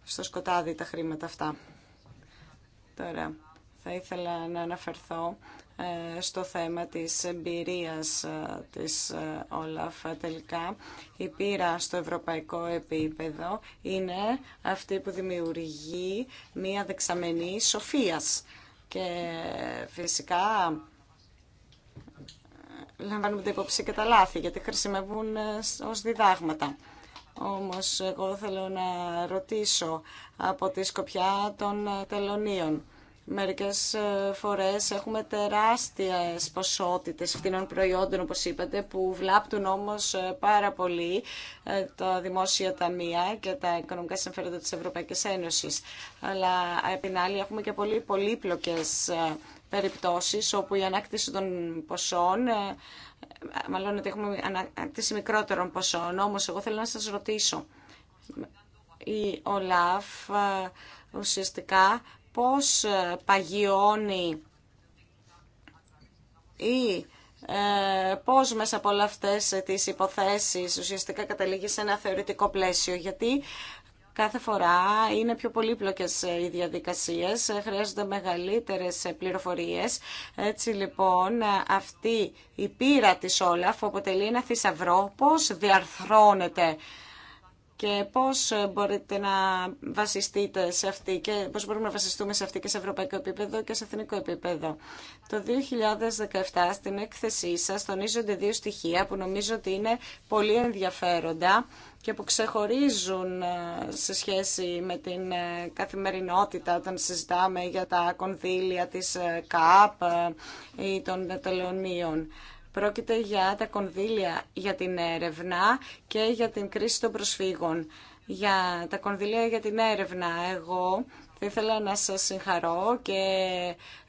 στο σκοτάδι τα χρήματα αυτά. Τώρα θα ήθελα να αναφερθώ ε, στο θέμα της εμπειρίας ε, της Όλαφ τελικά. Η πείρα στο ευρωπαϊκό επίπεδο είναι αυτή που δημιουργεί μία δεξαμενή σοφίας. Και φυσικά λαμβάνουμε την υπόψη και τα λάθη, γιατί χρησιμεύουν ε, ως διδάγματα. Όμως, εγώ θέλω να ρωτήσω από τη σκοπιά των ε, τελωνίων. Μερικές ε, φορές έχουμε τεράστιες ποσότητες φθηνών προϊόντων, όπως είπατε, που βλάπτουν όμως πάρα πολύ τα δημόσια ταμεία και τα οικονομικά συμφέροντα της Ευρωπαϊκής Ένωσης. Αλλά, επ' έχουμε και πολύ πολύπλοκες περιπτώσεις όπου η ανάκτηση των ποσών, ε, ε, μάλλον ότι έχουμε ανάκτηση μικρότερων ποσών, όμως εγώ θέλω να σας ρωτήσω, η ΟΛΑΦ ε, ουσιαστικά πώς παγιώνει ή ε, πώς μέσα από όλα αυτές τις υποθέσεις ουσιαστικά καταλήγει σε ένα θεωρητικό πλαίσιο. Γιατί Κάθε φορά είναι πιο πολύπλοκες ε, οι διαδικασίες, ε, χρειάζονται μεγαλύτερες ε, πληροφορίες. Έτσι λοιπόν αυτή η πείρα της Όλαφ αποτελεί ένα θησαυρό πώς διαρθρώνεται και πώς μπορείτε να βασιστείτε σε αυτή και πώς μπορούμε να βασιστούμε σε αυτή και σε ευρωπαϊκό επίπεδο και σε εθνικό επίπεδο. Το 2017 στην έκθεσή σας τονίζονται δύο στοιχεία που νομίζω ότι είναι πολύ ενδιαφέροντα και που ξεχωρίζουν ε, σε σχέση με την ε, καθημερινότητα όταν συζητάμε για τα κονδύλια της ε, ΚΑΠ ή των τελωνίων. Πρόκειται για τα κονδύλια για την έρευνα και για την κρίση των προσφύγων. Για τα κονδύλια για την έρευνα, εγώ θα ήθελα να σας συγχαρώ και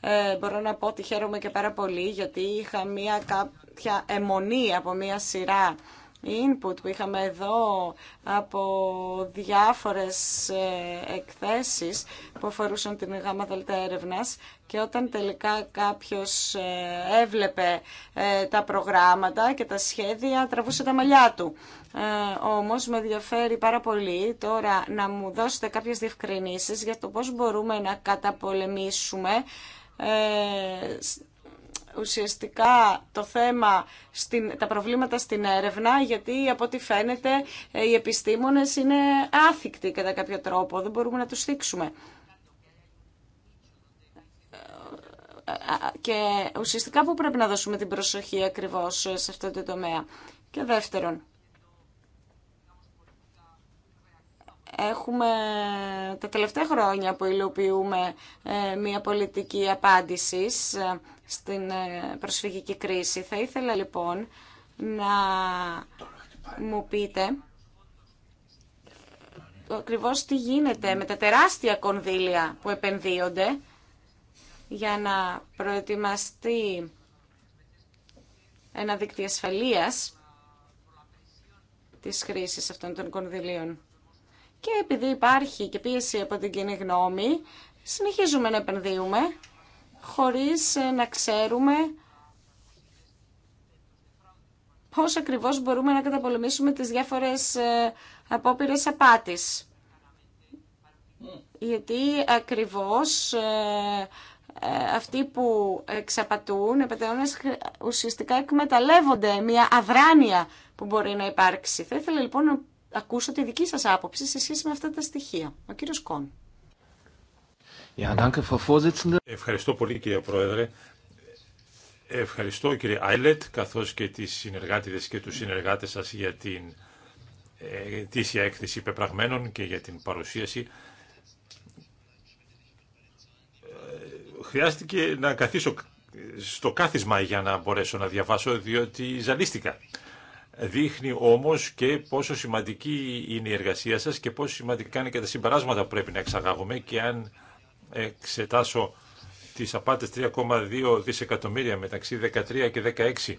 ε, μπορώ να πω ότι χαίρομαι και πάρα πολύ γιατί είχα μια κάποια αιμονή από μια σειρά input που είχαμε εδώ από διάφορες ε, εκθέσεις που αφορούσαν την γάμα δελτα έρευνας και όταν τελικά κάποιος ε, έβλεπε ε, τα προγράμματα και τα σχέδια τραβούσε τα μαλλιά του. Ε, όμως με ενδιαφέρει πάρα πολύ τώρα να μου δώσετε κάποιες διευκρινήσεις για το πώς μπορούμε να καταπολεμήσουμε ουσιαστικά το θέμα, στην, τα προβλήματα στην έρευνα, γιατί από ό,τι φαίνεται ε, οι επιστήμονες είναι άθικτοι κατά κάποιο τρόπο, δεν μπορούμε να τους θίξουμε. Και ουσιαστικά που πρέπει να δώσουμε την προσοχή ακριβώς σε αυτό το τομέα. Και δεύτερον, έχουμε τα τελευταία χρόνια που υλοποιούμε ε, μία πολιτική απάντησης στην ε, προσφυγική κρίση. Θα ήθελα λοιπόν να μου πείτε ακριβώς τι γίνεται με τα τεράστια κονδύλια που επενδύονται για να προετοιμαστεί ένα δίκτυο ασφαλείας της χρήσης αυτών των κονδυλίων. Και επειδή υπάρχει και πίεση από την κοινή γνώμη, συνεχίζουμε να επενδύουμε χωρίς ε, να ξέρουμε πώς ακριβώς μπορούμε να καταπολεμήσουμε τις διάφορες ε, απόπειρες απάτης. Γιατί ακριβώς ε, αυτοί που εξαπατούν, επαιτεώνες, ουσιαστικά εκμεταλλεύονται μια αδράνεια που μπορεί να υπάρξει. Θα ήθελα λοιπόν να ακούσω τη δική σας άποψη σε σχέση με αυτά τα στοιχεία. Ο κύριος Κόν. Ευχαριστώ πολύ κύριε Πρόεδρε. Ευχαριστώ κύριε Άιλετ καθώς και τις συνεργάτηδες και τους συνεργάτες σας για την ετήσια έκθεση πεπραγμένων και για την παρουσίαση. Ε, χρειάστηκε να καθίσω στο κάθισμα για να μπορέσω να διαβάσω διότι ζαλίστηκα. Δείχνει όμως και πόσο σημαντική είναι η εργασία σας και πόσο σημαντικά είναι και τα συμπεράσματα που πρέπει να εξαγάγουμε και αν εξετάσω τις απάτες 3,2 δισεκατομμύρια μεταξύ 13 και 16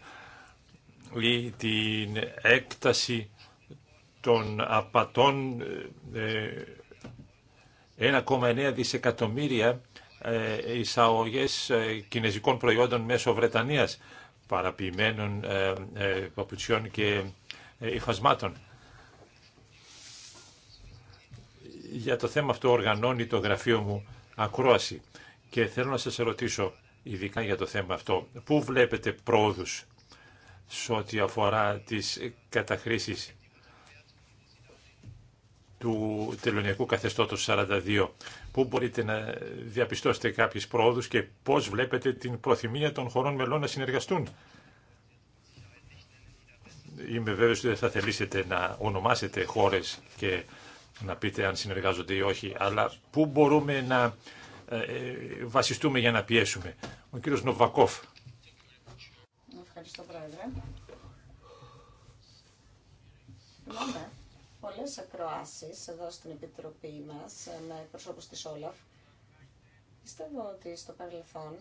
ή την έκταση των απατών 1,9 ε, ε, δισεκατομμύρια ε, εισαγωγές κινέζικων προϊόντων μέσω Βρετανίας παραποιημένων παπουτσιών και υφασμάτων. Για το θέμα αυτό οργανώνει το γραφείο μου ακρόαση και θέλω να σας ρωτήσω ειδικά για το θέμα αυτό. Πού βλέπετε πρόοδους σε ό,τι αφορά τις καταχρήσεις του τελωνιακού καθεστώτος 42. Πού μπορείτε να διαπιστώσετε κάποιες πρόοδους και πώς βλέπετε την προθυμία των χωρών μελών να συνεργαστούν. Είμαι βέβαιος ότι δεν θα θελήσετε να ονομάσετε χώρες και να πείτε αν συνεργάζονται ή όχι, αλλά πού μπορούμε να ε, ε, βασιστούμε για να πιέσουμε. Ο κύριος Νοβακόφ. Ευχαριστώ, Πρόεδρε. Θυμάμαι πολλές ακροάσεις εδώ στην Επιτροπή μας με προσώπους της Όλαφ. Πιστεύω ότι στο παρελθόν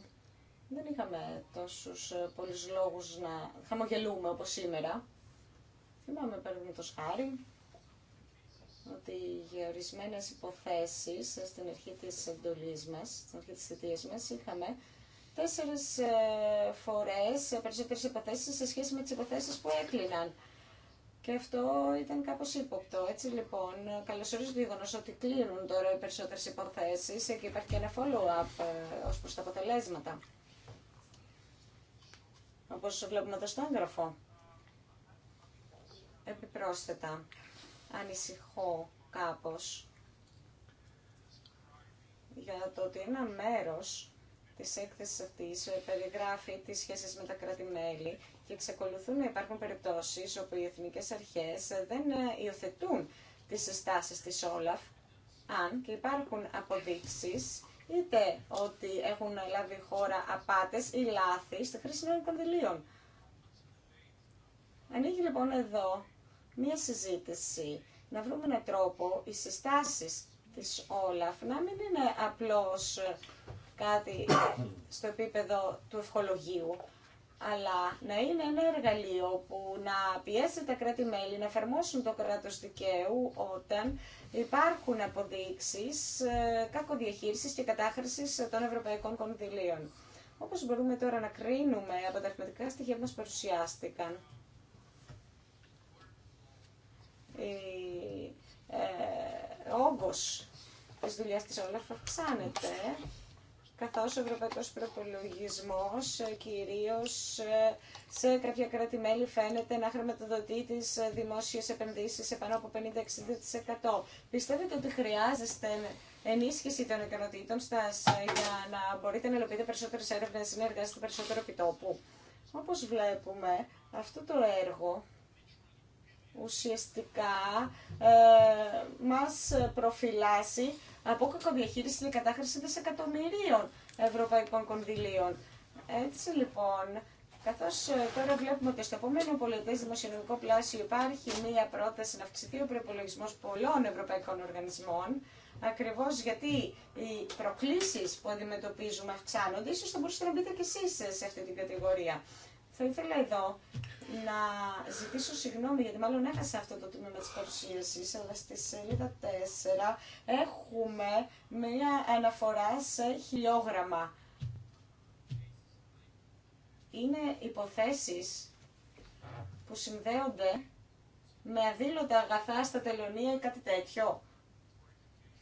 δεν είχαμε τόσους ε, πολλούς λόγους να χαμογελούμε όπως σήμερα. Θυμάμαι, παίρνουμε το ότι για ορισμένε υποθέσει στην αρχή τη εντολή μα, στην αρχή τη θητεία μα, είχαμε τέσσερι ε, φορέ ε, περισσότερε υποθέσει σε σχέση με τι υποθέσει που έκλειναν. Και αυτό ήταν κάπω ύποπτο. Έτσι λοιπόν, καλωσορίζω το γεγονό ότι κλείνουν τώρα οι περισσότερε υποθέσει και υπάρχει και ένα follow-up ε, ω προ τα αποτελέσματα. Όπω βλέπουμε εδώ στο έγγραφο. Επιπρόσθετα, ανησυχώ κάπως για το ότι ένα μέρος της έκθεσης αυτής περιγράφει τις σχέσεις με τα κράτη-μέλη και εξακολουθούν να υπάρχουν περιπτώσεις όπου οι εθνικές αρχές δεν υιοθετούν τις συστάσεις της Όλαφ, αν και υπάρχουν αποδείξεις είτε ότι έχουν λάβει χώρα απάτες ή λάθη στη χρήση νέων κονδυλίων. Ανοίγει λοιπόν εδώ μία συζήτηση, να βρούμε έναν τρόπο οι συστάσεις της Όλαφ να μην είναι απλώς κάτι στο επίπεδο του ευχολογίου, αλλά να είναι ένα εργαλείο που να πιέσει τα κράτη-μέλη να εφαρμόσουν το κράτος δικαίου όταν υπάρχουν αποδείξεις ε, κακοδιαχείρισης και κατάχρησης των ευρωπαϊκών κονδυλίων. Όπως μπορούμε τώρα να κρίνουμε από τα στοιχεία που μας παρουσιάστηκαν. Ε, ο όγκος της δουλειάς της Όλαφ αυξάνεται καθώς ο ευρωπαϊκός προπολογισμός ε, κυρίως ε, σε κάποια κράτη-μέλη φαίνεται να χρηματοδοτεί τις δημόσιες επενδύσεις σε πάνω από 50-60%. Πιστεύετε ότι χρειάζεστε ενίσχυση των ικανοτήτων σας για να μπορείτε να υλοποιείτε περισσότερες έρευνες, να εργάζεστε περισσότερο επιτόπου. Όπως βλέπουμε, αυτό το έργο ουσιαστικά ε, μας προφυλάσσει από κακοδιαχείριση και κατάχρηση δισεκατομμυρίων ευρωπαϊκών κονδυλίων. Έτσι λοιπόν, καθώς ε, τώρα βλέπουμε ότι στο επόμενο πολιτές δημοσιονομικό πλάσιο υπάρχει μία πρόταση να αυξηθεί ο προπολογισμό πολλών ευρωπαϊκών οργανισμών, ακριβώς γιατί οι προκλήσεις που αντιμετωπίζουμε αυξάνονται, ίσως θα μπορούσατε να μπείτε κι εσείς σε αυτή την κατηγορία. Θα ήθελα εδώ να ζητήσω συγγνώμη γιατί μάλλον έχασα αυτό το τμήμα της παρουσίασης αλλά στη σελίδα 4 έχουμε μία αναφορά σε χιλιόγραμμα. Είναι υποθέσεις που συνδέονται με αδήλωτα αγαθά στα τελωνία ή κάτι τέτοιο.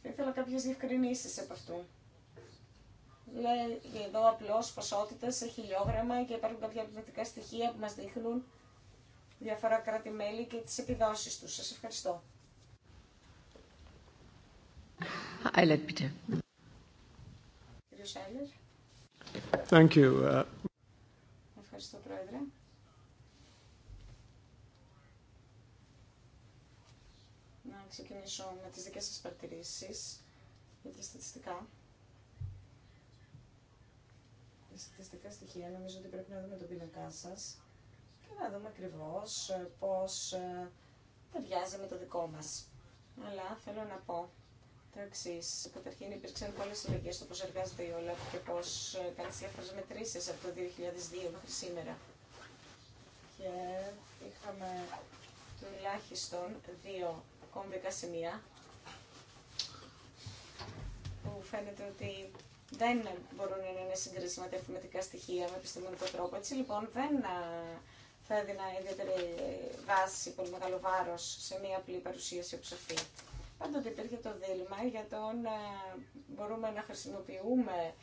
Θα ήθελα κάποιες διευκρινήσεις από αυτού λέει εδώ απλώς ποσότητε σε χιλιόγραμμα και υπάρχουν κάποια αριθμητικά στοιχεία που μας δείχνουν διάφορα κράτη-μέλη και τις επιδόσει τους. Σας ευχαριστώ. Thank you. Uh, ευχαριστώ, Πρόεδρε. Να ξεκινήσω με τις δικές σας παρατηρήσεις για τα στατιστικά στατιστικά στοιχεία, νομίζω ότι πρέπει να δούμε τον πίνακά σα και να δούμε ακριβώ ε, πώ ε, ταιριάζει με το δικό μα. Αλλά θέλω να πω το εξή. Καταρχήν υπήρξαν πολλέ συλλογέ στο πώ εργάζεται η και πώ ε, κάνει διάφορε μετρήσει από το 2002 μέχρι σήμερα. Και είχαμε τουλάχιστον δύο κομβικά σημεία που φαίνεται ότι δεν μπορούν να είναι συγκρίσιμα τα εφημετικά στοιχεία με επιστημονικό τρόπο. Έτσι λοιπόν δεν θα έδινα ιδιαίτερη βάση, πολύ μεγάλο βάρο σε μία απλή παρουσίαση όπως αυτή. Πάντοτε υπήρχε το δίλημα για το να μπορούμε να χρησιμοποιούμε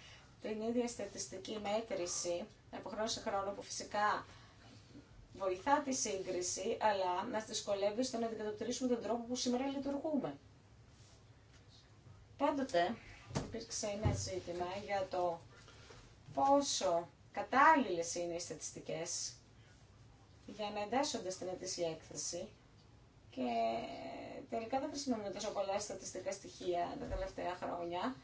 την ίδια στατιστική μέτρηση από χρόνο σε χρόνο που φυσικά βοηθά τη σύγκριση, αλλά μας δυσκολεύει στο να αντικατοπτρίσουμε τον τρόπο που σήμερα λειτουργούμε. Πάντοτε υπήρξε ένα ζήτημα για το πόσο κατάλληλες είναι οι στατιστικές για να εντάσσονται στην ετήσια έκθεση και τελικά δεν χρησιμοποιούμε τόσο πολλά στατιστικά στοιχεία τα τελευταία χρόνια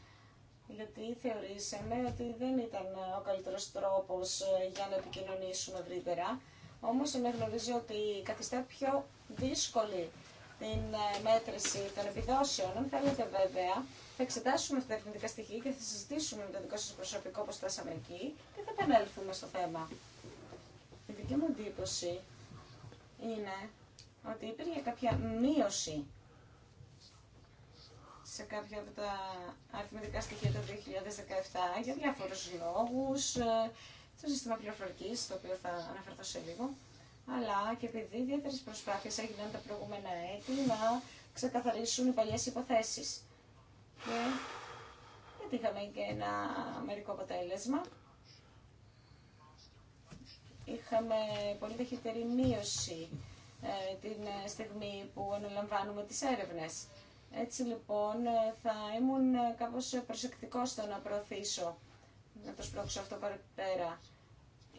γιατί θεωρήσαμε ότι δεν ήταν ο καλύτερος τρόπος ε, για να επικοινωνήσουμε ευρύτερα όμως γνωρίζω ότι καθιστά πιο δύσκολη την ε, μέτρηση των επιδόσεων. Αν θέλετε βέβαια, θα εξετάσουμε αυτά τα ερευνητικά στοιχεία και θα συζητήσουμε με το δικό σα προσωπικό πώς τα εκεί και θα επανέλθουμε στο θέμα. Η δική μου εντύπωση είναι ότι υπήρχε κάποια μείωση σε κάποια από τα αριθμητικά στοιχεία το 2017 για διάφορους λόγους, ε, το σύστημα πληροφορικής, το οποίο θα αναφερθώ σε λίγο αλλά και επειδή ιδιαίτερε προσπάθειε έγιναν τα προηγούμενα έτη να ξεκαθαρίσουν οι παλιές υποθέσεις. Και πετύχαμε και ένα μερικό αποτέλεσμα. Είχαμε πολύ δεχτερή μείωση ε, την ε, στιγμή που αναλαμβάνουμε τις έρευνες. Έτσι λοιπόν ε, θα ήμουν κάπως προσεκτικός στο να προωθήσω, να το σπρώξω αυτό παραπέρα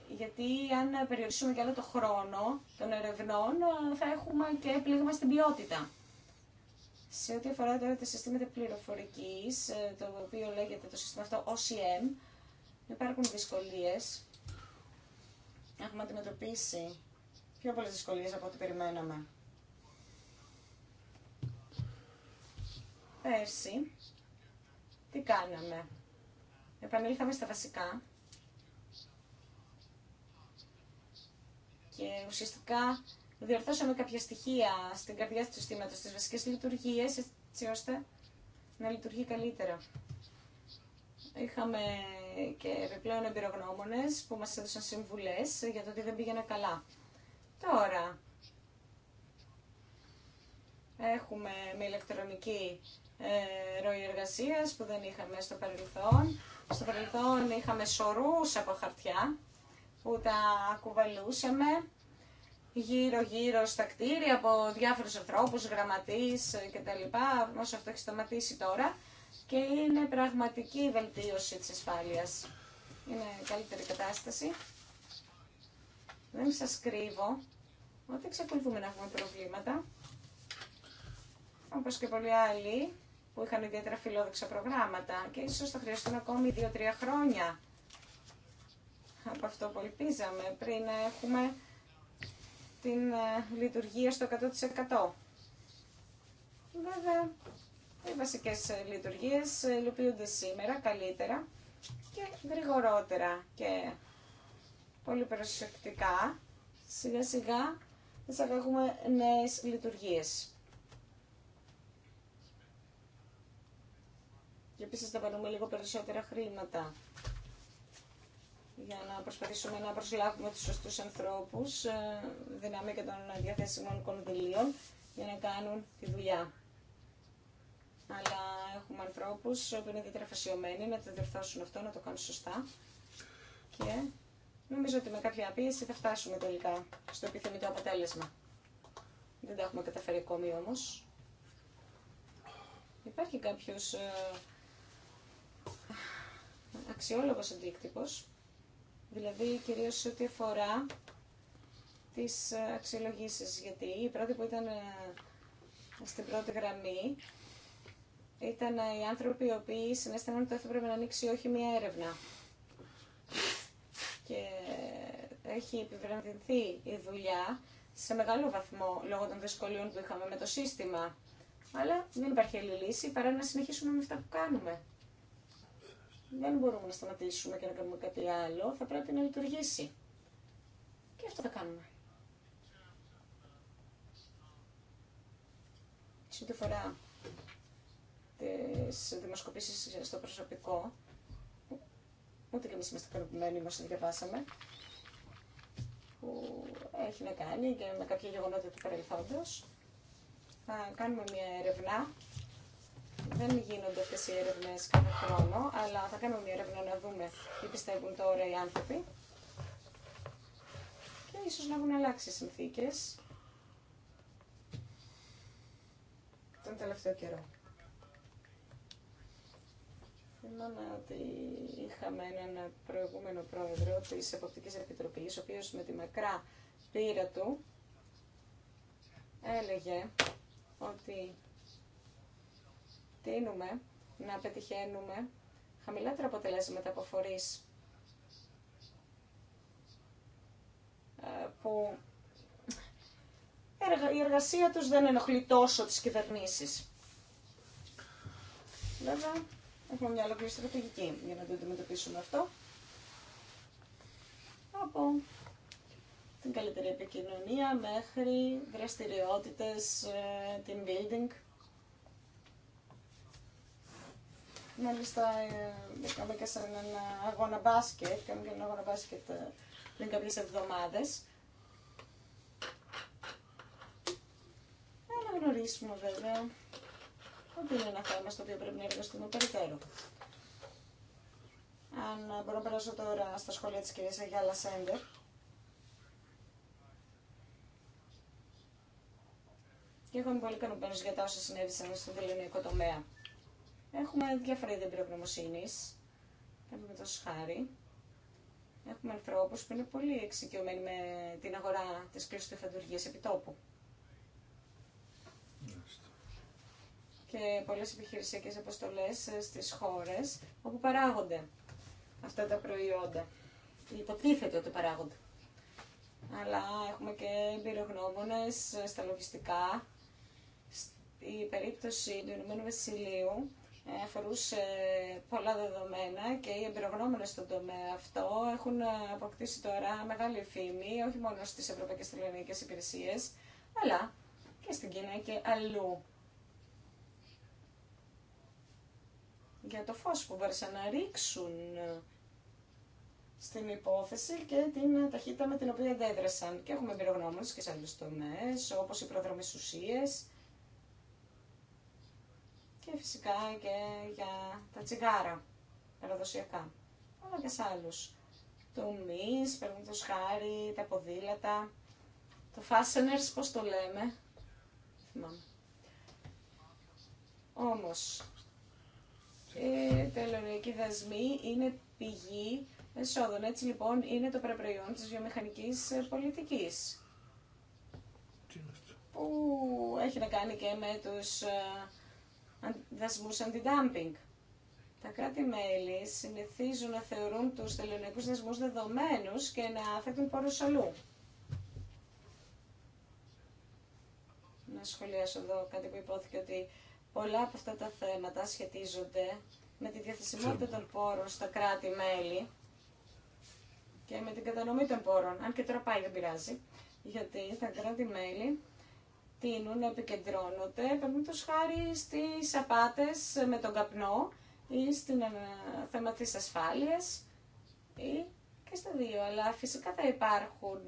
γιατί αν περιορίσουμε και άλλο το χρόνο των ερευνών, θα έχουμε και πλήγμα στην ποιότητα. Σε ό,τι αφορά τώρα τα συστήματα πληροφορικής, ε, το οποίο λέγεται το σύστημα αυτό OCM, υπάρχουν δυσκολίε. Έχουμε αντιμετωπίσει πιο πολλέ δυσκολίε από ό,τι περιμέναμε. Πέρσι, τι κάναμε. Επανήλθαμε στα βασικά και ουσιαστικά διορθώσαμε κάποια στοιχεία στην καρδιά του συστήματος, στις βασικές λειτουργίες, έτσι ώστε να λειτουργεί καλύτερα. Είχαμε και επιπλέον εμπειρογνώμονες που μας έδωσαν συμβουλές για το ότι δεν πήγαινε καλά. Τώρα, έχουμε με ηλεκτρονική ε, ροή εργασίας που δεν είχαμε στο παρελθόν. Στο παρελθόν είχαμε σωρούς από χαρτιά που τα κουβαλούσαμε γύρω-γύρω στα κτίρια από διάφορους ανθρώπους, γραμματείς κτλ. Όσο αυτό έχει σταματήσει τώρα και είναι πραγματική βελτίωση της ασφάλειας. Είναι καλύτερη κατάσταση. Δεν σας κρύβω ότι εξακολουθούμε να έχουμε προβλήματα. Όπως και πολλοί άλλοι που είχαν ιδιαίτερα φιλόδοξα προγράμματα και ίσως θα χρειαστούν ακόμη 2-3 χρόνια από αυτό που ελπίζαμε πριν έχουμε την ε, λειτουργία στο 100%. Βέβαια, οι βασικές ε, λειτουργίες ε, υλοποιούνται σήμερα καλύτερα και γρηγορότερα και πολύ προσεκτικά. Σιγά σιγά θα έχουμε νέες λειτουργίες. Και επίσης θα πάρουμε λίγο περισσότερα χρήματα για να προσπαθήσουμε να προσλάβουμε τους σωστούς ανθρώπους ε, δυνάμει και των διαθέσιμων κονδυλίων για να κάνουν τη δουλειά. Αλλά έχουμε ανθρώπους που είναι ιδιαίτερα φασιωμένοι να το διορθώσουν αυτό, να το κάνουν σωστά και νομίζω ότι με κάποια πίεση θα φτάσουμε τελικά στο επιθυμητό αποτέλεσμα. Δεν τα έχουμε καταφέρει ακόμη όμως. Υπάρχει κάποιος ε, αξιόλογος αντίκτυπος δηλαδή κυρίως ό,τι αφορά τις ε, αξιολογήσεις, γιατί οι πρώτοι που ήταν ε, στην πρώτη γραμμή ήταν ε, οι άνθρωποι οι οποίοι συνέστηναν ότι θα έπρεπε να ανοίξει όχι μία έρευνα. Και έχει επιβραδυνθεί η δουλειά σε μεγάλο βαθμό λόγω των δυσκολιών που είχαμε με το σύστημα. Αλλά δεν υπάρχει άλλη λύση παρά να συνεχίσουμε με αυτά που κάνουμε δεν μπορούμε να σταματήσουμε και να κάνουμε κάτι άλλο, θα πρέπει να λειτουργήσει. Και αυτό θα κάνουμε. Σε ό,τι αφορά τις δημοσκοπήσεις στο προσωπικό, ούτε και εμείς είμαστε ικανοποιημένοι μας διαβάσαμε, που έχει να κάνει και με κάποια γεγονότα του παρελθόντος. Θα κάνουμε μια έρευνα δεν γίνονται αυτέ οι έρευνε κάθε χρόνο, αλλά θα κάνουμε μια έρευνα να δούμε τι πιστεύουν τώρα οι άνθρωποι και ίσως να έχουν αλλάξει οι συνθήκε τον τελευταίο καιρό. Θυμάμαι ότι είχαμε έναν προηγούμενο πρόεδρο τη Εποπτική Επιτροπής, ο οποίο με τη μακρά πείρα του έλεγε ότι τείνουμε να πετυχαίνουμε χαμηλότερα αποτελέσματα από φορείς ε, που η εργασία τους δεν ενοχλεί τόσο τις κυβερνήσεις. Βέβαια, έχουμε μια ολόκληρη στρατηγική για να το αντιμετωπίσουμε αυτό. Από την καλύτερη επικοινωνία μέχρι δραστηριότητες, την ε, building. Μάλιστα, είχαμε και σε έναν αγώνα μπάσκετ, έκανα και έναν αγώνα μπάσκετ ε, πριν κάποιες εβδομάδε. Ε, να αναγνωρίσουμε βέβαια ότι είναι ένα θέμα στο οποίο πρέπει να εργαστούμε περιττέρω. Αν μπορώ να περάσω τώρα στα σχόλια της κυρίας Αγιάλα Σέντερ. Και εγώ είμαι πολύ ικανοποιημένο για τα όσα συνέβησαν στον τελωνιακό τομέα. Έχουμε διάφορα είδη εμπειρογνωμοσύνη. το χάρη, έχουμε ανθρώπου που είναι πολύ εξοικειωμένοι με την αγορά τη επί επιτόπου. και πολλές επιχειρησιακές αποστολές ε, στις χώρες όπου παράγονται αυτά τα προϊόντα. Υποτίθεται ότι παράγονται. Αλλά έχουμε και εμπειρογνώμονες ε, στα λογιστικά. Η περίπτωση του Ηνωμένου Βασιλείου αφορούσε πολλά δεδομένα και οι εμπειρογνώμονες στον τομέα αυτό έχουν αποκτήσει τώρα μεγάλη φήμη, όχι μόνο στις ευρωπαϊκές τηλεονικές υπηρεσίες, αλλά και στην Κίνα και αλλού. Για το φως που μπόρεσαν να ρίξουν στην υπόθεση και την ταχύτητα με την οποία αντέδρασαν. Και έχουμε εμπειρογνώμονες και σε άλλους τομές, όπως οι προδρομές ουσίες, και φυσικά και για τα τσιγάρα παραδοσιακά, αλλά και σε άλλους μυς, παίρνουν το σχάρι, τα ποδήλατα, το fasteners, πώς το λέμε, θυμάμαι. Όμως, οι τελωνιακοί δασμοί είναι πηγή εσόδων. Έτσι λοιπόν είναι το παραπροϊόν της βιομηχανικής πολιτικής. Που έχει να κάνει και με τους ε, δασμούς αντι-dumping. Τα κράτη-μέλη συνηθίζουν να θεωρούν τους τελωνιακούς δασμούς δεδομένους και να θέτουν πόρους αλλού. Να σχολιάσω εδώ κάτι που υπόθηκε ότι πολλά από αυτά τα θέματα σχετίζονται με τη διαθεσιμότητα των πόρων στα κράτη-μέλη και με την κατανομή των πόρων. Αν και τώρα πάει δεν πειράζει, γιατί τα κράτη-μέλη τείνουν να επικεντρώνονται, παραδείγματο χάρη στι απάτες με τον καπνό ή στην ε, θέμα τη ασφάλειας ή και στα δύο. Αλλά φυσικά θα υπάρχουν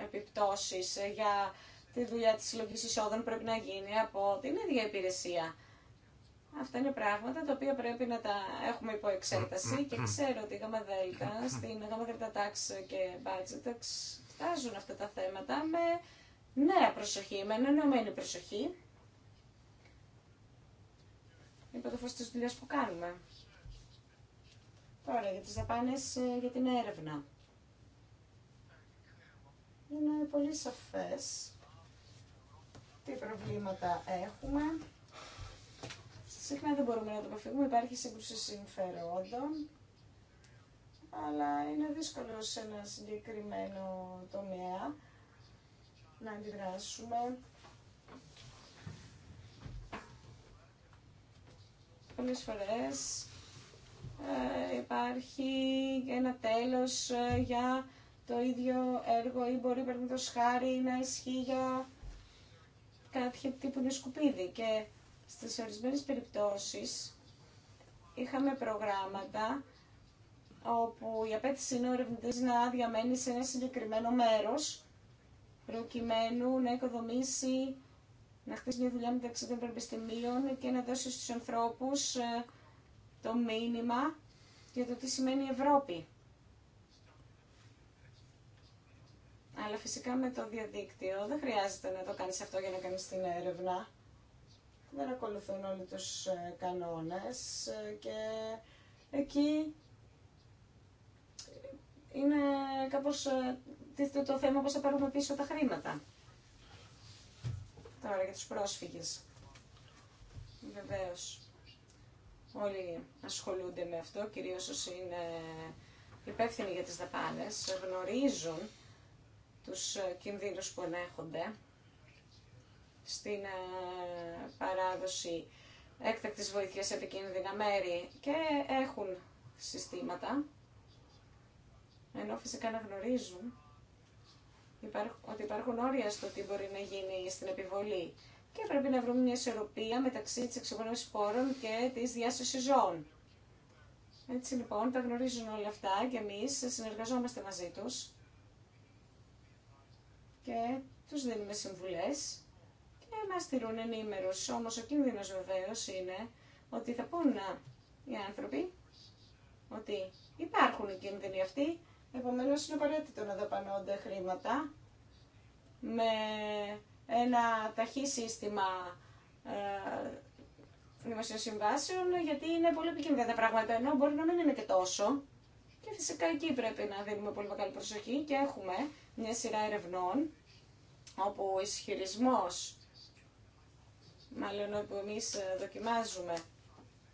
ε, επιπτώσεις για τη δουλειά τη συλλογή εισόδων πρέπει να γίνει από την ίδια υπηρεσία. Αυτά είναι πράγματα τα οποία πρέπει να τα έχουμε υπό εξέταση και ξέρω ότι η ΓΔ στην ΓΔ ΤΑΞ και budget φτάζουν αυτά τα θέματα με ναι, προσοχή, με ενωμένη προσοχή είπα το φως της δουλειάς που κάνουμε. Τώρα για τις δαπάνες ε, για την έρευνα. Είναι πολύ σαφές τι προβλήματα έχουμε. Συχνά δεν μπορούμε να το αποφύγουμε, υπάρχει σύγκρουση συμφερόντων, αλλά είναι δύσκολο σε ένα συγκεκριμένο τομέα να αντιδράσουμε. Πολλές φορές ε, υπάρχει ένα τέλος ε, για το ίδιο έργο ή μπορεί το χάρη να ισχύει για κάποιο τύπου είναι σκουπίδι και στις ορισμένες περιπτώσεις είχαμε προγράμματα όπου η απέτηση είναι ο να διαμένει σε ένα συγκεκριμένο μέρος προκειμένου να οικοδομήσει, να χτίσει μια δουλειά μεταξύ των πανεπιστημίων και να δώσει στους ανθρώπους ε, το μήνυμα για το τι σημαίνει Ευρώπη. Αλλά φυσικά με το διαδίκτυο δεν χρειάζεται να το κάνεις αυτό για να κάνεις την έρευνα. Δεν ακολουθούν όλοι τους ε, κανόνες ε, και εκεί είναι κάπως τίθεται το θέμα πώς θα πάρουμε πίσω τα χρήματα. Τώρα για τους πρόσφυγες. Βεβαίως. Όλοι ασχολούνται με αυτό, κυρίως όσοι είναι υπεύθυνοι για τις δαπάνες, γνωρίζουν τους ε, κινδύνους που ενέχονται στην ε, παράδοση έκτακτης βοήθειας σε επικίνδυνα μέρη και έχουν συστήματα, ενώ φυσικά να γνωρίζουν ότι υπάρχουν όρια στο τι μπορεί να γίνει στην επιβολή και πρέπει να βρούμε μια ισορροπία μεταξύ της εξοικονόμησης πόρων και της διάσωσης ζώων. Έτσι λοιπόν τα γνωρίζουν όλα αυτά και εμείς συνεργαζόμαστε μαζί τους και τους δίνουμε συμβουλές και μας τηρούν ενήμερους. Όμως ο κίνδυνος βεβαίως είναι ότι θα πούνε οι άνθρωποι ότι υπάρχουν οι κίνδυνοι αυτοί Επομένως είναι απαραίτητο να δαπανώνται χρήματα με ένα ταχύ σύστημα ε, δημοσίων συμβάσεων, γιατί είναι πολύ επικίνδυνα τα πράγματα, ενώ μπορεί να μην είναι και τόσο. Και φυσικά εκεί πρέπει να δίνουμε πολύ μεγάλη προσοχή και έχουμε μια σειρά ερευνών, όπου ο ισχυρισμός, μάλλον όπου εμείς ε, δοκιμάζουμε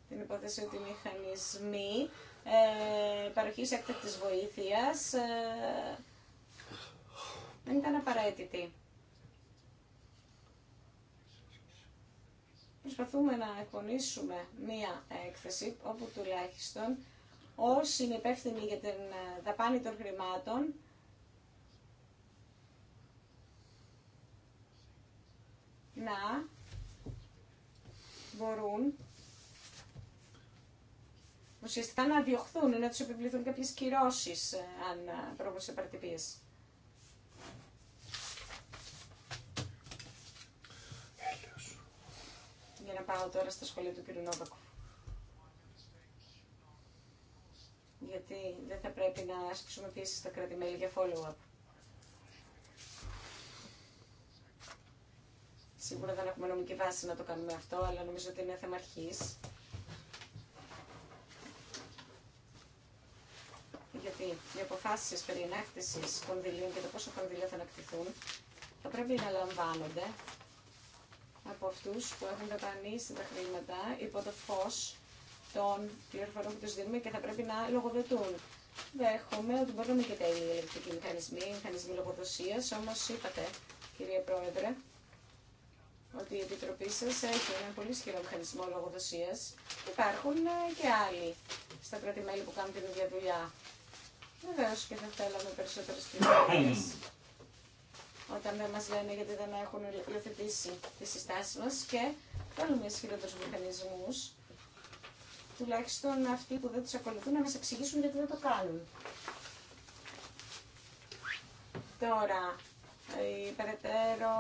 την υπόθεση ότι οι μηχανισμοί ε, παροχής έκτακτης βοήθειας ε, δεν ήταν απαραίτητη. Προσπαθούμε να εκπονήσουμε μία έκθεση όπου τουλάχιστον όσοι είναι υπεύθυνοι για την ε, δαπάνη των χρημάτων να μπορούν ουσιαστικά να διωχθούν ή να τους επιβληθούν κάποιε κυρώσει ε, αν ε, πρόκειται σε Για να πάω τώρα στα σχολεία του κ. Νόβακου. Γιατί δεν θα πρέπει να ασκήσουμε πίεση στα κρατημέλη για follow-up. Σίγουρα δεν έχουμε νομική βάση να το κάνουμε αυτό, αλλά νομίζω ότι είναι θέμα αρχής γιατί οι αποφάσει περί ανάκτηση κονδυλίων και το πόσο κονδυλία θα ανακτηθούν θα πρέπει να λαμβάνονται από αυτού που έχουν δαπανίσει τα χρήματα υπό το φω των πληροφοριών που του δίνουμε και θα πρέπει να λογοδοτούν. Δέχομαι ότι μπορούν και τέλειοι ηλεκτρικοί μηχανισμοί, οι μηχανισμοί λογοδοσία, όμω είπατε, κύριε Πρόεδρε, ότι η Επιτροπή σα έχει ένα πολύ ισχυρό μηχανισμό λογοδοσία. Υπάρχουν και άλλοι στα κράτη-μέλη που κάνουν την ίδια δουλειά. Βεβαίω και δεν θέλαμε περισσότερε πληροφορίε. Όταν δεν μα λένε γιατί δεν έχουν υιοθετήσει τι συστάσει μα και θέλουμε ισχυρότερου μηχανισμού, τουλάχιστον αυτοί που δεν του ακολουθούν να μα εξηγήσουν γιατί δεν το κάνουν. Τώρα, οι περαιτέρω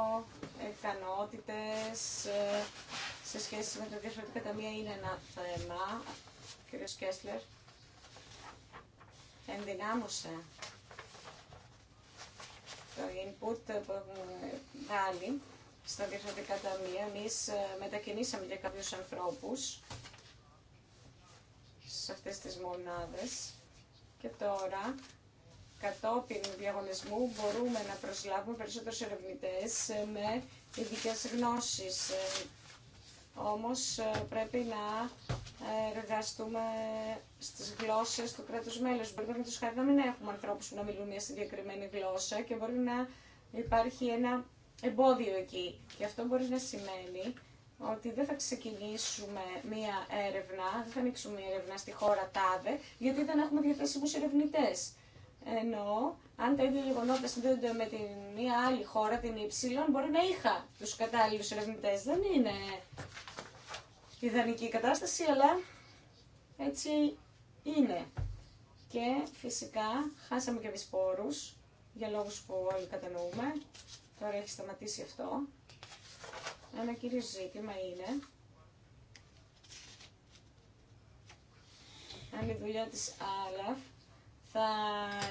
ικανότητε ε, σε σχέση με το διαφορετικό ταμείο είναι ένα θέμα. Κύριο Κέσλερ ενδυνάμωσα το input που έχουμε βάλει στα διευθυντικά ταμεία. Εμεί ε, μετακινήσαμε για κάποιους ανθρώπους σε αυτές τις μονάδες και τώρα κατόπιν διαγωνισμού μπορούμε να προσλάβουμε περισσότερους ερευνητές ε, με ειδικέ γνώσεις ε, όμως ε, πρέπει να εργαστούμε στις γλώσσες του κράτους μέλους. Μπορεί να τους χάρη να μην έχουμε ανθρώπους που να μιλούν μια συγκεκριμένη γλώσσα και μπορεί να υπάρχει ένα εμπόδιο εκεί. Και αυτό μπορεί να σημαίνει ότι δεν θα ξεκινήσουμε μία έρευνα, δεν θα ανοίξουμε μία έρευνα στη χώρα τάδε, γιατί δεν έχουμε διαθέσιμους ερευνητές. Ενώ αν τα ίδια γεγονότα συνδέονται με την μία άλλη χώρα, την Υψηλόν, μπορεί να είχα τους κατάλληλου ερευνητέ. Δεν είναι ιδανική κατάσταση, αλλά έτσι είναι. Και φυσικά χάσαμε και τις πόρους, για λόγους που όλοι κατανοούμε. Τώρα έχει σταματήσει αυτό. Ένα κύριο ζήτημα είναι αν η δουλειά της Άλαφ θα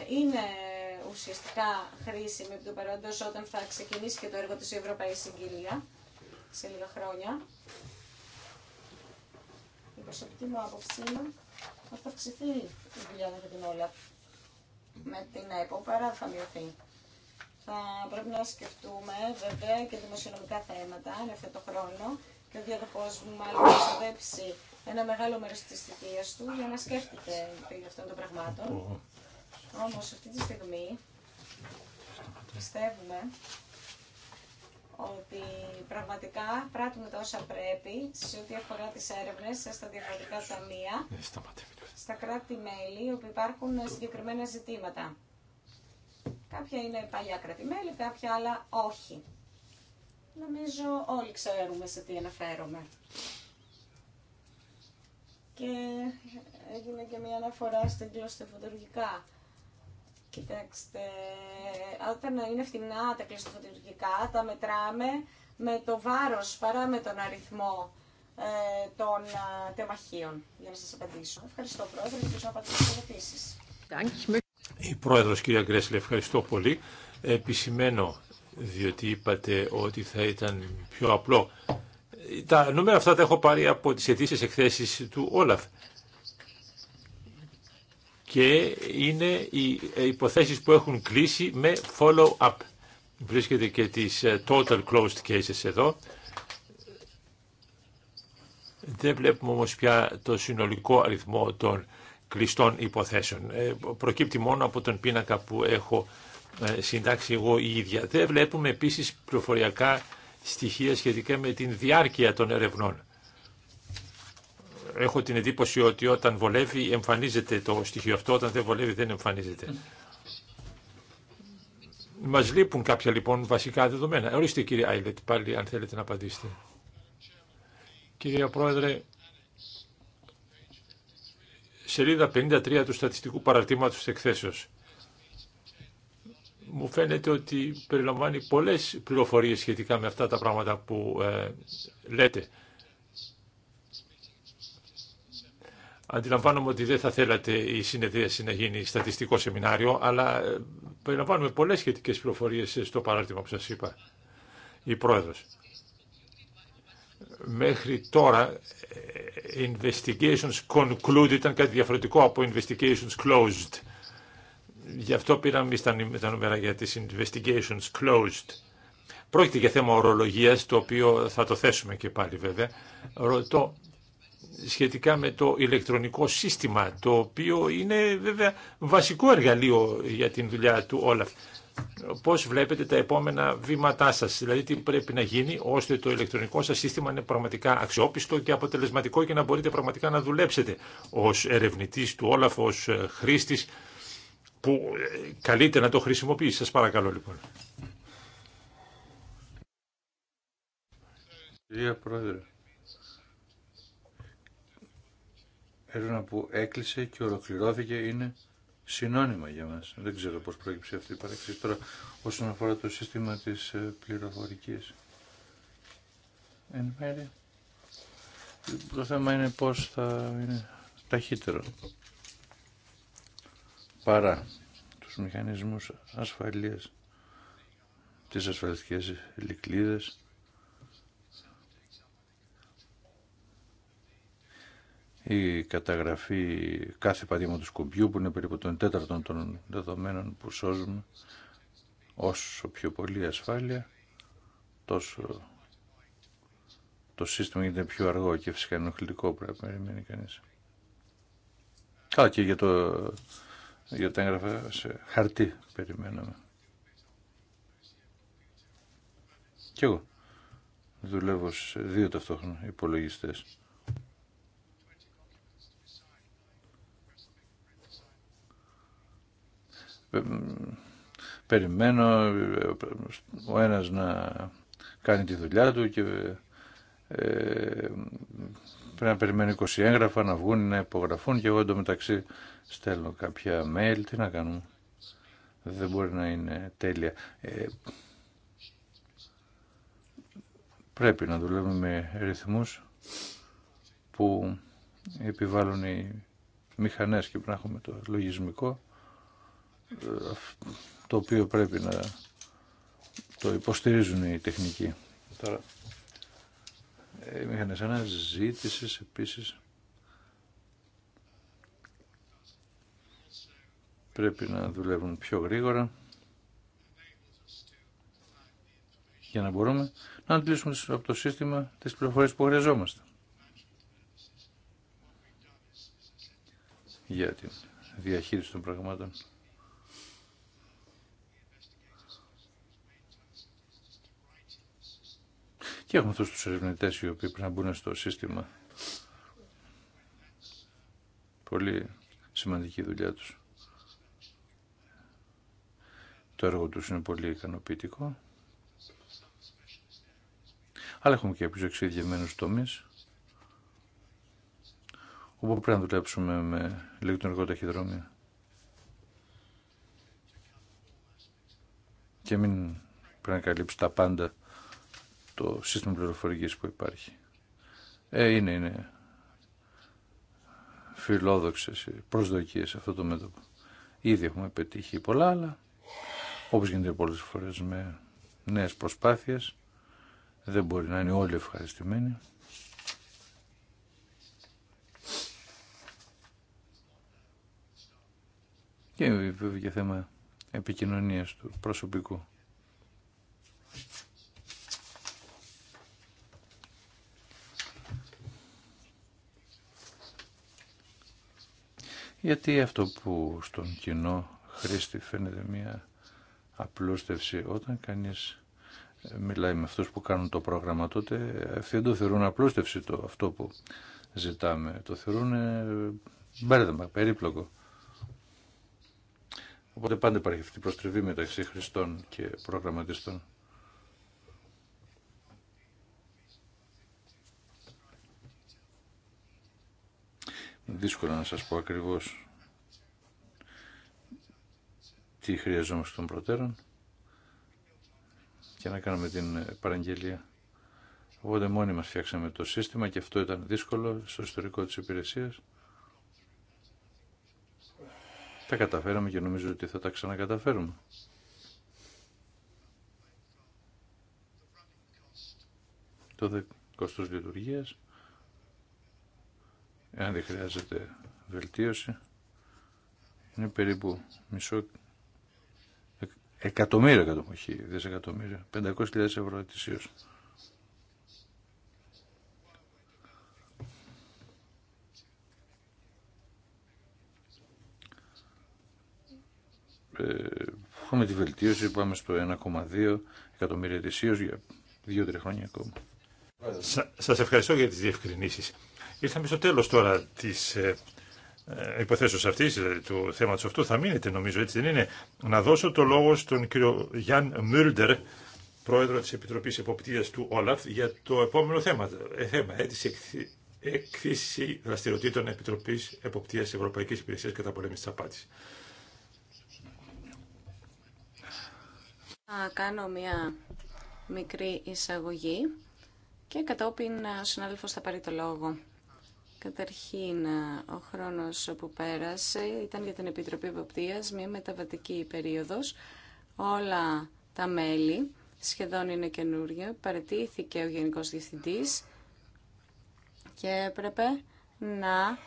είναι ουσιαστικά χρήσιμη από το παρόντος όταν θα ξεκινήσει και το έργο της Ευρωπαϊκής Ευρωπαϊκή Συγκυρία σε λίγα χρόνια. Η προσωπική μου άποψη είναι ότι θα αυξηθεί η δουλειά για την όλα. Με την ΕΠΟ παρά θα μειωθεί. Θα πρέπει να σκεφτούμε βέβαια και δημοσιονομικά θέματα με αυτό το χρόνο και ο διαδοχός μου μάλλον θα ξοδέψει ένα μεγάλο μέρος της θητείας του για να σκέφτεται αυτών των πραγμάτων. Όμως αυτή τη στιγμή πιστεύουμε ότι πραγματικά πράττουμε τα όσα πρέπει σε ό,τι αφορά τις έρευνες στα διαφορετικά ταμεία, ε, στα κράτη-μέλη, όπου υπάρχουν συγκεκριμένα ζητήματα. Κάποια είναι παλιά κράτη-μέλη, κάποια άλλα όχι. Νομίζω όλοι ξέρουμε σε τι αναφέρομαι. Και έγινε και μια αναφορά στα εγκλωστευοντουργικά Κοιτάξτε, όταν είναι φθηνά τα κλειστοφωτιουργικά, τα μετράμε με το βάρος παρά με τον αριθμό ε, των ε, τεμαχίων. Για να σας απαντήσω. Ευχαριστώ Πρόεδρε, ευχαριστώ να απαντήσω στις ερωτήσεις. Η Πρόεδρος κυρία Γκρέσλε, ευχαριστώ πολύ. Επισημένω, διότι είπατε ότι θα ήταν πιο απλό. Τα νούμερα αυτά τα έχω πάρει από τις αιτήσεις εκθέσεις του Όλαφ και είναι οι ε, υποθέσεις που έχουν κλείσει με follow-up. Βρίσκεται και τις ε, total closed cases εδώ. Δεν βλέπουμε όμως πια το συνολικό αριθμό των κλειστών υποθέσεων. Ε, προκύπτει μόνο από τον πίνακα που έχω συντάξει εγώ η ίδια. Δεν βλέπουμε επίσης πληροφοριακά στοιχεία σχετικά με την διάρκεια των ερευνών έχω την εντύπωση ότι όταν βολεύει εμφανίζεται το στοιχείο αυτό, όταν δεν βολεύει δεν εμφανίζεται. Μα λείπουν κάποια λοιπόν βασικά δεδομένα. Ορίστε κύριε Άιλετ πάλι αν θέλετε να απαντήσετε. Κύριε Πρόεδρε, σελίδα 53 του στατιστικού παραρτήματος εκθέσεω. Μου φαίνεται ότι περιλαμβάνει πολλές πληροφορίες σχετικά με αυτά τα πράγματα που ε, λέτε. Αντιλαμβάνομαι ότι δεν θα θέλατε η συνεδρίαση να γίνει στατιστικό σεμινάριο, αλλά ε, περιλαμβάνουμε πολλές σχετικές πληροφορίες στο παράρτημα που σας είπα, η Πρόεδρος. Μέχρι τώρα, ε, investigations concluded ήταν κάτι διαφορετικό από investigations closed. Γι' αυτό πήραμε τα νούμερα για τις investigations closed. Πρόκειται για θέμα ορολογίας, το οποίο θα το θέσουμε και πάλι βέβαια. Ρωτώ σχετικά με το ηλεκτρονικό σύστημα, το οποίο είναι βέβαια βασικό εργαλείο για την δουλειά του Όλαφ. Πώς βλέπετε τα επόμενα βήματά σας, δηλαδή τι πρέπει να γίνει ώστε το ηλεκτρονικό σας σύστημα είναι πραγματικά αξιόπιστο και αποτελεσματικό και να μπορείτε πραγματικά να δουλέψετε ως ερευνητής του Όλαφ, ως ε, χρήστης που ε, καλείται να το χρησιμοποιήσει. Σας παρακαλώ λοιπόν. Κύριε Πρόεδρε, έρευνα που έκλεισε και ολοκληρώθηκε είναι συνώνυμα για μας. Δεν ξέρω πώς προέκυψε αυτή η παρέξη τώρα όσον αφορά το σύστημα της ε, πληροφορικής. Εν μέρη. το θέμα είναι πώς θα είναι ταχύτερο παρά τους μηχανισμούς ασφαλείας, τις ασφαλιστικές λικλίδες, η καταγραφή κάθε πατήματος κουμπιού που είναι περίπου των τέταρτων των δεδομένων που σώζουμε όσο πιο πολύ ασφάλεια τόσο το σύστημα γίνεται πιο αργό και φυσικά ενοχλητικό πρέπει να περιμένει κανείς. Α, και για, το, για τα έγγραφα σε χαρτί περιμέναμε. Κι εγώ δουλεύω σε δύο ταυτόχρονα υπολογιστές. περιμένω ο ένας να κάνει τη δουλειά του και ε, πρέπει να περιμένω 20 έγγραφα να βγουν να υπογραφούν και εγώ εντωμεταξύ στέλνω κάποια mail, τι να κάνουμε. Δεν μπορεί να είναι τέλεια. Ε, πρέπει να δουλεύουμε με ρυθμούς που επιβάλλουν οι μηχανές και πρέπει να έχουμε το λογισμικό το οποίο πρέπει να το υποστηρίζουν οι τεχνικοί. Τώρα, οι μηχανές αναζήτησης επίσης πρέπει να δουλεύουν πιο γρήγορα για να μπορούμε να αντλήσουμε από το σύστημα τις πληροφορίες που χρειαζόμαστε. Για την διαχείριση των πραγμάτων. Και έχουμε αυτούς τους ερευνητέ οι οποίοι πρέπει να μπουν στο σύστημα. Πολύ σημαντική δουλειά τους. Το έργο τους είναι πολύ ικανοποιητικό. Αλλά έχουμε και κάποιους εξειδικευμένους τομείς όπου πρέπει να δουλέψουμε με ηλεκτρονικό ταχυδρόμιο. Και μην πρέπει να καλύψει τα πάντα το σύστημα πληροφορικής που υπάρχει. Ε, είναι, είναι φιλόδοξες προσδοκίες σε αυτό το μέτωπο. Ήδη έχουμε πετύχει πολλά, αλλά όπως γίνεται πολλές φορές με νέες προσπάθειες, δεν μπορεί να είναι όλοι ευχαριστημένοι. Και βέβαια και θέμα επικοινωνίας του προσωπικού. Γιατί αυτό που στον κοινό χρήστη φαίνεται μια απλούστευση όταν κανείς μιλάει με αυτούς που κάνουν το πρόγραμμα τότε αυτοί το θεωρούν απλούστευση το αυτό που ζητάμε το θεωρούν ε, μπέρδεμα, περίπλοκο οπότε πάντα υπάρχει αυτή η προστριβή μεταξύ χρηστών και προγραμματιστών Δύσκολο να σας πω ακριβώς τι χρειαζόμαστε των προτέρων και να κάνουμε την παραγγελία. Οπότε μόνοι μας φτιάξαμε το σύστημα και αυτό ήταν δύσκολο στο ιστορικό της υπηρεσίας. Τα καταφέραμε και νομίζω ότι θα τα ξανακαταφέρουμε. Το δε κόστος λειτουργίας εάν δεν χρειάζεται βελτίωση, είναι περίπου μισό εκατομμύριο εκατομμύριο, δισεκατομμύρια. 500.000 ευρώ ετησίως. Ε, έχουμε τη βελτίωση, πάμε στο 1,2 εκατομμύρια ετησίως για 2-3 χρόνια ακόμα. Σας ευχαριστώ για τις διευκρινήσεις. Ήρθαμε στο τέλος τώρα της ε, ε, υποθέσεως αυτής, δηλαδή του θέματος αυτού. Θα μείνετε νομίζω, έτσι δεν είναι. Να δώσω το λόγο στον κύριο Γιάν Μούλντερ, πρόεδρο της Επιτροπής Εποπτείας του Όλαφ, για το επόμενο θέμα, ε, θέμα ε, της δραστηριοτήτων Επιτροπής Εποπτείας Ευρωπαϊκής Υπηρεσίας κατά πολέμηση της απάτης. Θα κάνω μια μικρή εισαγωγή και κατόπιν ο συνάδελφος θα πάρει το λόγο. Καταρχήν, ε, ο χρόνος που πέρασε ήταν για την Επιτροπή Εποπτείας μια μεταβατική περίοδος. Όλα τα μέλη σχεδόν είναι καινούργια. παρατήθηκε ο Γενικός Διευθυντής και έπρεπε να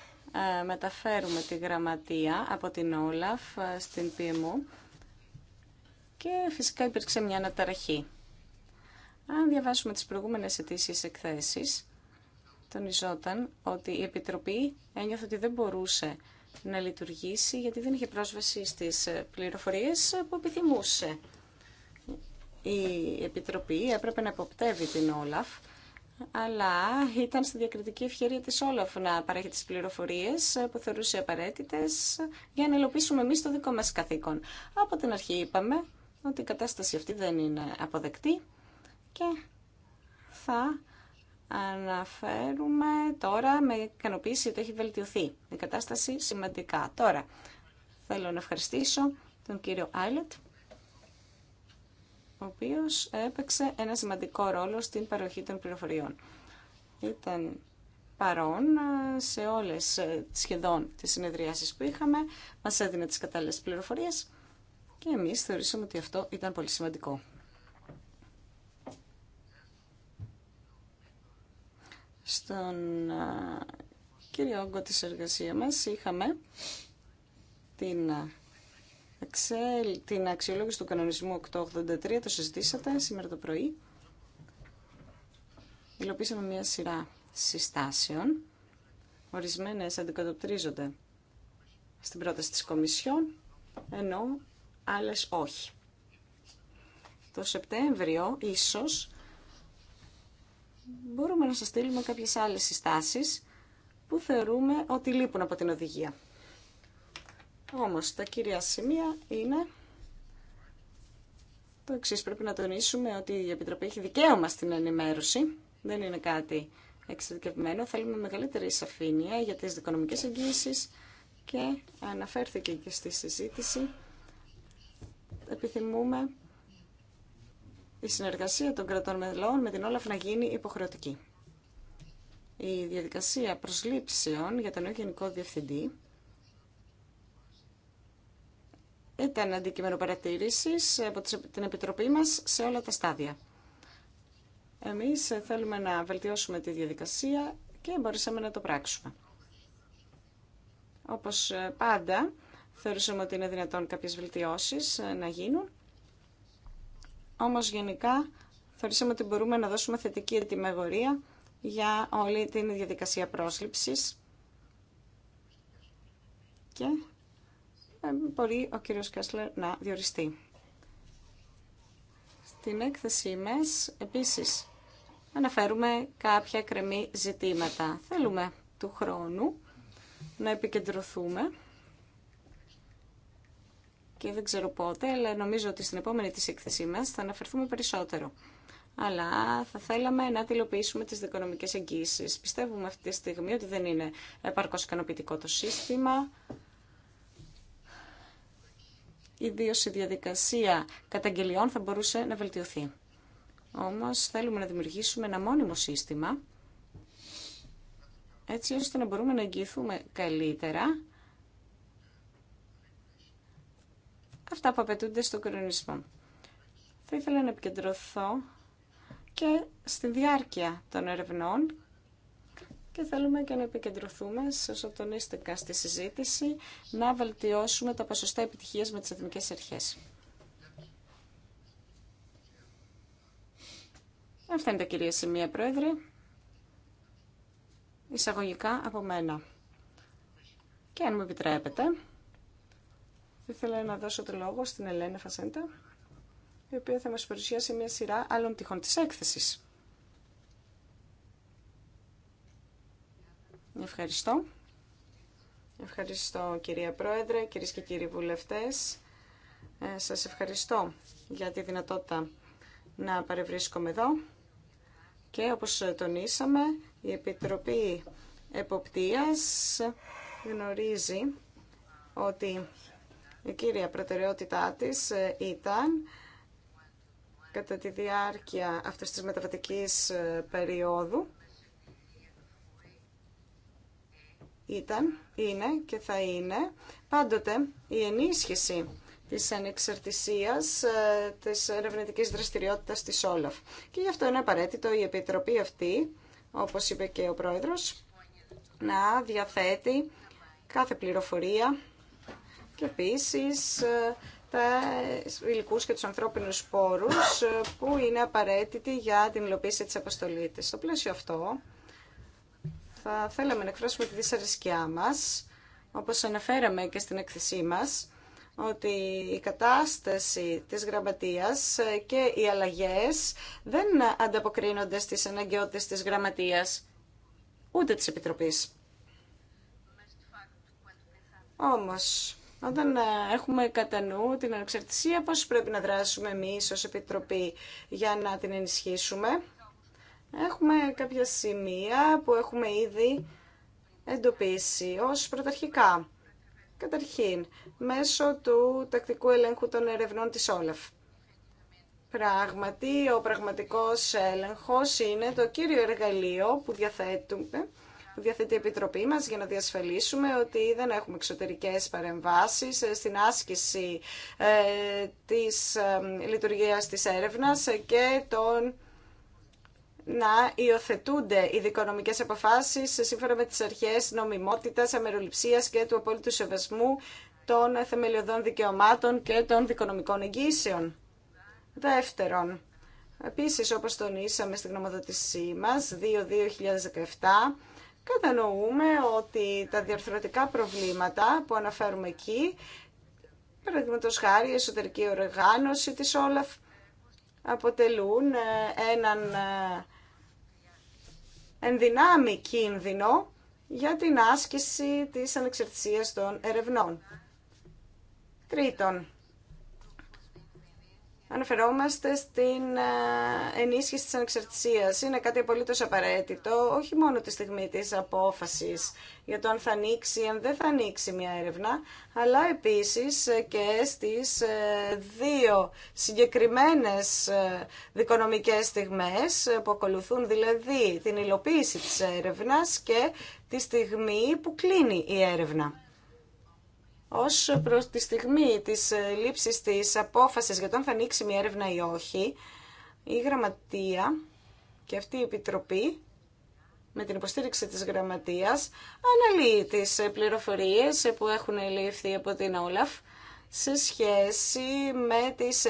ε, μεταφέρουμε τη γραμματεία από την Όλαφ ε, στην ΠΜΟ και φυσικά υπήρξε μια αναταραχή. Αν διαβάσουμε τις προηγούμενες αιτήσεις εκθέσεις, τονιζόταν ότι η Επιτροπή ένιωθε ότι δεν μπορούσε να λειτουργήσει γιατί δεν είχε πρόσβαση στις ε, πληροφορίες που επιθυμούσε. Η Επιτροπή έπρεπε να αποπτεύει την Όλαφ, αλλά ήταν στη διακριτική ευκαιρία της Όλαφ να παρέχει τις πληροφορίες ε, που θεωρούσε απαραίτητες για να ελοπίσουμε εμείς το δικό μας καθήκον. Από την αρχή είπαμε ότι η κατάσταση αυτή δεν είναι αποδεκτή και θα αναφέρουμε τώρα με ικανοποίηση ότι έχει βελτιωθεί η κατάσταση σημαντικά. Τώρα θέλω να ευχαριστήσω τον κύριο Άιλετ, ο οποίος έπαιξε ένα σημαντικό ρόλο στην παροχή των πληροφοριών. Ήταν παρόν ε, σε όλες ε, σχεδόν τις συνεδριάσεις που είχαμε, μας έδινε τις κατάλληλες πληροφορίες και εμείς θεωρήσαμε ότι αυτό ήταν πολύ σημαντικό. στον κύριο όγκο της εργασία μας είχαμε την, Excel, την αξιολόγηση του κανονισμού 883, το συζητήσατε σήμερα το πρωί. Υλοποίησαμε μια σειρά συστάσεων. Ορισμένες αντικατοπτρίζονται στην πρόταση της Κομισιόν, ενώ άλλες όχι. Το Σεπτέμβριο ίσως μπορούμε να σας στείλουμε κάποιες άλλες συστάσεις που θεωρούμε ότι λείπουν από την οδηγία. Όμως τα κύρια σημεία είναι το εξή πρέπει να τονίσουμε ότι η Επιτροπή έχει δικαίωμα στην ενημέρωση. Δεν είναι κάτι εξειδικευμένο. Θέλουμε μεγαλύτερη σαφήνεια για τις δικονομικές εγγύησεις και αναφέρθηκε και στη συζήτηση. Επιθυμούμε η συνεργασία των κρατών μελών με την Όλαφ να γίνει υποχρεωτική. Η διαδικασία προσλήψεων για τον νέο Γενικό Διευθυντή ήταν αντικείμενο παρατήρηση από την Επιτροπή μας σε όλα τα στάδια. Εμείς θέλουμε να βελτιώσουμε τη διαδικασία και μπορούσαμε να το πράξουμε. Όπως πάντα, θεωρούσαμε ότι είναι δυνατόν κάποιες βελτιώσεις να γίνουν όμως γενικά θεωρήσαμε ότι μπορούμε να δώσουμε θετική ετοιμαγορία για όλη την διαδικασία πρόσληψης. Και ε, μπορεί ο κύριος Κέσλερ να διοριστεί. Στην έκθεσή μας επίσης αναφέρουμε κάποια κρεμή ζητήματα. Θέλουμε του χρόνου να επικεντρωθούμε και δεν ξέρω πότε, αλλά νομίζω ότι στην επόμενη της έκθεσή μας θα αναφερθούμε περισσότερο. Αλλά θα θέλαμε να τηλοποιήσουμε τις δικονομικές εγγύησεις. Πιστεύουμε αυτή τη στιγμή ότι δεν είναι επαρκώς ικανοποιητικό το σύστημα. Ιδίως η διαδικασία καταγγελιών θα μπορούσε να βελτιωθεί. Όμως θέλουμε να δημιουργήσουμε ένα μόνιμο σύστημα, έτσι ώστε να μπορούμε να εγγυηθούμε καλύτερα αυτά που απαιτούνται στον κρονισμό. Θα ήθελα να επικεντρωθώ και στη διάρκεια των ερευνών και θέλουμε και να επικεντρωθούμε σε όσο τονίστηκα στη συζήτηση να βελτιώσουμε τα ποσοστά επιτυχίας με τις εθνικές αρχές. Αυτά είναι τα κυρία σημεία, Πρόεδρε. Εισαγωγικά από μένα. Και αν μου επιτρέπετε, ήθελα να δώσω το λόγο στην Ελένα Φασέντα, η οποία θα μας παρουσιάσει μια σειρά άλλων τυχών της έκθεσης. Ευχαριστώ. Ευχαριστώ κυρία Πρόεδρε, κυρίες και κύριοι βουλευτές. Ε, σας ευχαριστώ για τη δυνατότητα να παρευρίσκομαι εδώ. Και όπως τονίσαμε, η Επιτροπή Εποπτείας γνωρίζει ότι η κύρια προτεραιότητά της ε, ήταν κατά τη διάρκεια αυτής της μεταβατικής ε, περίοδου ήταν, είναι και θα είναι πάντοτε η ενίσχυση της ανεξαρτησίας ε, της ερευνητικής δραστηριότητας της Όλαφ. Και γι' αυτό είναι απαραίτητο η Επιτροπή αυτή, όπως είπε και ο Πρόεδρος, να διαθέτει κάθε πληροφορία και επίσης ε, τα υλικού και τους ανθρώπινους πόρους ε, που είναι απαραίτητοι για την υλοποίηση της αποστολή της. Στο πλαίσιο αυτό θα θέλαμε να εκφράσουμε τη δυσαρεσκιά μας, όπως αναφέραμε και στην έκθεσή μας, ότι η κατάσταση της γραμματείας ε, και οι αλλαγές δεν ανταποκρίνονται στις αναγκαιότητες της γραμματείας, ούτε της Επιτροπής. Όμως, όταν ε, έχουμε κατά νου την ανεξαρτησία, πώς πρέπει να δράσουμε εμείς ως Επιτροπή για να την ενισχύσουμε. Έχουμε κάποια σημεία που έχουμε ήδη εντοπίσει ως πρωταρχικά. Καταρχήν, μέσω του τακτικού ελέγχου των ερευνών της Όλαφ. Πράγματι, ο πραγματικός έλεγχος είναι το κύριο εργαλείο που διαθέτουμε διαθέτει η Επιτροπή μας για να διασφαλίσουμε ότι δεν έχουμε εξωτερικές παρεμβάσεις ε, στην άσκηση ε, της ε, λειτουργίας της έρευνας και των να υιοθετούνται οι δικονομικές αποφάσεις σύμφωνα με τις αρχές νομιμότητας, αμεροληψίας και του απόλυτου σεβασμού των θεμελιωδών δικαιωμάτων και των δικονομικών εγγύσεων. Δεύτερον, επίσης όπως τονίσαμε στην γνωμοδότησή μας 2-2017, κατανοούμε ότι τα διαρθρωτικά προβλήματα που αναφέρουμε εκεί, παραδείγματο χάρη η εσωτερική οργάνωση της Όλαφ, αποτελούν ε, έναν ε, ενδυνάμει κίνδυνο για την άσκηση της ανεξαρτησίας των ερευνών. Τρίτον, αναφερόμαστε στην ε, ενίσχυση της ανεξαρτησίας. Είναι κάτι απολύτως απαραίτητο, όχι μόνο τη στιγμή της απόφασης για το αν θα ανοίξει ή αν δεν θα ανοίξει μια έρευνα, αλλά επίσης ε, και στις ε, δύο συγκεκριμένες δικονομικές στιγμές που ακολουθούν, δηλαδή την υλοποίηση της έρευνας και τη στιγμή που κλείνει η έρευνα ως προς τη στιγμή της ε, λήψης της απόφασης για το αν θα ανοίξει μια έρευνα ή όχι, η Γραμματεία και αυτή η Επιτροπή με την υποστήριξη της Γραμματείας αναλύει τις ε, πληροφορίες ε, που έχουν ληφθεί από την Όλαφ σε σχέση με τις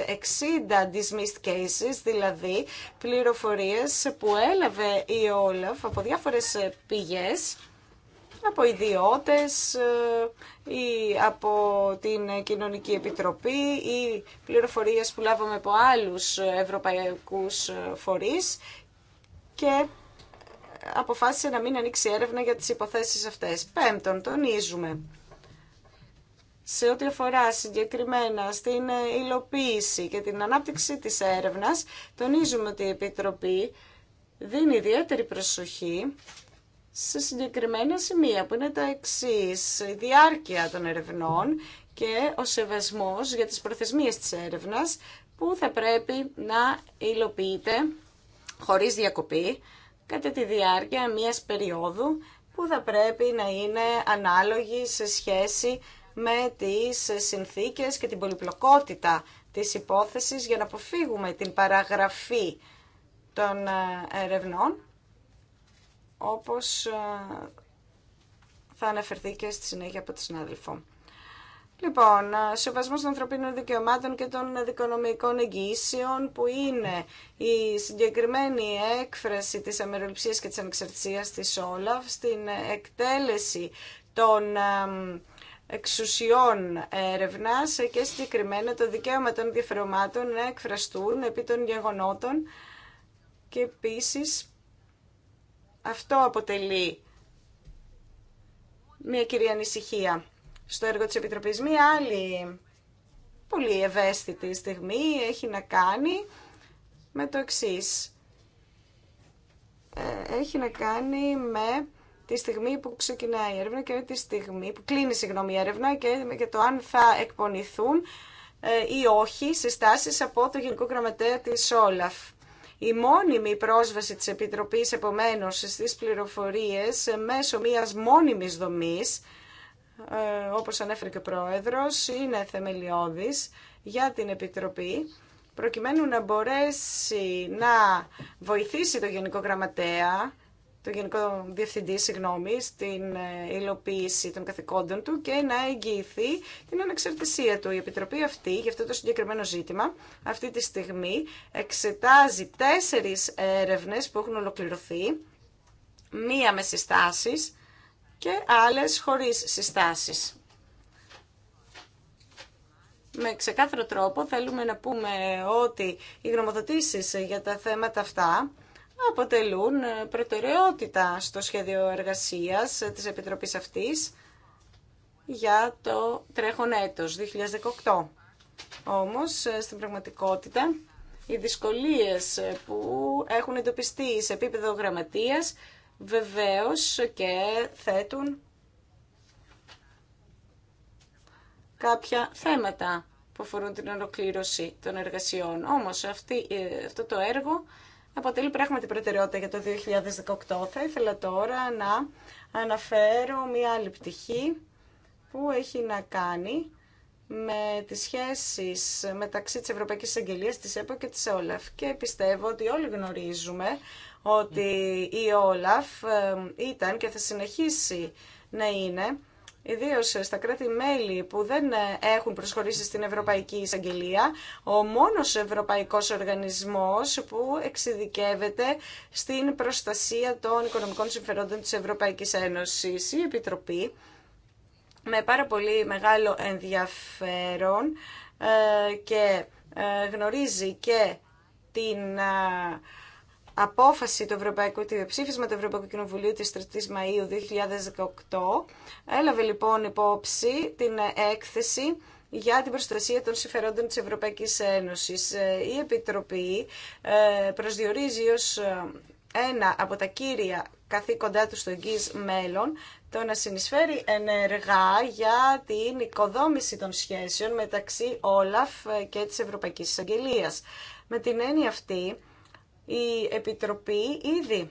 60 dismissed cases, δηλαδή πληροφορίες που έλαβε η Όλαφ από διάφορες πηγές από ιδιώτες ε, ή από την Κοινωνική Επιτροπή ή πληροφορίες που λάβαμε από άλλους ευρωπαϊκούς ε, φορείς και αποφάσισε να μην ανοίξει έρευνα για τις υποθέσεις αυτές. Πέμπτον, τονίζουμε σε ό,τι αφορά συγκεκριμένα στην ε, υλοποίηση και την ανάπτυξη της έρευνας, τονίζουμε ότι η Επιτροπή δίνει ιδιαίτερη προσοχή σε συγκεκριμένα σημεία που είναι τα εξής, η διάρκεια των ερευνών και ο σεβασμός για τις προθεσμίες της έρευνας που θα πρέπει να υλοποιείται χωρίς διακοπή κατά τη διάρκεια μιας περίοδου που θα πρέπει να είναι ανάλογη σε σχέση με τις συνθήκες και την πολυπλοκότητα της υπόθεσης για να αποφύγουμε την παραγραφή των ε, ερευνών όπως ε, θα αναφερθεί και στη συνέχεια από τη συνάδελφο. Λοιπόν, ε, σεβασμός των ανθρωπίνων δικαιωμάτων και των δικονομικών εγγυήσεων που είναι η συγκεκριμένη έκφραση της αμεροληψίας και της ανεξαρτησίας της Όλαφ στην εκτέλεση των ε, εξουσιών έρευνα και συγκεκριμένα το δικαίωμα των διαφερωμάτων να εκφραστούν επί των γεγονότων και επίσης αυτό αποτελεί μια κυρία ανησυχία στο έργο της Επιτροπής. Μια άλλη πολύ ευαίσθητη στιγμή έχει να κάνει με το εξή. Ε, έχει να κάνει με τη στιγμή που ξεκινάει η έρευνα και τη στιγμή που κλείνει συγγνώμη, η έρευνα και, με το αν θα εκπονηθούν ε, ή όχι συστάσεις από το Γενικό Γραμματέα της Όλαφ. Η μόνιμη πρόσβαση της Επιτροπής επομένως στις πληροφορίες μέσω μιας μόνιμης δομής, ε, όπως ανέφερε και ο Πρόεδρος, είναι θεμελιώδης για την Επιτροπή προκειμένου να μπορέσει να βοηθήσει το Γενικό Γραμματέα το Γενικό Διευθυντή, συγγνώμη, στην ε, υλοποίηση των καθηκόντων του και να εγγυηθεί την ανεξαρτησία του. Η Επιτροπή αυτή, για αυτό το συγκεκριμένο ζήτημα, αυτή τη στιγμή εξετάζει τέσσερις έρευνες που έχουν ολοκληρωθεί, μία με συστάσεις και άλλες χωρίς συστάσεις. Με ξεκάθαρο τρόπο θέλουμε να πούμε ότι οι γνωμοδοτήσεις για τα θέματα αυτά αποτελούν ε, προτεραιότητα στο σχέδιο εργασίας ε, της Επιτροπής αυτής για το τρέχον έτος 2018. Όμως, ε, στην πραγματικότητα, οι δυσκολίες που έχουν εντοπιστεί σε επίπεδο γραμματείας βεβαίως και θέτουν κάποια θέματα που αφορούν την ολοκλήρωση των εργασιών. Όμως αυτή, αυτό το έργο αποτελεί πράγματι προτεραιότητα για το 2018. Θα ήθελα τώρα να αναφέρω μία άλλη πτυχή που έχει να κάνει με τις σχέσεις μεταξύ της Ευρωπαϊκής Αγγελίας, της ΕΠΟ και της ΕΟΛΑΦ. Και πιστεύω ότι όλοι γνωρίζουμε ότι η ΕΟΛΑΦ ε, ήταν και θα συνεχίσει να είναι Ιδίω στα κράτη-μέλη που δεν έχουν προσχωρήσει στην Ευρωπαϊκή Εισαγγελία, ο μόνος ευρωπαϊκός οργανισμός που εξειδικεύεται στην προστασία των οικονομικών συμφερόντων της Ευρωπαϊκής Ένωση η Επιτροπή, με πάρα πολύ μεγάλο ενδιαφέρον ε, και ε, γνωρίζει και την ε, απόφαση του Ευρωπαϊκού το ψήφισμα του Ευρωπαϊκού Κοινοβουλίου της 3ης Μαΐου 2018 έλαβε λοιπόν υπόψη την έκθεση για την προστασία των συμφερόντων της Ευρωπαϊκής Ένωσης. Ε, η Επιτροπή ε, προσδιορίζει ως ε, ένα από τα κύρια καθήκοντά του στο εγγύς μέλλον το να συνεισφέρει ενεργά για την οικοδόμηση των σχέσεων μεταξύ Όλαφ και της Ευρωπαϊκής Εισαγγελίας. Με την έννοια αυτή, η Επιτροπή ήδη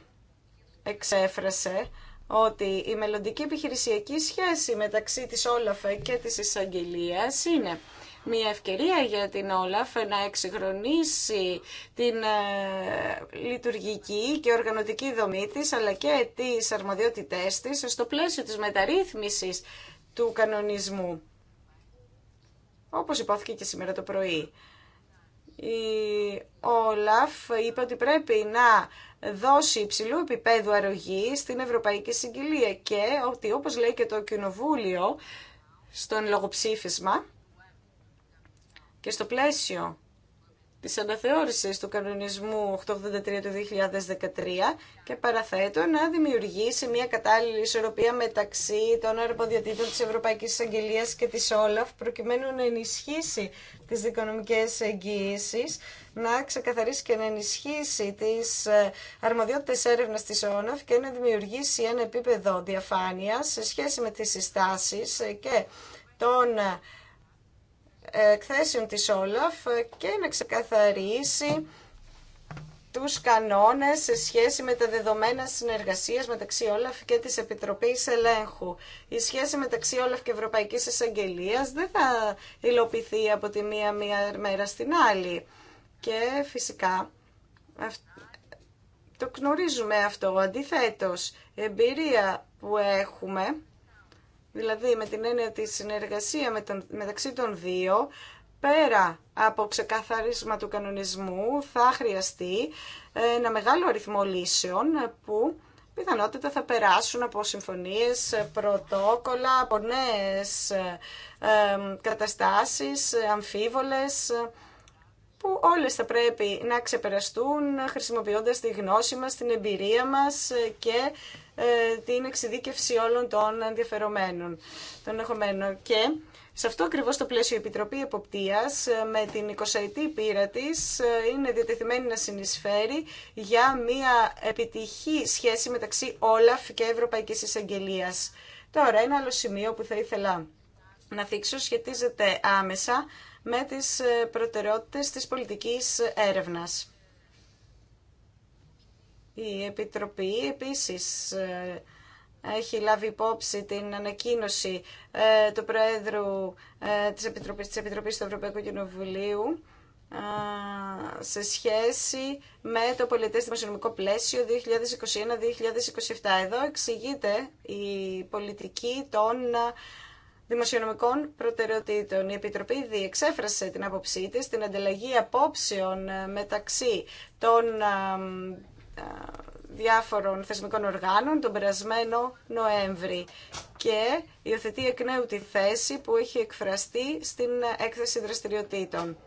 εξέφρασε ότι η μελλοντική επιχειρησιακή σχέση μεταξύ της όλαφε και της εισαγγελία είναι μια ευκαιρία για την όλαφε να εξυγχρονίσει την ε, λειτουργική και οργανωτική δομή της αλλά και τις αρμοδιότητές της στο πλαίσιο της μεταρρύθμισης του κανονισμού όπως υπόθηκε και σήμερα το πρωί η Όλαφ είπε ότι πρέπει να δώσει υψηλού επίπεδου αρρωγή στην Ευρωπαϊκή Συγκυλία και ότι όπως λέει και το Κοινοβούλιο στον λογοψήφισμα και στο πλαίσιο της αναθεώρησης του κανονισμού 883 του 2013 και παραθέτω να δημιουργήσει μια κατάλληλη ισορροπία μεταξύ των αρποδιοτήτων της Ευρωπαϊκής Αγγελία και της Όλαφ προκειμένου να ενισχύσει τις δικονομικές εγγύησεις, να ξεκαθαρίσει και να ενισχύσει τις ε, αρμοδιότητες έρευνας της Όλαφ και να δημιουργήσει ένα επίπεδο διαφάνειας σε σχέση με τις συστάσεις ε, και τον ε, εκθέσεων της Όλαφ και να ξεκαθαρίσει τους κανόνες σε σχέση με τα δεδομένα συνεργασίας μεταξύ Όλαφ και της Επιτροπής Ελέγχου. Η σχέση μεταξύ Όλαφ και Ευρωπαϊκής Εισαγγελίας δεν θα υλοποιηθεί από τη μία μία μέρα στην άλλη. Και φυσικά το γνωρίζουμε αυτό. Αντιθέτως, εμπειρία που έχουμε Δηλαδή με την έννοια της συνεργασία με τον, μεταξύ των δύο, πέρα από ξεκαθάρισμα του κανονισμού, θα χρειαστεί ένα μεγάλο αριθμό λύσεων που πιθανότητα θα περάσουν από συμφωνίες, πρωτόκολλα, από νέες καταστάσεις, αμφίβολες, που όλες θα πρέπει να ξεπεραστούν χρησιμοποιώντας τη γνώση μας, την εμπειρία μας και ε, την εξειδίκευση όλων των ενδιαφερομένων, των εχομένων Και σε αυτό ακριβώ το πλαίσιο η Επιτροπή Εποπτεία ε, με την 20η πείρα τη ε, είναι διατεθειμένη να συνεισφέρει για μια επιτυχή σχέση μεταξύ Όλαφ και Ευρωπαϊκή Εισαγγελία. Τώρα, ένα άλλο σημείο που θα ήθελα να θίξω σχετίζεται άμεσα με τις προτεραιότητες της πολιτικής έρευνας. Η Επιτροπή επίσης ε, έχει λάβει υπόψη την ανακοίνωση ε, του Προέδρου ε, της Επιτροπής, της Επιτροπής του Ευρωπαϊκού Κοινοβουλίου σε σχέση με το πολιτές δημοσιονομικό πλαίσιο 2021-2027. Εδώ εξηγείται η πολιτική των δημοσιονομικών προτεραιοτήτων. Η Επιτροπή διεξέφρασε την άποψή της στην ανταλλαγή απόψεων μεταξύ των ε, διάφορων θεσμικών οργάνων τον περασμένο Νοέμβρη και υιοθετεί εκ νέου τη θέση που έχει εκφραστεί στην έκθεση δραστηριοτήτων.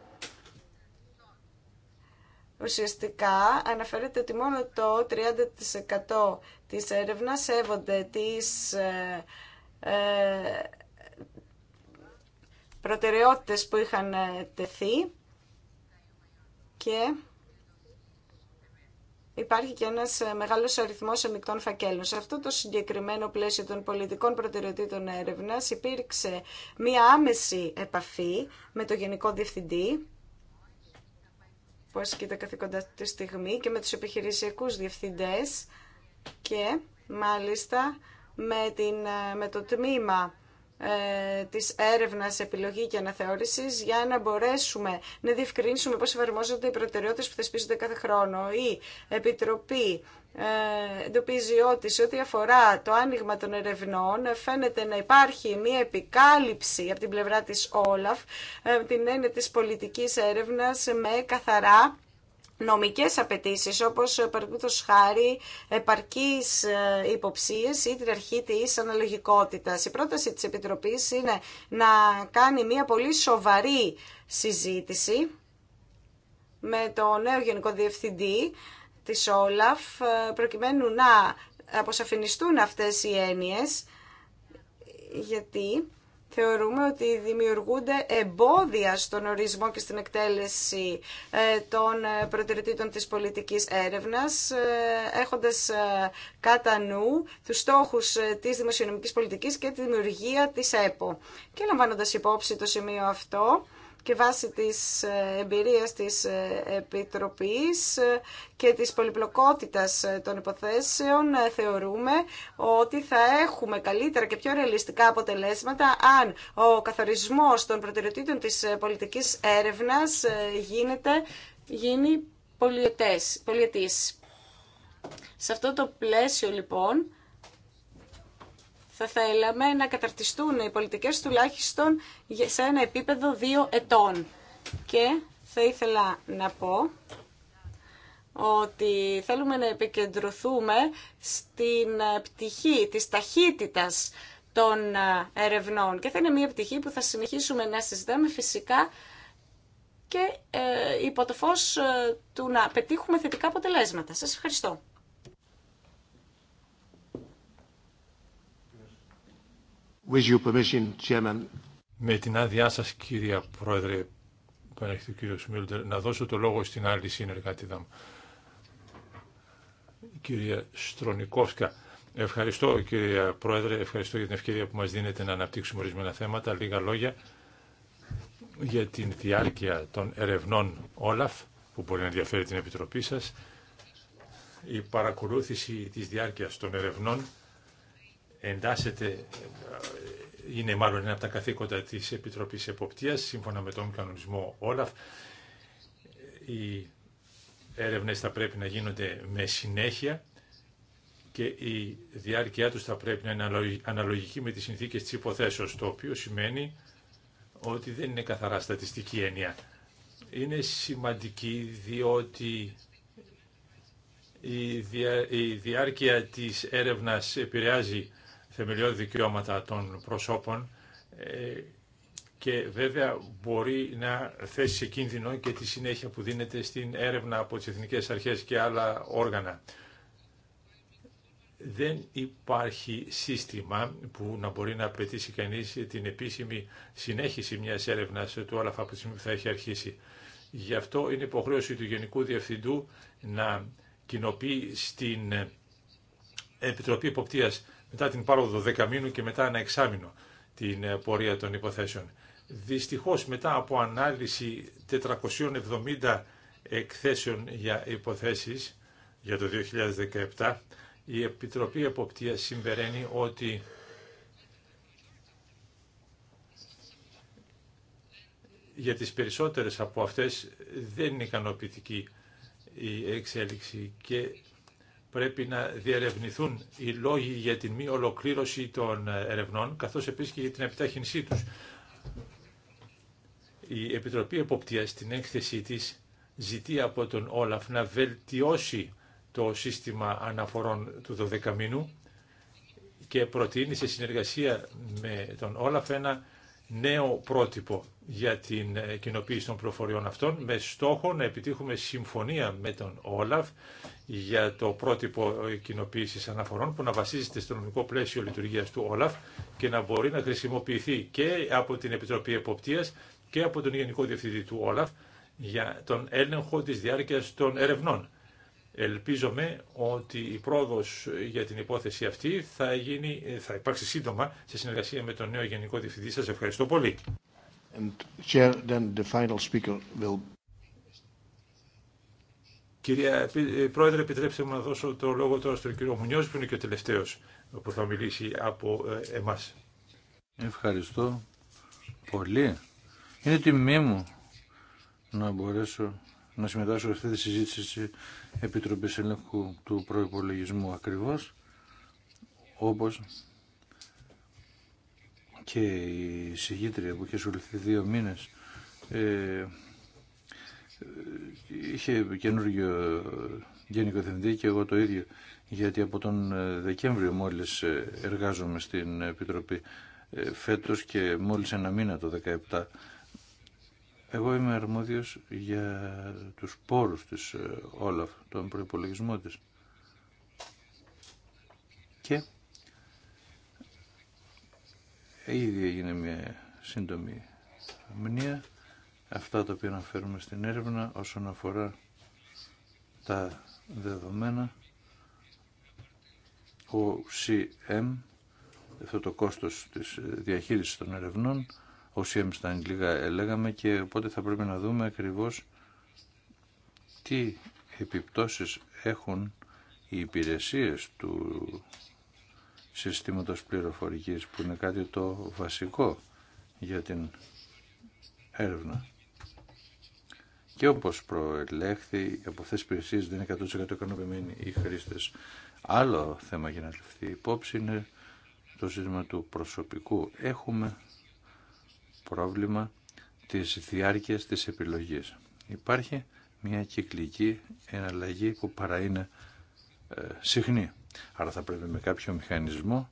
Ουσιαστικά αναφέρεται ότι μόνο το 30% της έρευνας σέβονται τις ε, ε, προτεραιότητες που είχαν τεθεί και υπάρχει και ένας ε, μεγάλος αριθμός εμικτών φακέλων. Σε αυτό το συγκεκριμένο πλαίσιο των πολιτικών προτεραιοτήτων έρευνας υπήρξε μία άμεση επαφή με το Γενικό Διευθυντή που ασκείται καθήκοντα τη στιγμή και με τους επιχειρησιακούς διευθυντές και μάλιστα με, την, ε, με το τμήμα ε, της έρευνας, επιλογή και αναθεώρησης για να μπορέσουμε να διευκρινίσουμε πώς εφαρμόζονται οι προτεραιότητες που θεσπίζονται κάθε χρόνο. Η Επιτροπή ε, εντοπίζει ότι σε ό,τι αφορά το άνοιγμα των ερευνών φαίνεται να υπάρχει μια επικάλυψη από την πλευρά της Όλαφ ε, την έννοια της πολιτικής έρευνας με καθαρά νομικές απαιτήσεις όπως ε, παραδείγματος χάρη επαρκείς ε, υποψίες ή υποψίες ή της αναλογικότητας. Η πρόταση της Επιτροπής είναι να κάνει μια πολύ σοβαρή συζήτηση με το νέο Γενικό Διευθυντή της Όλαφ ε, προκειμένου να αποσαφινιστούν αυτές οι έννοιες γιατί θεωρούμε ότι δημιουργούνται εμπόδια στον ορισμό και στην εκτέλεση ε, των ε, προτεραιτήτων της πολιτικής έρευνας, ε, έχοντας κατά νου τους στόχους της δημοσιονομικής πολιτικής και τη δημιουργία της ΕΠΟ. Και λαμβάνοντας υπόψη το σημείο αυτό, και βάσει της ε, εμπειρίας της ε, Επιτροπής ε, και της πολυπλοκότητας των υποθέσεων θεωρούμε ότι θα έχουμε καλύτερα και πιο ρεαλιστικά αποτελέσματα αν ο καθορισμός των προτεραιοτήτων της πολιτικής έρευνας γίνεται, γίνει πολιετές, πολιετής. Σε αυτό το πλαίσιο λοιπόν θα θέλαμε να καταρτιστούν οι πολιτικές τουλάχιστον σε ένα επίπεδο δύο ετών. Και θα ήθελα να πω ότι θέλουμε να επικεντρωθούμε στην ε, πτυχή της ταχύτητας των ε, ερευνών και θα είναι μια πτυχή που θα συνεχίσουμε να συζητάμε φυσικά και ε, υπό το φως του να πετύχουμε θετικά αποτελέσματα. Σας ευχαριστώ. With your permission, Chairman. Με την άδειά σας, κύρια Πρόεδρε, που ο να δώσω το λόγο στην άλλη συνεργάτηδα μου. Κυρία Στρονικόφσκα, ευχαριστώ κύριε Πρόεδρε, ευχαριστώ για την ευκαιρία που μας δίνετε να αναπτύξουμε ορισμένα θέματα. Λίγα λόγια για την διάρκεια των ερευνών Όλαφ, που μπορεί να ενδιαφέρει την Επιτροπή σας. Η παρακολούθηση της διάρκειας των ερευνών εντάσσεται, ε, είναι μάλλον ένα από τα καθήκοντα της Επιτροπής Εποπτείας, σύμφωνα με τον κανονισμό Όλαφ. Οι έρευνες θα πρέπει να γίνονται με συνέχεια και η διάρκεια τους θα πρέπει να είναι αναλογική με τις συνθήκες της υποθέσεως, το οποίο σημαίνει ότι δεν είναι καθαρά στατιστική έννοια. Είναι σημαντική διότι η, η διάρκεια της έρευνας επηρεάζει θεμελιώδη δικαιώματα των προσώπων ε, και βέβαια μπορεί να θέσει σε κίνδυνο και τη συνέχεια που δίνεται στην έρευνα από τις εθνικές αρχές και άλλα όργανα. Δεν υπάρχει σύστημα που να μπορεί να απαιτήσει κανείς την επίσημη συνέχιση μιας έρευνας του όλα από τη στιγμή που θα έχει αρχίσει. Γι' αυτό είναι υποχρέωση του Γενικού Διευθυντού να κοινοποιεί στην Επιτροπή Εποπτείας μετά την πάροδο δεκαμήνου και μετά ένα εξάμηνο την ε, πορεία των υποθέσεων. Δυστυχώς μετά από ανάλυση 470 εκθέσεων για υποθέσεις για το 2017, η Επιτροπή Εποπτείας συμβεραίνει ότι για τις περισσότερες από αυτές δεν είναι ικανοποιητική η εξέλιξη και πρέπει να διερευνηθούν οι λόγοι για την μη ολοκλήρωση των ερευνών, καθώς επίσης και για την επιτάχυνσή τους. Η Επιτροπή Εποπτείας στην έκθεσή της ζητεί από τον Όλαφ να βελτιώσει το σύστημα αναφορών του 12 μήνου και προτείνει σε συνεργασία με τον Όλαφ ένα νέο πρότυπο για την ε, κοινοποίηση των προφοριών αυτών με στόχο να επιτύχουμε συμφωνία με τον Όλαφ για το πρότυπο ε, κοινοποίηση αναφορών που να βασίζεται στο νομικό πλαίσιο λειτουργία του Όλαφ και να μπορεί να χρησιμοποιηθεί και από την Επιτροπή Εποπτείας και από τον Γενικό Διευθυντή του Όλαφ για τον έλεγχο της διάρκειας των ερευνών. Ελπίζομαι ότι η πρόοδος για την υπόθεση αυτή θα, γίνει, θα υπάρξει σύντομα σε συνεργασία με τον νέο Γενικό Διευθυντή. Σας ευχαριστώ πολύ. Κυρία ε, Πρόεδρε, επιτρέψτε μου να δώσω το λόγο τώρα στον κύριο Μουνιός, που είναι και ο τελευταίος που θα μιλήσει από ε, εμάς. Ευχαριστώ πολύ. Είναι τιμή μου να μπορέσω να συμμετάσχω σε αυτή τη συζήτηση Επιτροπής Ελέγχου του προπολογισμού ακριβώ όπως και η συγγήτρια που είχε ασχοληθεί δύο μήνες ε, ε, είχε καινούργιο γενικό διευθυντή και εγώ το ίδιο γιατί από τον ε, Δεκέμβριο μόλις ε, εργάζομαι στην Επιτροπή φέτος και μόλις ένα μήνα το 17 εγώ είμαι αρμόδιος για τους πόρους της ε, Όλαφ, τον προϋπολογισμό της. Και ήδη έγινε μια σύντομη μνήμα αυτά τα οποία αναφέρουμε στην έρευνα όσον αφορά τα δεδομένα ο CM αυτό το κόστος της ε, διαχείρισης των ερευνών OCM τα αγγλικά λέγαμε και οπότε θα πρέπει να δούμε ακριβώς τι επιπτώσεις έχουν οι υπηρεσίες του συστήματος πληροφορικής που είναι κάτι το βασικό για την έρευνα. Και όπως προελέχθη, από αυτές τις υπηρεσίες δεν είναι 100% ικανοποιημένοι οι χρήστες. Άλλο θέμα για να ληφθεί υπόψη είναι το ζήτημα του προσωπικού. Έχουμε πρόβλημα της διάρκειας της επιλογής. Υπάρχει μια κυκλική εναλλαγή που παρά είναι ε, συχνή. Άρα θα πρέπει με κάποιο μηχανισμό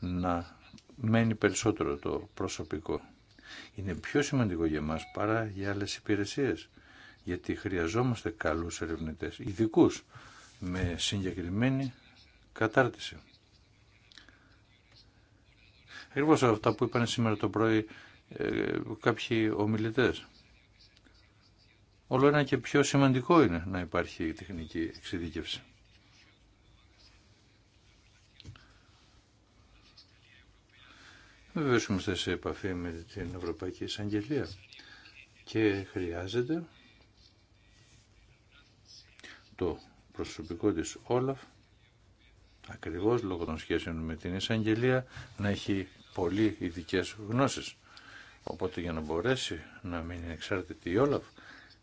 να μένει περισσότερο το προσωπικό. Είναι πιο σημαντικό για μας παρά για άλλες υπηρεσίες, γιατί χρειαζόμαστε καλούς ερευνητές, ειδικού με συγκεκριμένη κατάρτιση. Ακριβώ αυτά που είπαν σήμερα το πρωί ε, κάποιοι ομιλητές. Όλο ένα και πιο σημαντικό είναι να υπάρχει τεχνική εξειδίκευση. Βεβαίω είμαστε σε επαφή με την Ευρωπαϊκή Εισαγγελία και χρειάζεται το προσωπικό της Όλαφ ακριβώς λόγω των σχέσεων με την εισαγγελία να έχει πολύ ειδικέ γνώσεις. Οπότε για να μπορέσει να μείνει εξάρτητη η Όλαφ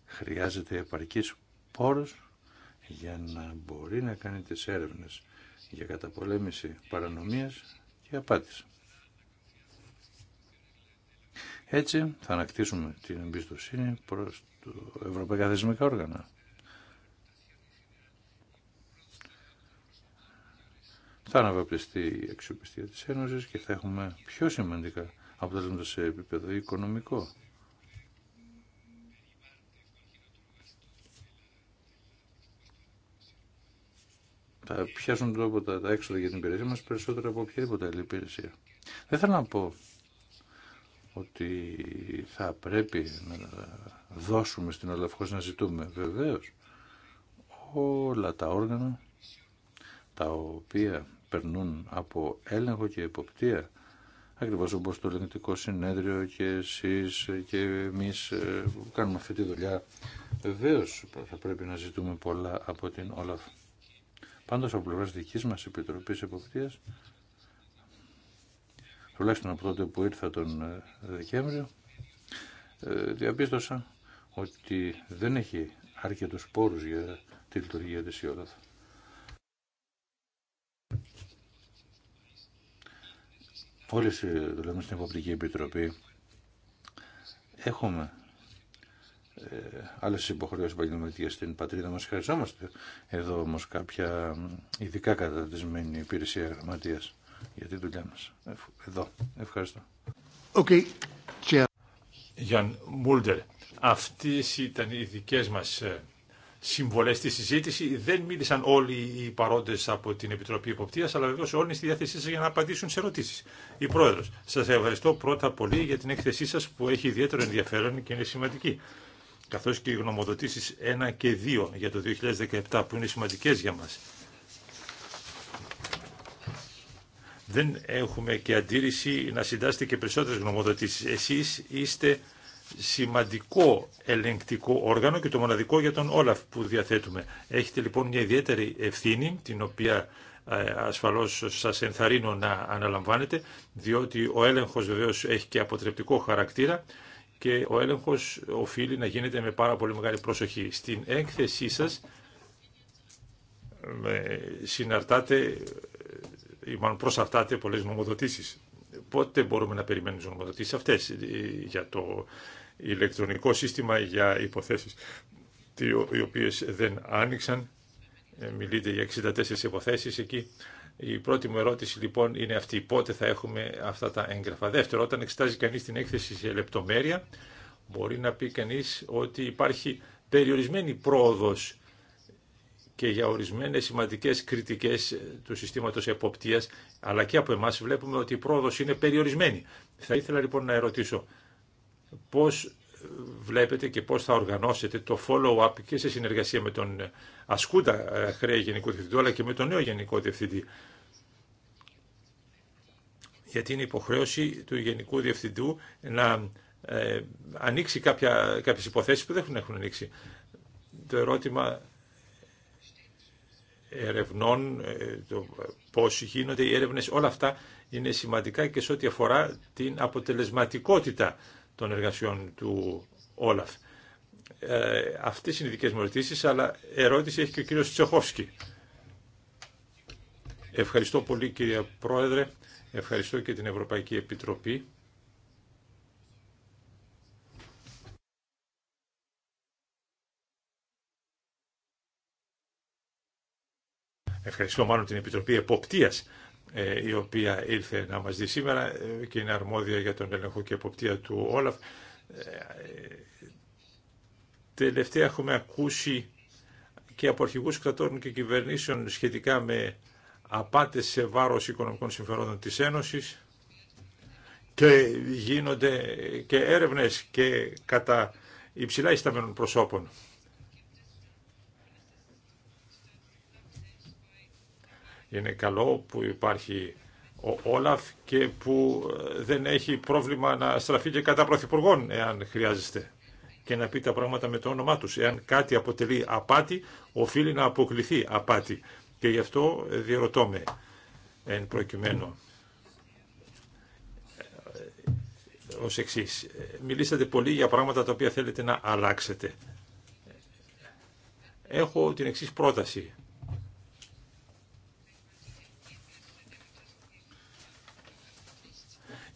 χρειάζεται επαρκής πόρος για να μπορεί να κάνει τις έρευνες για καταπολέμηση παρανομίας και απάτης. Έτσι θα ανακτήσουμε την εμπιστοσύνη προς το Ευρωπαϊκά Θεσμικά Όργανα. Θα αναβαπτιστεί η αξιοπιστία της Ένωσης και θα έχουμε πιο σημαντικά αποτελέσματα σε επίπεδο οικονομικό. Θα πιάσουν τρόπο τα, τα έξοδα για την υπηρεσία μας περισσότερο από οποιαδήποτε άλλη υπηρεσία. Δεν θέλω να πω ότι θα πρέπει να δώσουμε στην Ολαφχώς να ζητούμε. Βεβαίως, όλα τα όργανα τα οποία περνούν από έλεγχο και υποπτία ακριβώς όπως το Ελληνικό Συνέδριο και εσείς και εμείς που ε, κάνουμε αυτή τη δουλειά. Βεβαίω θα πρέπει να ζητούμε πολλά από την Όλαφ. Πάντως από πλευράς δικής μας Επιτροπής Εποπτείας, τουλάχιστον από τότε που ήρθα τον ε, Δεκέμβριο, ε, διαπίστωσα ότι δεν έχει αρκετούς πόρους για τη λειτουργία της η όλες δουλεύουμε στην Εποπτική Επιτροπή, έχουμε ε, άλλε υποχρεώσει επαγγελματικέ στην πατρίδα μα. Χρειαζόμαστε εδώ όμω κάποια ειδικά καταρτισμένη υπηρεσία γραμματεία για τη δουλειά μα. Εδώ. Ευχαριστώ. Okay. Γιάν Μούλτερ, αυτές ήταν οι δικές μας ε, συμβολές στη συζήτηση. Δεν μίλησαν όλοι οι παρόντες από την Επιτροπή Εποπτείας, αλλά βεβαίως όλοι στη διάθεσή σας για να απαντήσουν σε ερωτήσεις. Η Πρόεδρος, σας ευχαριστώ πρώτα πολύ για την έκθεσή σας που έχει ιδιαίτερο ενδιαφέρον και είναι σημαντική. Καθώς και οι γνωμοδοτήσεις 1 και 2 για το 2017 που είναι σημαντικές για μας. Δεν έχουμε και αντίρρηση να συντάσσετε και περισσότερες γνωμοδοτήσεις. Εσείς είστε σημαντικό ελεγκτικό όργανο και το μοναδικό για τον Όλαφ που διαθέτουμε. Έχετε λοιπόν μια ιδιαίτερη ευθύνη, την οποία ε, ασφαλώς σας ενθαρρύνω να αναλαμβάνετε, διότι ο έλεγχος βεβαίως έχει και αποτρεπτικό χαρακτήρα και ο έλεγχος οφείλει να γίνεται με πάρα πολύ μεγάλη προσοχή. Στην έκθεσή σας συναρτάτε, ή μάλλον προσαρτάτε πολλές νομοδοτήσεις. Πότε μπορούμε να περιμένουμε τις νομοδοτήσεις αυτές ε, για το ηλεκτρονικό σύστημα για υποθέσεις οι οποίες δεν άνοιξαν. Ε, μιλείτε για 64 υποθέσεις εκεί. Η πρώτη μου ερώτηση λοιπόν είναι αυτή. Πότε θα έχουμε αυτά τα έγγραφα. Δεύτερο, όταν εξετάζει κανείς την έκθεση σε λεπτομέρεια, μπορεί να πει κανείς ότι υπάρχει περιορισμένη πρόοδος και για ορισμένες σημαντικές κριτικές ε, του συστήματος εποπτείας, αλλά και από εμάς βλέπουμε ότι η πρόοδος είναι περιορισμένη. Θα ήθελα λοιπόν να ερωτήσω, πώς βλέπετε και πώς θα οργανώσετε το follow-up και σε συνεργασία με τον ασκούντα ε, χρέη Γενικού Διευθυντή, αλλά και με τον νέο Γενικό Διευθυντή. Γιατί είναι υποχρέωση του Γενικού Διευθυντού να ε, ανοίξει κάποια, κάποιες υποθέσεις που δεν έχουν ανοίξει. Το ερώτημα ερευνών, ε, το πώς γίνονται οι έρευνες, όλα αυτά είναι σημαντικά και σε ό,τι αφορά την αποτελεσματικότητα των εργασιών του Όλαφ. Ε, αυτές είναι οι δικέ μου ερωτήσει, αλλά ερώτηση έχει και ο κύριος Τσεχόφσκι. Ευχαριστώ πολύ κύριε Πρόεδρε, ευχαριστώ και την Ευρωπαϊκή Επιτροπή. Ευχαριστώ μάλλον την Επιτροπή Εποπτείας ε, η οποία ήρθε να μας δει σήμερα ε, και είναι αρμόδια για τον έλεγχο και εποπτεία του Όλαφ. Ε, τελευταία έχουμε ακούσει και από αρχηγούς κρατών και κυβερνήσεων σχετικά με απάτες σε βάρος οικονομικών συμφερόντων της Ένωσης και γίνονται και έρευνες και κατά υψηλά ισταμένων προσώπων. Είναι καλό που υπάρχει ο Όλαφ και που ε, δεν έχει πρόβλημα να στραφεί και κατά πρωθυπουργών εάν χρειάζεστε και να πει τα πράγματα με το όνομά τους. Εάν κάτι αποτελεί απάτη, οφείλει να αποκληθεί απάτη. Και γι' αυτό διερωτώ με εν προκειμένου ως εξής. Μιλήσατε πολύ για πράγματα τα οποία θέλετε να αλλάξετε. Έχω την εξής πρόταση.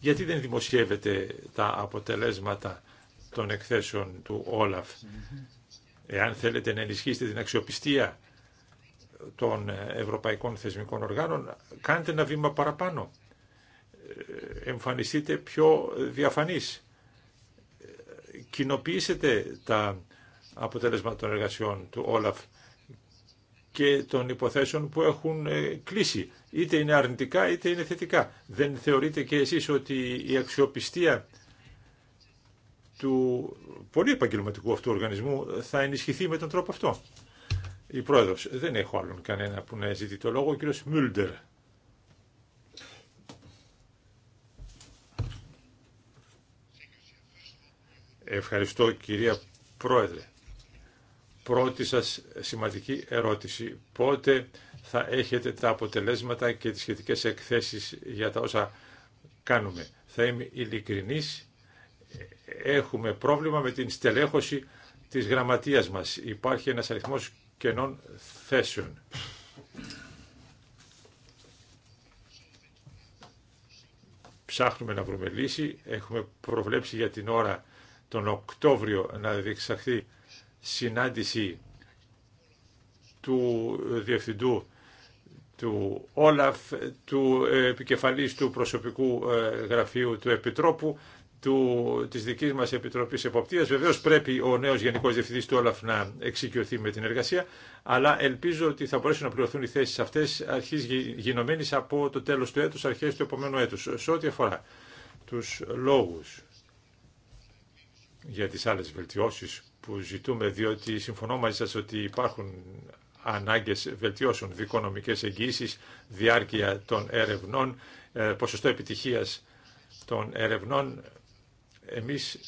Γιατί δεν δημοσιεύετε τα αποτελέσματα των εκθέσεων του Όλαφ. Εάν θέλετε να ενισχύσετε την αξιοπιστία των ευρωπαϊκών θεσμικών οργάνων, κάντε ένα βήμα παραπάνω. Εμφανιστείτε πιο διαφανείς. Κοινοποιήσετε τα αποτελέσματα των εργασιών του Όλαφ και των υποθέσεων που έχουν ε, κλείσει. Είτε είναι αρνητικά είτε είναι θετικά. Δεν θεωρείτε και εσείς ότι η αξιοπιστία του πολύ επαγγελματικού αυτού οργανισμού θα ενισχυθεί με τον τρόπο αυτό. Η πρόεδρος, δεν έχω άλλον κανένα που να ζητεί το λόγο, ο κύριος Μιλντερ. Ευχαριστώ κυρία Πρόεδρε πρώτη σας σημαντική ερώτηση. Πότε θα έχετε τα αποτελέσματα και τις σχετικές εκθέσεις για τα όσα κάνουμε. Θα είμαι ειλικρινής. Έχουμε πρόβλημα με την στελέχωση της γραμματείας μας. Υπάρχει ένας αριθμός κενών θέσεων. Ψάχνουμε να βρούμε λύση. Έχουμε προβλέψει για την ώρα τον Οκτώβριο να διεξαχθεί συνάντηση του Διευθυντού του Όλαφ, του επικεφαλής του προσωπικού ε, γραφείου του Επιτρόπου, του, της δικής μας Επιτροπής Εποπτείας. Βεβαίως πρέπει ο νέος Γενικός Διευθυντής του Όλαφ να εξοικειωθεί με την εργασία, αλλά ελπίζω ότι θα μπορέσουν να πληρωθούν οι θέσεις αυτές αρχής γινωμένης από το τέλος του έτους, αρχές του επόμενου έτους. Σε ό,τι αφορά τους λόγους για τις άλλες βελτιώσεις που ζητούμε, διότι συμφωνώ μαζί σας ότι υπάρχουν ανάγκες βελτιώσεων, δικονομικές εγγύησεις, διάρκεια των ερευνών, ε, ποσοστό επιτυχίας των ερευνών. Εμείς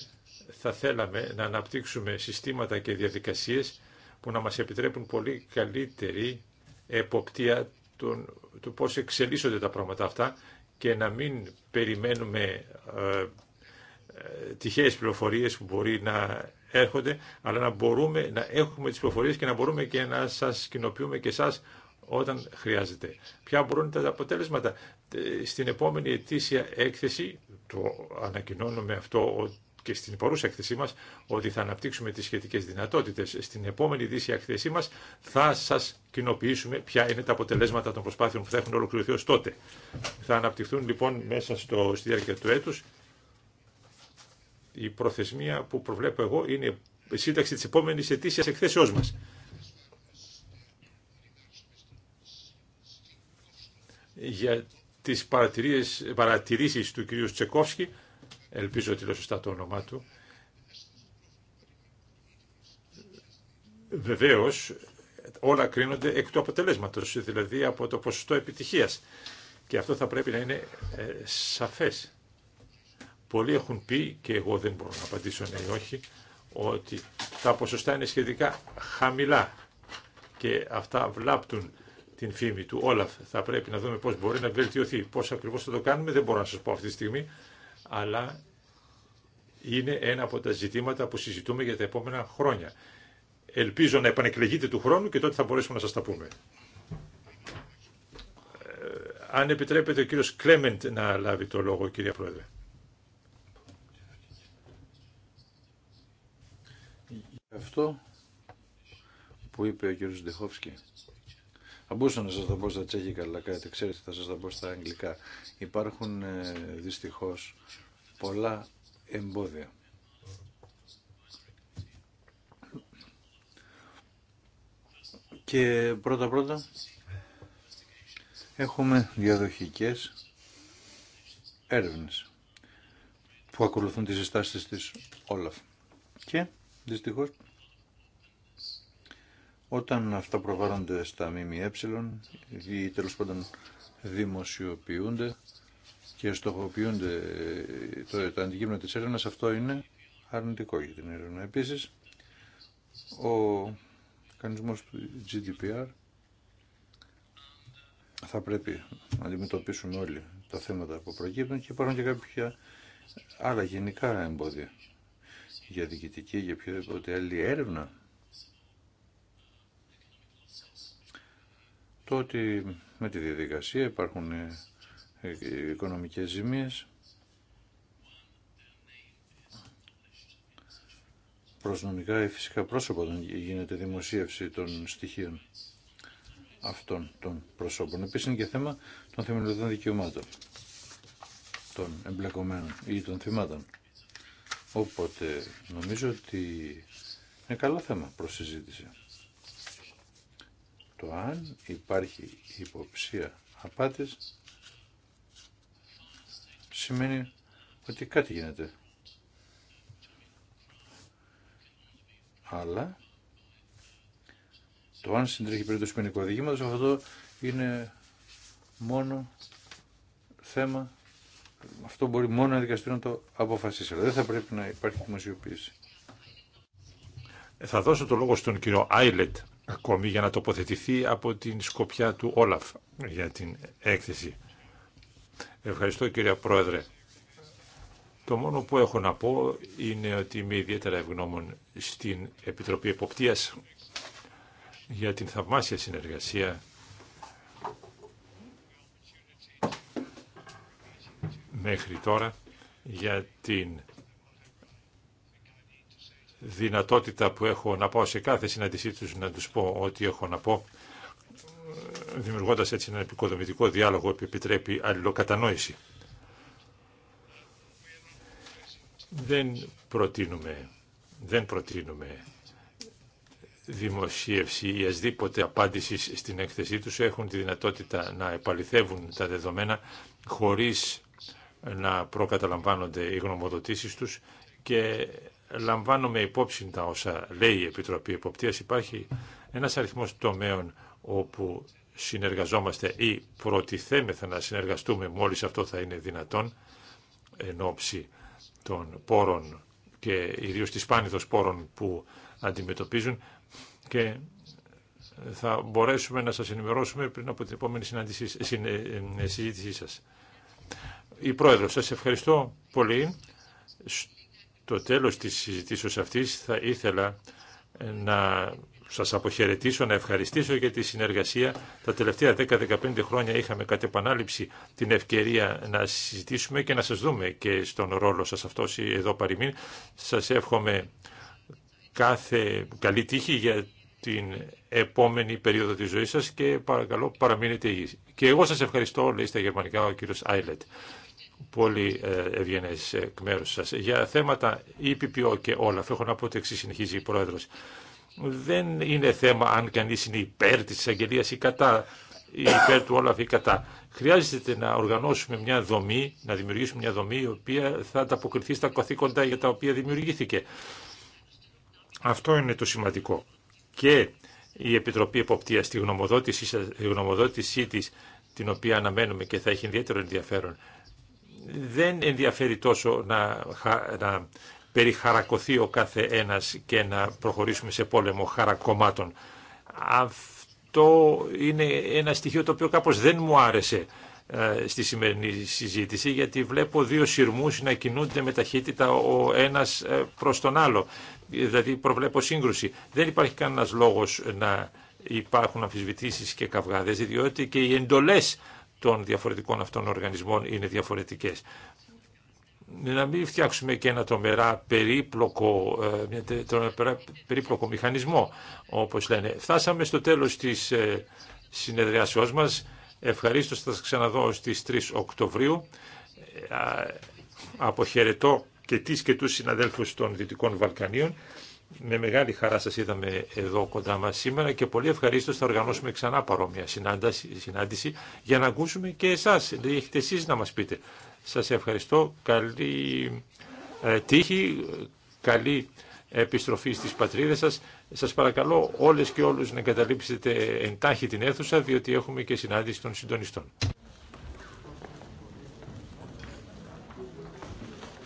θα θέλαμε να αναπτύξουμε συστήματα και διαδικασίες που να μας επιτρέπουν πολύ καλύτερη εποπτεία του, του πώς εξελίσσονται τα πράγματα αυτά και να μην περιμένουμε ε, ε τυχαίες πληροφορίες που μπορεί να έρχονται, αλλά να μπορούμε να έχουμε τις πληροφορίες και να μπορούμε και να σας κοινοποιούμε και εσά όταν χρειάζεται. Ποια μπορούν τα αποτέλεσματα. Στην επόμενη ετήσια έκθεση, το ανακοινώνουμε αυτό και στην παρούσα έκθεσή μας, ότι θα αναπτύξουμε τις σχετικές δυνατότητες. Στην επόμενη ετήσια έκθεσή μας θα σας κοινοποιήσουμε ποια είναι τα αποτελέσματα των προσπάθειων που θα έχουν ολοκληρωθεί ως τότε. Θα αναπτυχθούν λοιπόν μέσα στο, στη διάρκεια του έτους η προθεσμία που προβλέπω εγώ είναι η σύνταξη της επόμενης ετήσιας εκθέσεώς μας. Για τις παρατηρήσεις του κυρίου Τσεκόφσκι, ελπίζω ότι λέω σωστά το όνομά του, βεβαίως όλα κρίνονται εκ του αποτελέσματος, δηλαδή από το ποσοστό επιτυχίας. Και αυτό θα πρέπει να είναι ε, σαφές. Πολλοί έχουν πει, και εγώ δεν μπορώ να απαντήσω ναι ή όχι, ότι τα ποσοστά είναι σχετικά χαμηλά και αυτά βλάπτουν την φήμη του Όλαφ. Θα πρέπει να δούμε πώς μπορεί να βελτιωθεί. Πώς ακριβώς θα το κάνουμε δεν μπορώ να σας πω αυτή τη στιγμή, αλλά είναι ένα από τα ζητήματα που συζητούμε για τα επόμενα χρόνια. Ελπίζω να επανεκλεγείτε του χρόνου και τότε θα μπορέσουμε να σας τα πούμε. Ε, αν επιτρέπετε ο κύριος Κλέμεντ να λάβει το λόγο, κύρια Πρόεδρε. Αυτό που είπε ο κ. Ντεχόφσκι. Θα μπορούσα να σας τα πω στα τσέχικα, αλλά κάτι ξέρετε, θα σας τα πω στα αγγλικά. Υπάρχουν ε, δυστυχώς πολλά εμπόδια. Και πρώτα-πρώτα έχουμε διαδοχικές έρευνες που ακολουθούν τις συστάσεις της Όλαφ. Και δυστυχώς όταν αυτά προβάλλονται στα ΜΜΕ ή τέλος πάντων δημοσιοποιούνται και στοχοποιούνται ε, το, το αντικείμενο της έρευνας, αυτό είναι αρνητικό για την έρευνα. Επίσης, ο κανισμός του GDPR θα πρέπει να αντιμετωπίσουν όλοι τα θέματα που προκύπτουν και υπάρχουν και κάποια άλλα γενικά εμπόδια για διοικητική, για οποιαδήποτε άλλη έρευνα ότι με τη διαδικασία υπάρχουν ε, ε, οικονομικές ζημίες προσνομικά ή φυσικά πρόσωπα όταν γίνεται δημοσίευση των στοιχείων αυτών των προσώπων. Επίσης είναι και θέμα των θεμελιωδών δικαιωμάτων των εμπλεκομένων ή των θυμάτων. Οπότε νομίζω ότι είναι καλό θέμα προς το αν υπάρχει υποψία απάτης σημαίνει ότι κάτι γίνεται. Αλλά το αν συντρέχει περίπτωση ποινικού οδηγήματος αυτό είναι μόνο θέμα αυτό μπορεί μόνο ένα δικαστήριο να το αποφασίσει. Αλλά δεν θα πρέπει να υπάρχει δημοσιοποίηση. Θα δώσω το λόγο στον κύριο Άιλετ ακόμη για να τοποθετηθεί από την σκοπιά του Όλαφ για την έκθεση. Ευχαριστώ κύριε Πρόεδρε. Το μόνο που έχω να πω είναι ότι είμαι ιδιαίτερα ευγνώμων στην Επιτροπή Εποπτείας για την θαυμάσια συνεργασία μέχρι τώρα για την δυνατότητα που έχω να πάω σε κάθε συνάντησή τους να τους πω ό,τι έχω να πω, δημιουργώντας έτσι έναν επικοδομητικό διάλογο που επιτρέπει αλληλοκατανόηση. Δεν προτείνουμε, δεν προτείνουμε δημοσίευση ή ασδήποτε απάντηση στην έκθεσή τους έχουν τη δυνατότητα να επαληθεύουν τα δεδομένα χωρίς να προκαταλαμβάνονται οι γνωμοδοτήσεις τους και λαμβάνουμε υπόψη τα όσα λέει η Επιτροπή Εποπτείας. Υπάρχει ένας αριθμός τομέων όπου συνεργαζόμαστε ή προτιθέμεθα να συνεργαστούμε μόλις αυτό θα είναι δυνατόν εν ώψη των πόρων και ιδίω της πάνηθος πόρων που αντιμετωπίζουν και θα μπορέσουμε να σας ενημερώσουμε πριν από την επόμενη ε, ε, συζήτησή σας. Η Πρόεδρος, σας ευχαριστώ πολύ το τέλος της συζητήσεως αυτής θα ήθελα να σας αποχαιρετήσω, να ευχαριστήσω για τη συνεργασία. Τα τελευταία 10-15 χρόνια είχαμε κατ' επανάληψη την ευκαιρία να συζητήσουμε και να σας δούμε και στον ρόλο σας αυτός εδώ παροιμήν. Σας εύχομαι κάθε καλή τύχη για την επόμενη περίοδο της ζωής σας και παρακαλώ παραμείνετε υγιείς. Και εγώ σας ευχαριστώ, λέει στα γερμανικά ο κύριος Άιλετ πολύ ε, ευγενέ εκ μέρου σα. Για θέματα ΙΠΠΟ και όλα, έχω να πω ότι εξή, συνεχίζει η Πρόεδρο. Δεν είναι θέμα αν κανεί είναι υπέρ τη εισαγγελία ή κατά, ή υπέρ του Όλαφ ή κατά. Χρειάζεται να οργανώσουμε μια δομή, να δημιουργήσουμε μια δομή η κατα η υπερ του ολα η κατα χρειαζεται να οργανωσουμε μια δομη να δημιουργησουμε μια δομη η οποια θα ανταποκριθεί στα καθήκοντα για τα οποία δημιουργήθηκε. Αυτό είναι το σημαντικό. Και η Επιτροπή Εποπτείας τη γνωμοδότησή, γνωμοδότησή της, την οποία αναμένουμε και θα έχει ιδιαίτερο ενδιαφέρον δεν ενδιαφέρει τόσο να, να περιχαρακωθεί ο κάθε ένας και να προχωρήσουμε σε πόλεμο χαρακομμάτων. Αυτό είναι ένα στοιχείο το οποίο κάπως δεν μου άρεσε ε, στη σημερινή συζήτηση γιατί βλέπω δύο σειρμούς να κινούνται με ταχύτητα ο ένας ε, προς τον άλλο. Δηλαδή προβλέπω σύγκρουση. Δεν υπάρχει κανένας λόγος να υπάρχουν αμφισβητήσεις και καυγάδες διότι και οι εντολές των διαφορετικών αυτών οργανισμών είναι διαφορετικές. Να μην φτιάξουμε και ένα τομερά περίπλοκο, ε, περίπλοκο μηχανισμό, όπως λένε. Φτάσαμε στο τέλος της ε, συνεδριάσεώς μας. Ευχαρίστω θα σας ξαναδώ στις 3 Οκτωβρίου. Ε, αποχαιρετώ και τις και τους συναδέλφους των Δυτικών Βαλκανίων. Με μεγάλη χαρά σας είδαμε εδώ κοντά μας σήμερα και πολύ ευχαρίστως θα οργανώσουμε ξανά παρόμοια συνάντηση για να ακούσουμε και εσάς. Δηλαδή, έχετε εσείς να μας πείτε. Σας ευχαριστώ. Καλή ε, τύχη, καλή επιστροφή στις πατρίδες σας. Σας παρακαλώ όλες και όλους να καταλήψετε εντάχει την αίθουσα διότι έχουμε και συνάντηση των συντονιστών.